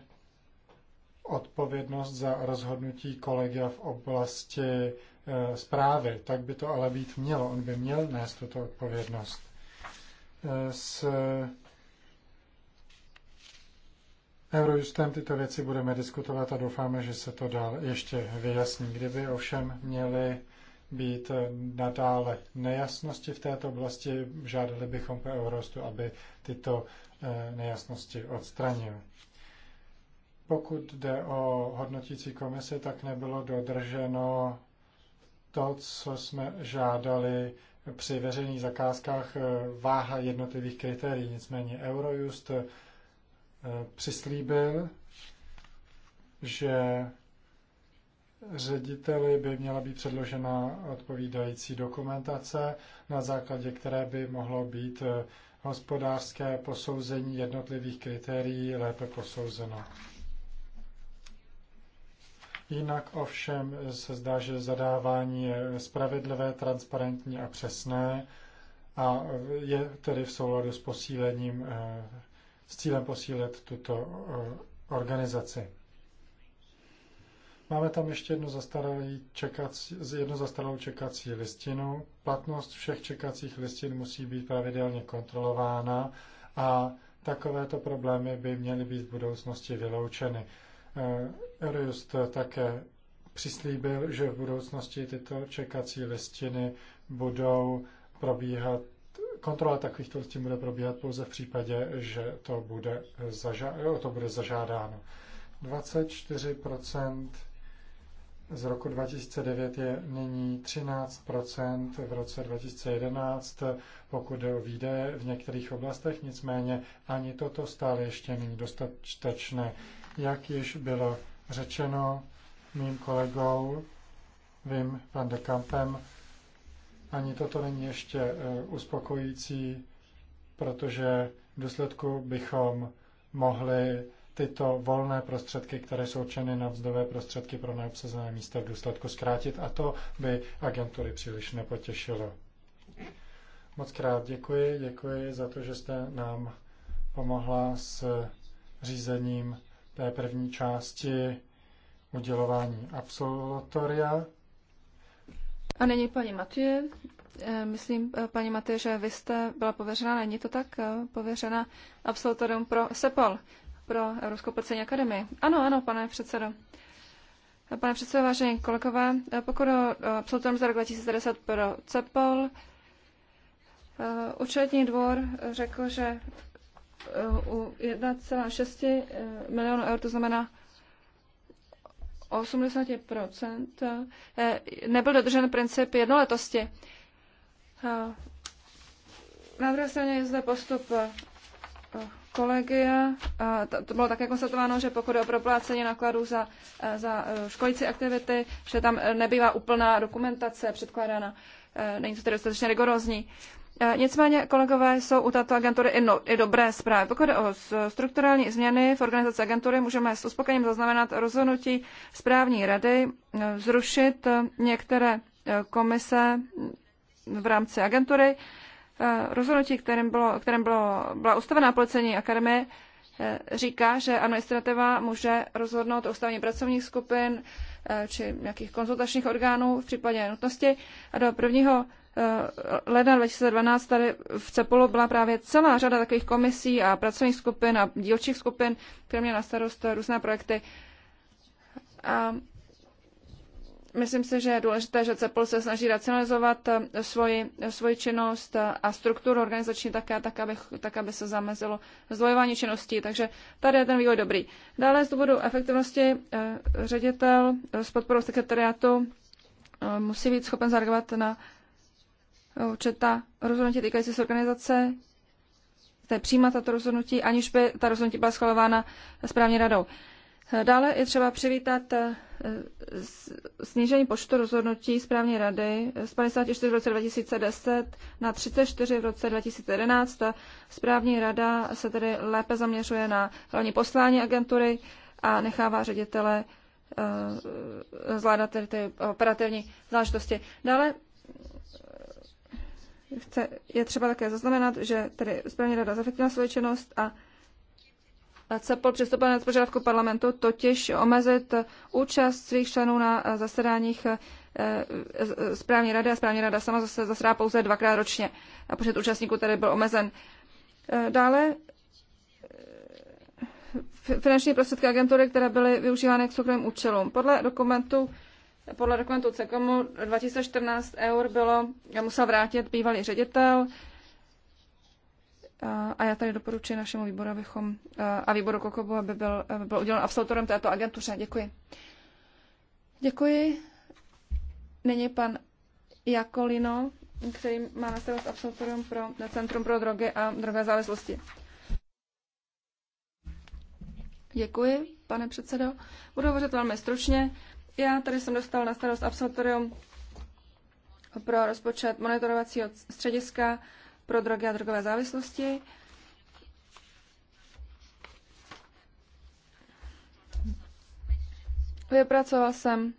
odpovědnost za rozhodnutí kolegia v oblasti eh, zprávy. Tak by to ale být mělo. On by měl nést tuto odpovědnost. Eh, s Eurojustem tyto věci budeme diskutovat a doufáme, že se to dál ještě vyjasní. Kdyby ovšem měli být eh, nadále nejasnosti v této oblasti, žádali bychom po Eurostu, aby tyto nejasnosti odstranil. Pokud jde o hodnotící komise, tak nebylo dodrženo to, co jsme žádali při veřejných zakázkách, e, váha jednotlivých kritérií. Nicméně Eurojust e, přislíbil, že řediteli by měla být předložena odpovídající dokumentace, na základě které by mohlo být e, hospodářské posouzení jednotlivých kritérií lépe posouzeno. Jinak ovšem se zdá, že zadávání je spravedlivé, transparentní a přesné a je tedy v souladu s posílením, eh, s cílem posílit tuto eh, organizaci. Máme tam ještě jednu zastaralou, čekací, jednu zastaralou čekací listinu. Platnost všech čekacích listin musí být pravidelně kontrolována a takovéto problémy by měly být v budoucnosti vyloučeny. Eurojust eh, také přislíbil, že v budoucnosti tyto čekací listiny budou probíhat, kontrola takovýchto listin bude probíhat pouze v případě, že to bude, zaža- to bude zažádáno. 24 z roku 2009 je nyní 13 v roce 2011, pokud jde o výdaje v některých oblastech, nicméně ani toto stále ještě není dostatečné. Jak již bylo řečeno mým kolegou vím, van de Kampem, ani toto není ještě eh, uspokojící, protože v důsledku bychom mohli tyto volné prostředky, které jsou určeny na vzdové prostředky pro neobsazené místa v důsledku zkrátit a to by agentury příliš nepotěšilo. Moc krát děkuji, děkuji za to, že jste nám pomohla s řízením té první části udělování absolutoria. A není paní Matěje. Eh, myslím, eh, paní Matěje, že vy jste byla pověřena, není to tak, eh, pověřena absolutorium pro SEPOL, pro Evropskou policejní akademii. Ano, ano, pane předsedo. Pane předsedo, vážení kolegové, pokud o absolutorium za rok 2010 pro CEPOL, účetní dvor řekl, že u 1,6 eh, milionů eur, to znamená 80%, eh, nebyl dodržen princip jednoletosti. Eh, na druhé straně je zde postup kolegia. To bylo také konstatováno, že pokud je o proplácení nákladů za, za školící aktivity, že tam nebývá úplná dokumentace předkládána. Není to tedy dostatečně rigorózní. E, nicméně, kolegové, jsou u této agentury i, no, i dobré zprávy. Pokud jde o strukturální změny v organizaci agentury, můžeme s uspokojením zaznamenat rozhodnutí správní rady e, zrušit některé e, komise v rámci agentury. Rozhodnutí, kterým, bylo, kterým bylo, byla ustavená policejní akademie, říká, že administrativa může rozhodnout o ustavení pracovních skupin či nějakých konzultačních orgánů v případě nutnosti. A do prvního Eh, ledna 2012 tady v Cepolu byla právě celá řada takových komisí a pracovních skupin a dílčích skupin, které měly na starost různé projekty. A myslím si, že je důležité, že CEPOL se snaží racionalizovat eh, svoji, eh, svoji činnost a strukturu organizační také, tak aby, tak, aby se zamezilo zdvojování činností. Takže tady je ten vývoj dobrý. Dále z důvodu efektivnosti ředitel s podporou sekretariátu musí být schopen zareagovat na určitá rozhodnutí týkající se organizace, je přijímat tato rozhodnutí, aniž by ta rozhodnutí byla schvalována správně radou. Dále je třeba přivítat eh, snížení počtu rozhodnutí správní rady z 54 v roce 2010 na 34 v roce 2011. Správní rada se tedy lépe zaměřuje na hlavní poslání agentury a nechává ředitele eh, zvládat tedy ty operativní záležitosti. Dále Chce, je třeba také zaznamenat, že tedy správně rada zefektivnila svoji činnost a CEPOL přistoupil na požadavku parlamentu, totiž omezit účast svých členů na eh, zasedáních eh, eh, správní rady a správní rada sama zase zasedá pouze dvakrát ročně a počet účastníků tedy byl omezen. Dále finanční prostředky agentury, které byly využívány k soukromým účelům. Podle dokumentu podle dokumentu CECOMu 2014 eur bylo, já musel vrátit bývalý ředitel a já tady doporučuji našemu výboru, abychom, a výboru Kokobu, aby byl, aby byl udělen absolutorem této agentuře. Děkuji. Děkuji. Není pan Jakolino, který má na starost absolutorium pro Centrum pro drogy a drogové závislosti. Děkuji, pane předsedo. Budu hovořit velmi stručně. Já tady jsem dostal na starost absolutorium pro rozpočet monitorovacího střediska pro drogy a drogové závislosti. Vypracoval jsem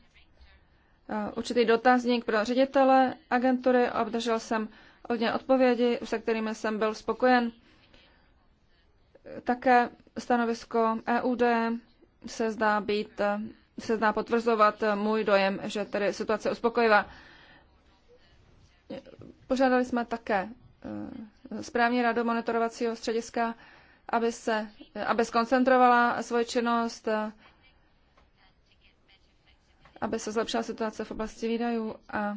eh, určitý dotazník pro ředitele agentury, obdržel jsem od něj odpovědi, se kterými jsem byl spokojen. Také stanovisko EUD se zdá být eh, se zdá potvrzovat můj dojem, že tedy situace je uspokojivá. Požádali jsme také eh, správní radu monitorovacího střediska, aby, se, aby skoncentrovala svoji činnost, eh, aby se zlepšila situace v oblasti výdajů a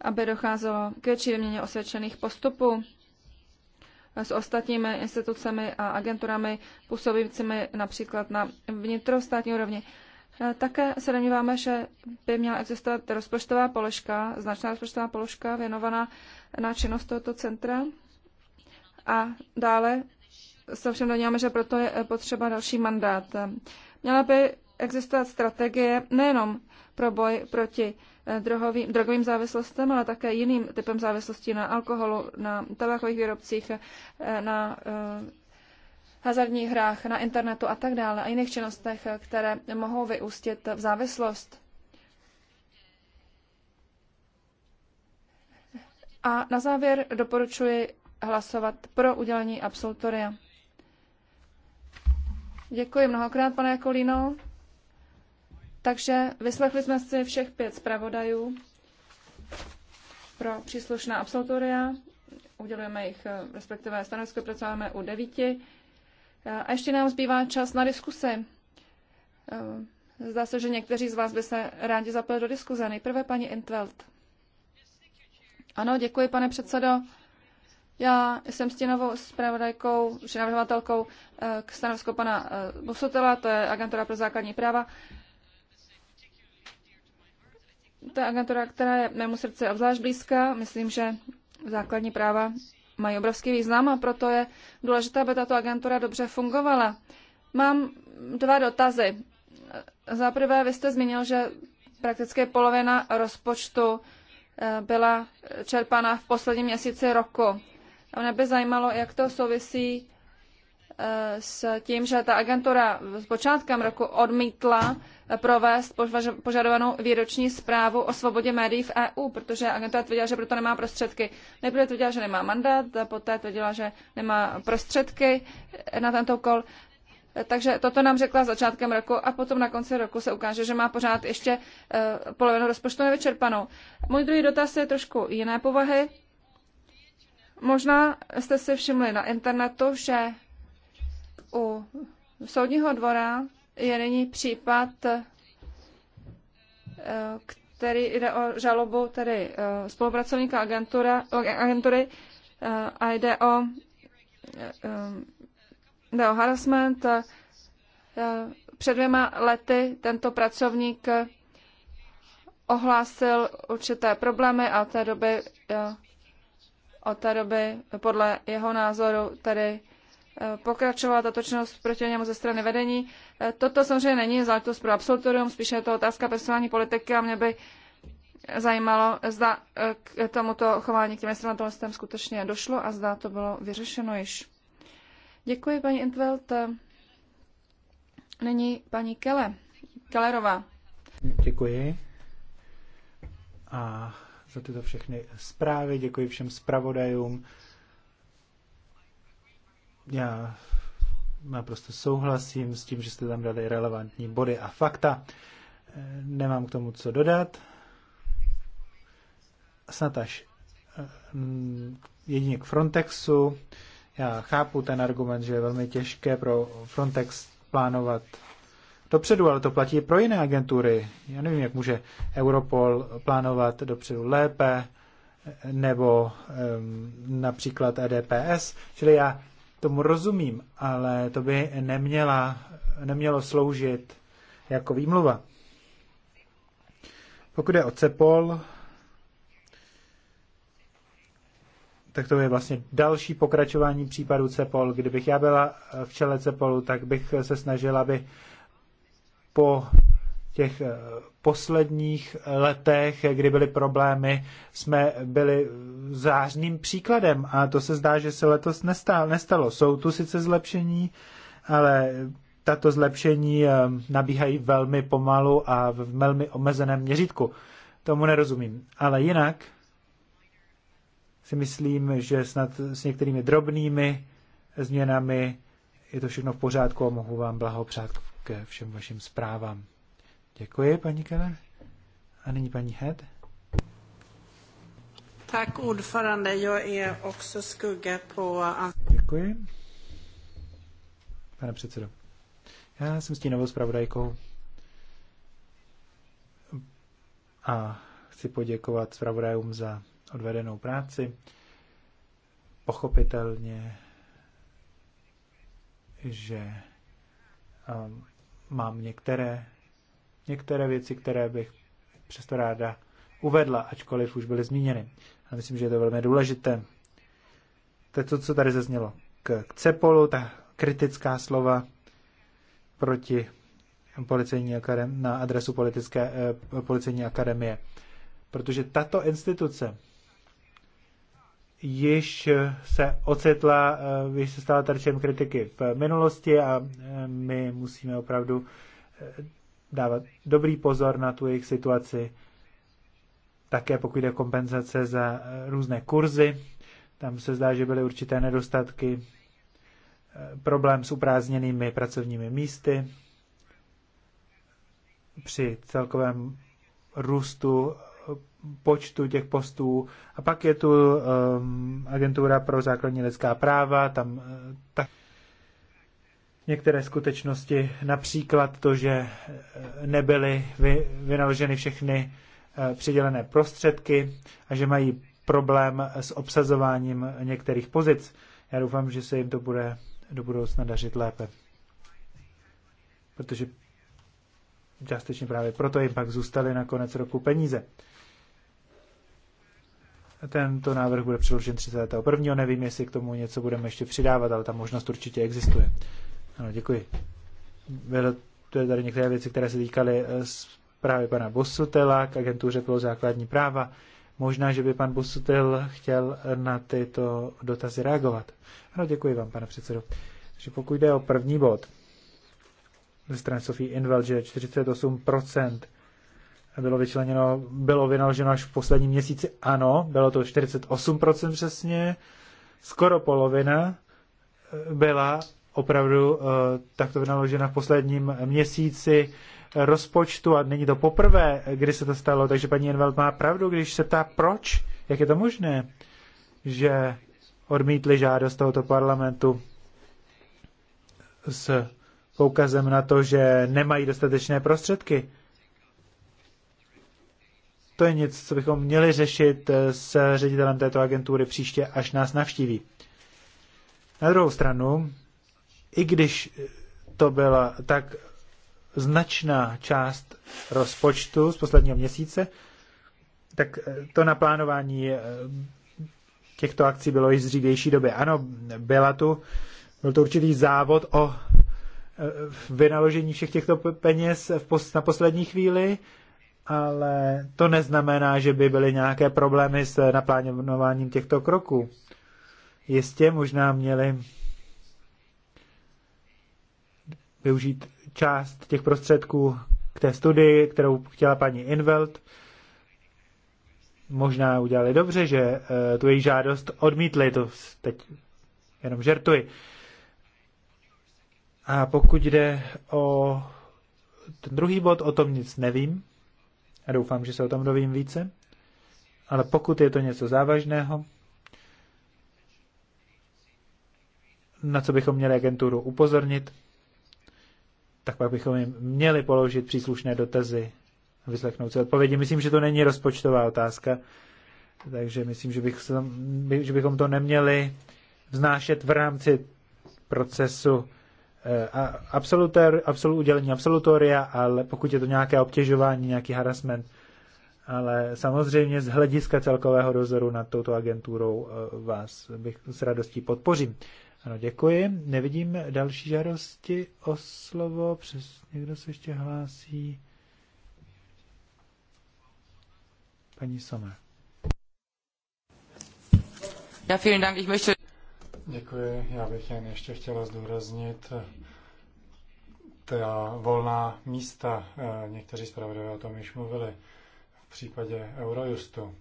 aby docházelo k větší vyměně osvědčených postupů s ostatními institucemi a agenturami působícími například na vnitrostátní úrovni. E, také se domníváme, že by měla existovat rozpočtová položka, značná rozpočtová položka věnovaná na činnost tohoto centra. A dále se všem domníváme, že proto je potřeba další mandát. Měla by existovat strategie nejenom pro boj proti Eh, drogovým, drogovým závislostem, ale také jiným typem závislostí na alkoholu, na tabákových výrobcích, eh, na eh, hazardních hrách, na internetu a tak dále a jiných činnostech, které mohou vyústit v závislost. A na závěr doporučuji hlasovat pro udělení absolutoria. Děkuji mnohokrát, pane Kolíno. Takže vyslechli jsme si všech pět zpravodajů pro příslušná absolutoria. Udělujeme jich, eh, respektive stanovisko pracujeme u devíti. Eh, a ještě nám zbývá čas na diskusy. Eh, zdá se, že někteří z vás by se rádi zapojili do diskuze. Nejprve paní Intveld. Ano, děkuji, pane předsedo. Já jsem stěnovou zpravodajkou, či navrhovatelkou k stanovisku pana Bosotela, to je agentura pro základní práva. To je agentura, která je mému srdci obzvlášť blízká. Myslím, že základní práva mají obrovský význam a proto je důležité, aby tato agentura dobře fungovala. Mám dva dotazy. Za prvé, vy jste zmínil, že prakticky polovina rozpočtu eh, byla čerpaná v posledním měsíci roku. Mne by zajímalo, jak to souvisí s tím, že ta agentura s počátkem roku odmítla provést požadovanou výroční zprávu o svobodě médií v EU, protože agentura tvrdila, že proto nemá prostředky. Nejprve tvrdila, že nemá mandát, poté tvrdila, že nemá prostředky na tento úkol. Takže toto nám řekla začátkem roku a potom na konci roku se ukáže, že má pořád ještě eh, polovinu rozpočtu nevyčerpanou. Můj druhý dotaz je trošku jiné povahy. Možná jste si všimli na internetu, že u soudního dvora je nyní případ, eh, který jde o žalobu tedy eh, spolupracovníka agentura, agentury eh, a jde o, jde o harassment. Před dvěma lety tento pracovník ohlásil určité problémy a od té doby, od té doby podle jeho názoru tedy Eh, pokračovala tato činnost proti němu ze strany vedení. Eh, toto samozřejmě není záležitost pro absolutorium, spíše je to otázka personální politiky a mě by zajímalo, zda eh, k tomuto chování, k těm stranatelnostem skutečně došlo a zda to bylo vyřešeno již. Děkuji, paní Entveld. Nyní paní Kele. Kellerová. Děkuji. A za tyto všechny zprávy, děkuji všem zpravodajům já naprosto souhlasím s tím, že jste tam dali relevantní body a fakta. Eh, nemám k tomu co dodat. Snad až eh, jedině k Frontexu. Já chápu ten argument, že je velmi těžké pro Frontex plánovat dopředu, ale to platí pro jiné agentury. Já nevím, jak může Europol plánovat dopředu lépe, eh, nebo um, například EDPS. Čili já Tomu rozumím, ale to by neměla, nemělo sloužit jako výmluva. Pokud je o CEPOL, tak to je vlastně další pokračování případu CEPOL. Kdybych já byla v čele CEPOLu, tak bych se snažila, aby po těch eh, posledních eh, letech, kdy byly problémy, jsme byli zářným příkladem a to se zdá, že se letos nestalo. Jsou tu sice zlepšení, ale tato zlepšení eh, nabíhají velmi pomalu a v velmi omezeném měřítku. Tomu nerozumím. Ale jinak si myslím, že snad s některými drobnými změnami je to všechno v pořádku a mohu vám blahopřát ke všem vašim zprávám. Děkuji, paní Keller. A nyní paní Head. Tak, ordförande, jag är också skugga på... Děkuji. Pane předsedo, já jsem stínovou zpravodajkou a chci poděkovat zpravodajům za odvedenou práci. Pochopitelně, že um, mám některé některé věci, které bych přesto ráda uvedla, ačkoliv už byly zmíněny. A myslím, že je to velmi důležité. To je to, co tady zaznělo. K CEPOLu, ta kritická slova proti policejní akadem, na adresu politické, eh, policejní akademie. Protože tato instituce již se ocitla, eh, již se stala terčem kritiky v minulosti a eh, my musíme opravdu eh, dávat dobrý pozor na tu jejich situaci, také pokud jde kompenzace za různé kurzy, tam se zdá, že byly určité nedostatky, eh, problém s uprázněnými pracovními místy, při celkovém růstu eh, počtu těch postů. A pak je tu um, agentura pro základní lidská práva, tam uh, tak některé skutečnosti, například to, že eh, nebyly vynaloženy všechny eh, přidělené prostředky a že mají problém s obsazováním některých pozic. Já doufám, že se jim to bude do budoucna dařit lépe. Protože částečně právě proto jim pak zůstaly na konec roku peníze. Tento návrh bude předložen 31. Nevím, jestli k tomu něco budeme ještě přidávat, ale ta možnost určitě existuje. Ano, děkuji. Bylo to tady některé věci, které se týkaly eh, právě pana Bosutela k agentuře pro základní práva. Možná, že by pan Bosutel chtěl na tyto dotazy reagovat. Ano, děkuji vám, pane předsedo. Takže pokud jde o první bod ze strany Sofie Inval, že 48% bylo vyčleněno, bylo vynaloženo až v posledním měsíci. Ano, bylo to 48% přesně, skoro polovina eh, byla opravdu eh, takto vynaložena v posledním měsíci rozpočtu a není to poprvé, kdy se to stalo, takže paní Envelt má pravdu, když se ptá, proč, jak je to možné, že odmítli žádost tohoto parlamentu s poukazem na to, že nemají dostatečné prostředky. To je něco, co bychom měli řešit eh, s ředitelem této agentury příště, až nás navštíví. Na druhou stranu, i když to byla tak značná část rozpočtu z posledního měsíce, tak eh, to naplánování eh, těchto akcí bylo i z dřívější doby. Ano, byla tu, byl to určitý závod o eh, vynaložení všech těchto peněz na poslední chvíli, ale to neznamená, že by byly nějaké problémy s naplánováním těchto kroků. Jistě možná měli využít část těch prostředků k té studii, kterou chtěla paní Invelt. Možná udělali dobře, že eh, tu její žádost odmítli, to teď jenom žertuji. A pokud jde o ten druhý bod, o tom nic nevím. A doufám, že se o tom dovím více. Ale pokud je to něco závažného, na co bychom měli agenturu upozornit, tak pak bychom jim měli položit příslušné dotazy a vyslechnout si odpovědi. Myslím, že to není rozpočtová otázka, takže myslím, že, bych, že bychom to neměli vznášet v rámci procesu eh, absolutor, absolut, udělení absolutoria, ale pokud je to nějaké obtěžování, nějaký harassment, ale samozřejmě z hlediska celkového dozoru nad touto agenturou eh, vás bych s radostí podpořím. Ano, děkuji. Nevidím další žádosti o slovo. Přes někdo se ještě hlásí. Paní Sommer. Ja, vielen Dank. Ich möchte... Děkuji. Já bych jen ještě chtěla zdůraznit ta volná místa. Eh, někteří zpravodajové o tom již mluvili v případě Eurojustu.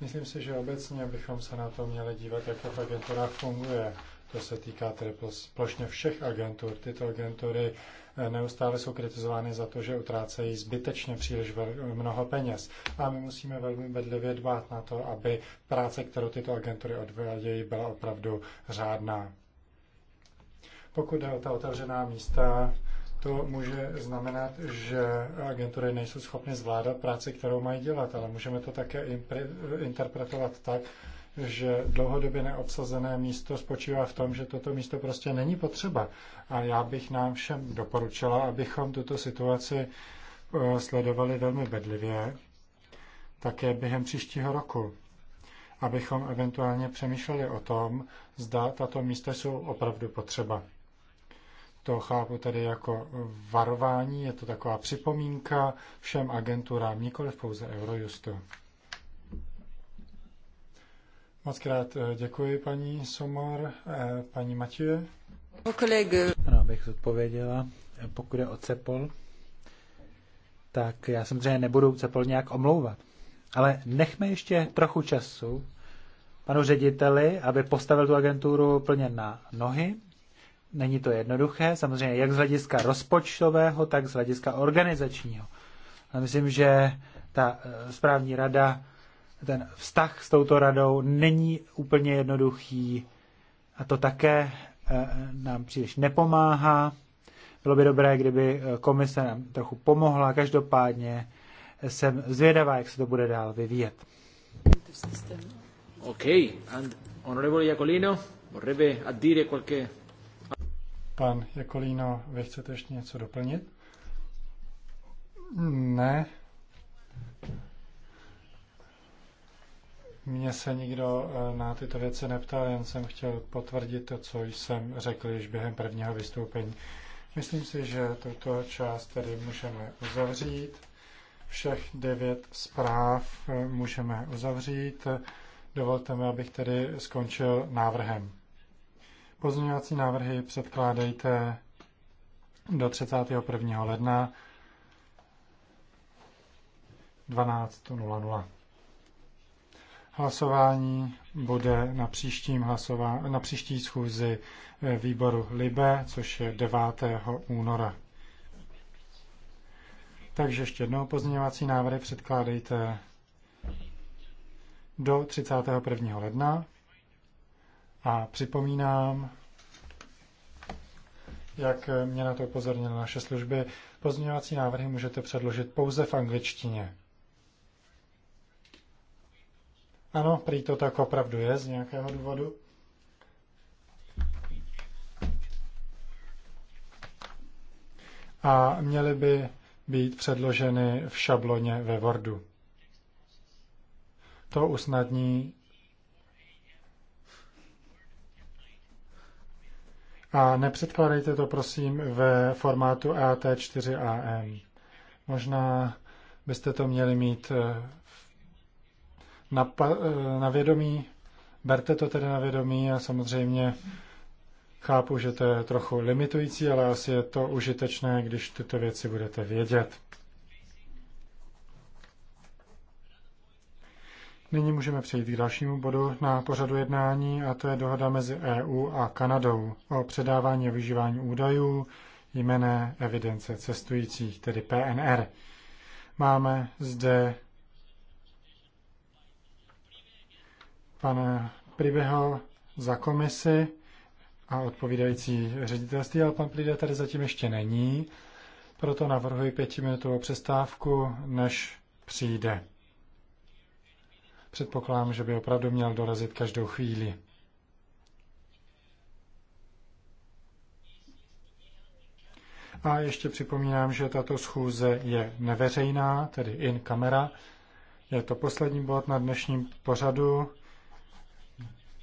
Myslím si, že obecně bychom se na to měli dívat, jak ta agentura funguje. To se týká tedy plošně všech agentur. Tyto agentury eh, neustále jsou kritizovány za to, že utrácejí zbytečně příliš mnoho peněz. A my musíme velmi bedlivě dbát na to, aby práce, kterou tyto agentury odvádějí, byla opravdu řádná. Pokud jde o ta otevřená místa, to může znamenat, že agentury nejsou schopny zvládat práci, kterou mají dělat, ale můžeme to také interpretovat tak, že dlouhodobě neobsazené místo spočívá v tom, že toto místo prostě není potřeba. A já bych nám všem doporučila, abychom tuto situaci eh, sledovali velmi bedlivě, také během příštího roku, abychom eventuálně přemýšleli o tom, zda tato místa jsou opravdu potřeba. To chápu tedy jako varování, je to taková připomínka všem agenturám, nikoli pouze Eurojustu. Moc krát eh, děkuji paní Somar, eh, paní Matěje. Ano, abych odpověděla. Eh, pokud je o Cepol, tak já samozřejmě nebudu Cepol nějak omlouvat. Ale nechme ještě trochu času panu řediteli, aby postavil tu agenturu plně na nohy. Není to jednoduché, samozřejmě jak z hlediska rozpočtového, tak z hlediska organizačního. A myslím, že ta správní rada ten vztah s touto radou není úplně jednoduchý a to také eh, nám příliš nepomáhá. Bylo by dobré, kdyby eh, komise nám trochu pomohla. Každopádně eh, jsem zvědavá, jak se to bude dál vyvíjet. OK. And honorable Jacolino, vorrebbe dire qualche... Pan Jacolino, vy chcete ještě něco doplnit? Ne. Mě se nikdo e, na tyto věci neptal, jen jsem chtěl potvrdit to, co jsem řekl již během prvního vystoupení. Myslím si, že tuto část tedy můžeme uzavřít. Všech devět zpráv e, můžeme uzavřít. Dovolte mi, abych tedy skončil návrhem. Pozměňovací návrhy předkládejte do 31. ledna 12.00. Hlasování bude na, příštím hlasová- na příští schůzi eh, výboru LIBE, což je 9. února. Takže ještě jednou pozměňovací návrhy předkládejte do 31. ledna. A připomínám, jak eh, mě na to upozornila naše služby, pozměňovací návrhy můžete předložit pouze v angličtině. Ano, prý to tak opravdu je z nějakého důvodu. A měly by být předloženy v šabloně ve Wordu. To usnadní A nepředkládejte to, prosím, ve formátu AT4AM. Možná byste to měli mít eh, na, eh, na vědomí. Berte to tedy na vědomí a samozřejmě chápu, že to je trochu limitující, ale asi je to užitečné, když tyto věci budete vědět. Nyní můžeme přejít k dalšímu bodu na pořadu jednání a to je dohoda mezi EU a Kanadou o předávání a využívání údajů jmené evidence cestujících, tedy PNR. Máme zde pan Pribeho za komisi a odpovídající ředitelství, ale pan Pride tady zatím ještě není, proto navrhuji pětiminutovou přestávku, než přijde. Předpokládám, že by opravdu měl dorazit každou chvíli. A ještě připomínám, že tato schůze je neveřejná, tedy in kamera. Je to poslední bod na dnešním pořadu.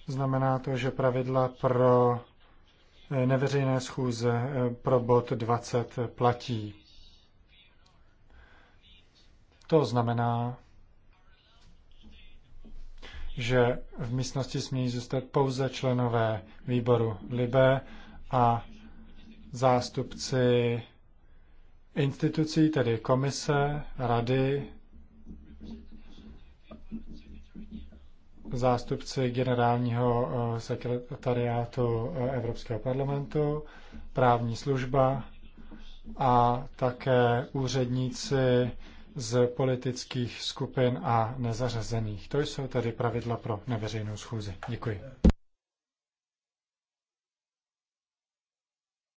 Znamená to, že pravidla pro eh, neveřejné schůze eh, pro bod 20 eh, platí. To znamená, že v místnosti smějí zůstat pouze členové výboru LIBE a zástupci institucí, tedy komise, rady zástupci generálního eh, sekretariátu eh, Evropského parlamentu, právní služba a také úředníci z politických skupin a nezařazených. To jsou tedy pravidla pro neveřejnou schůzi. Děkuji.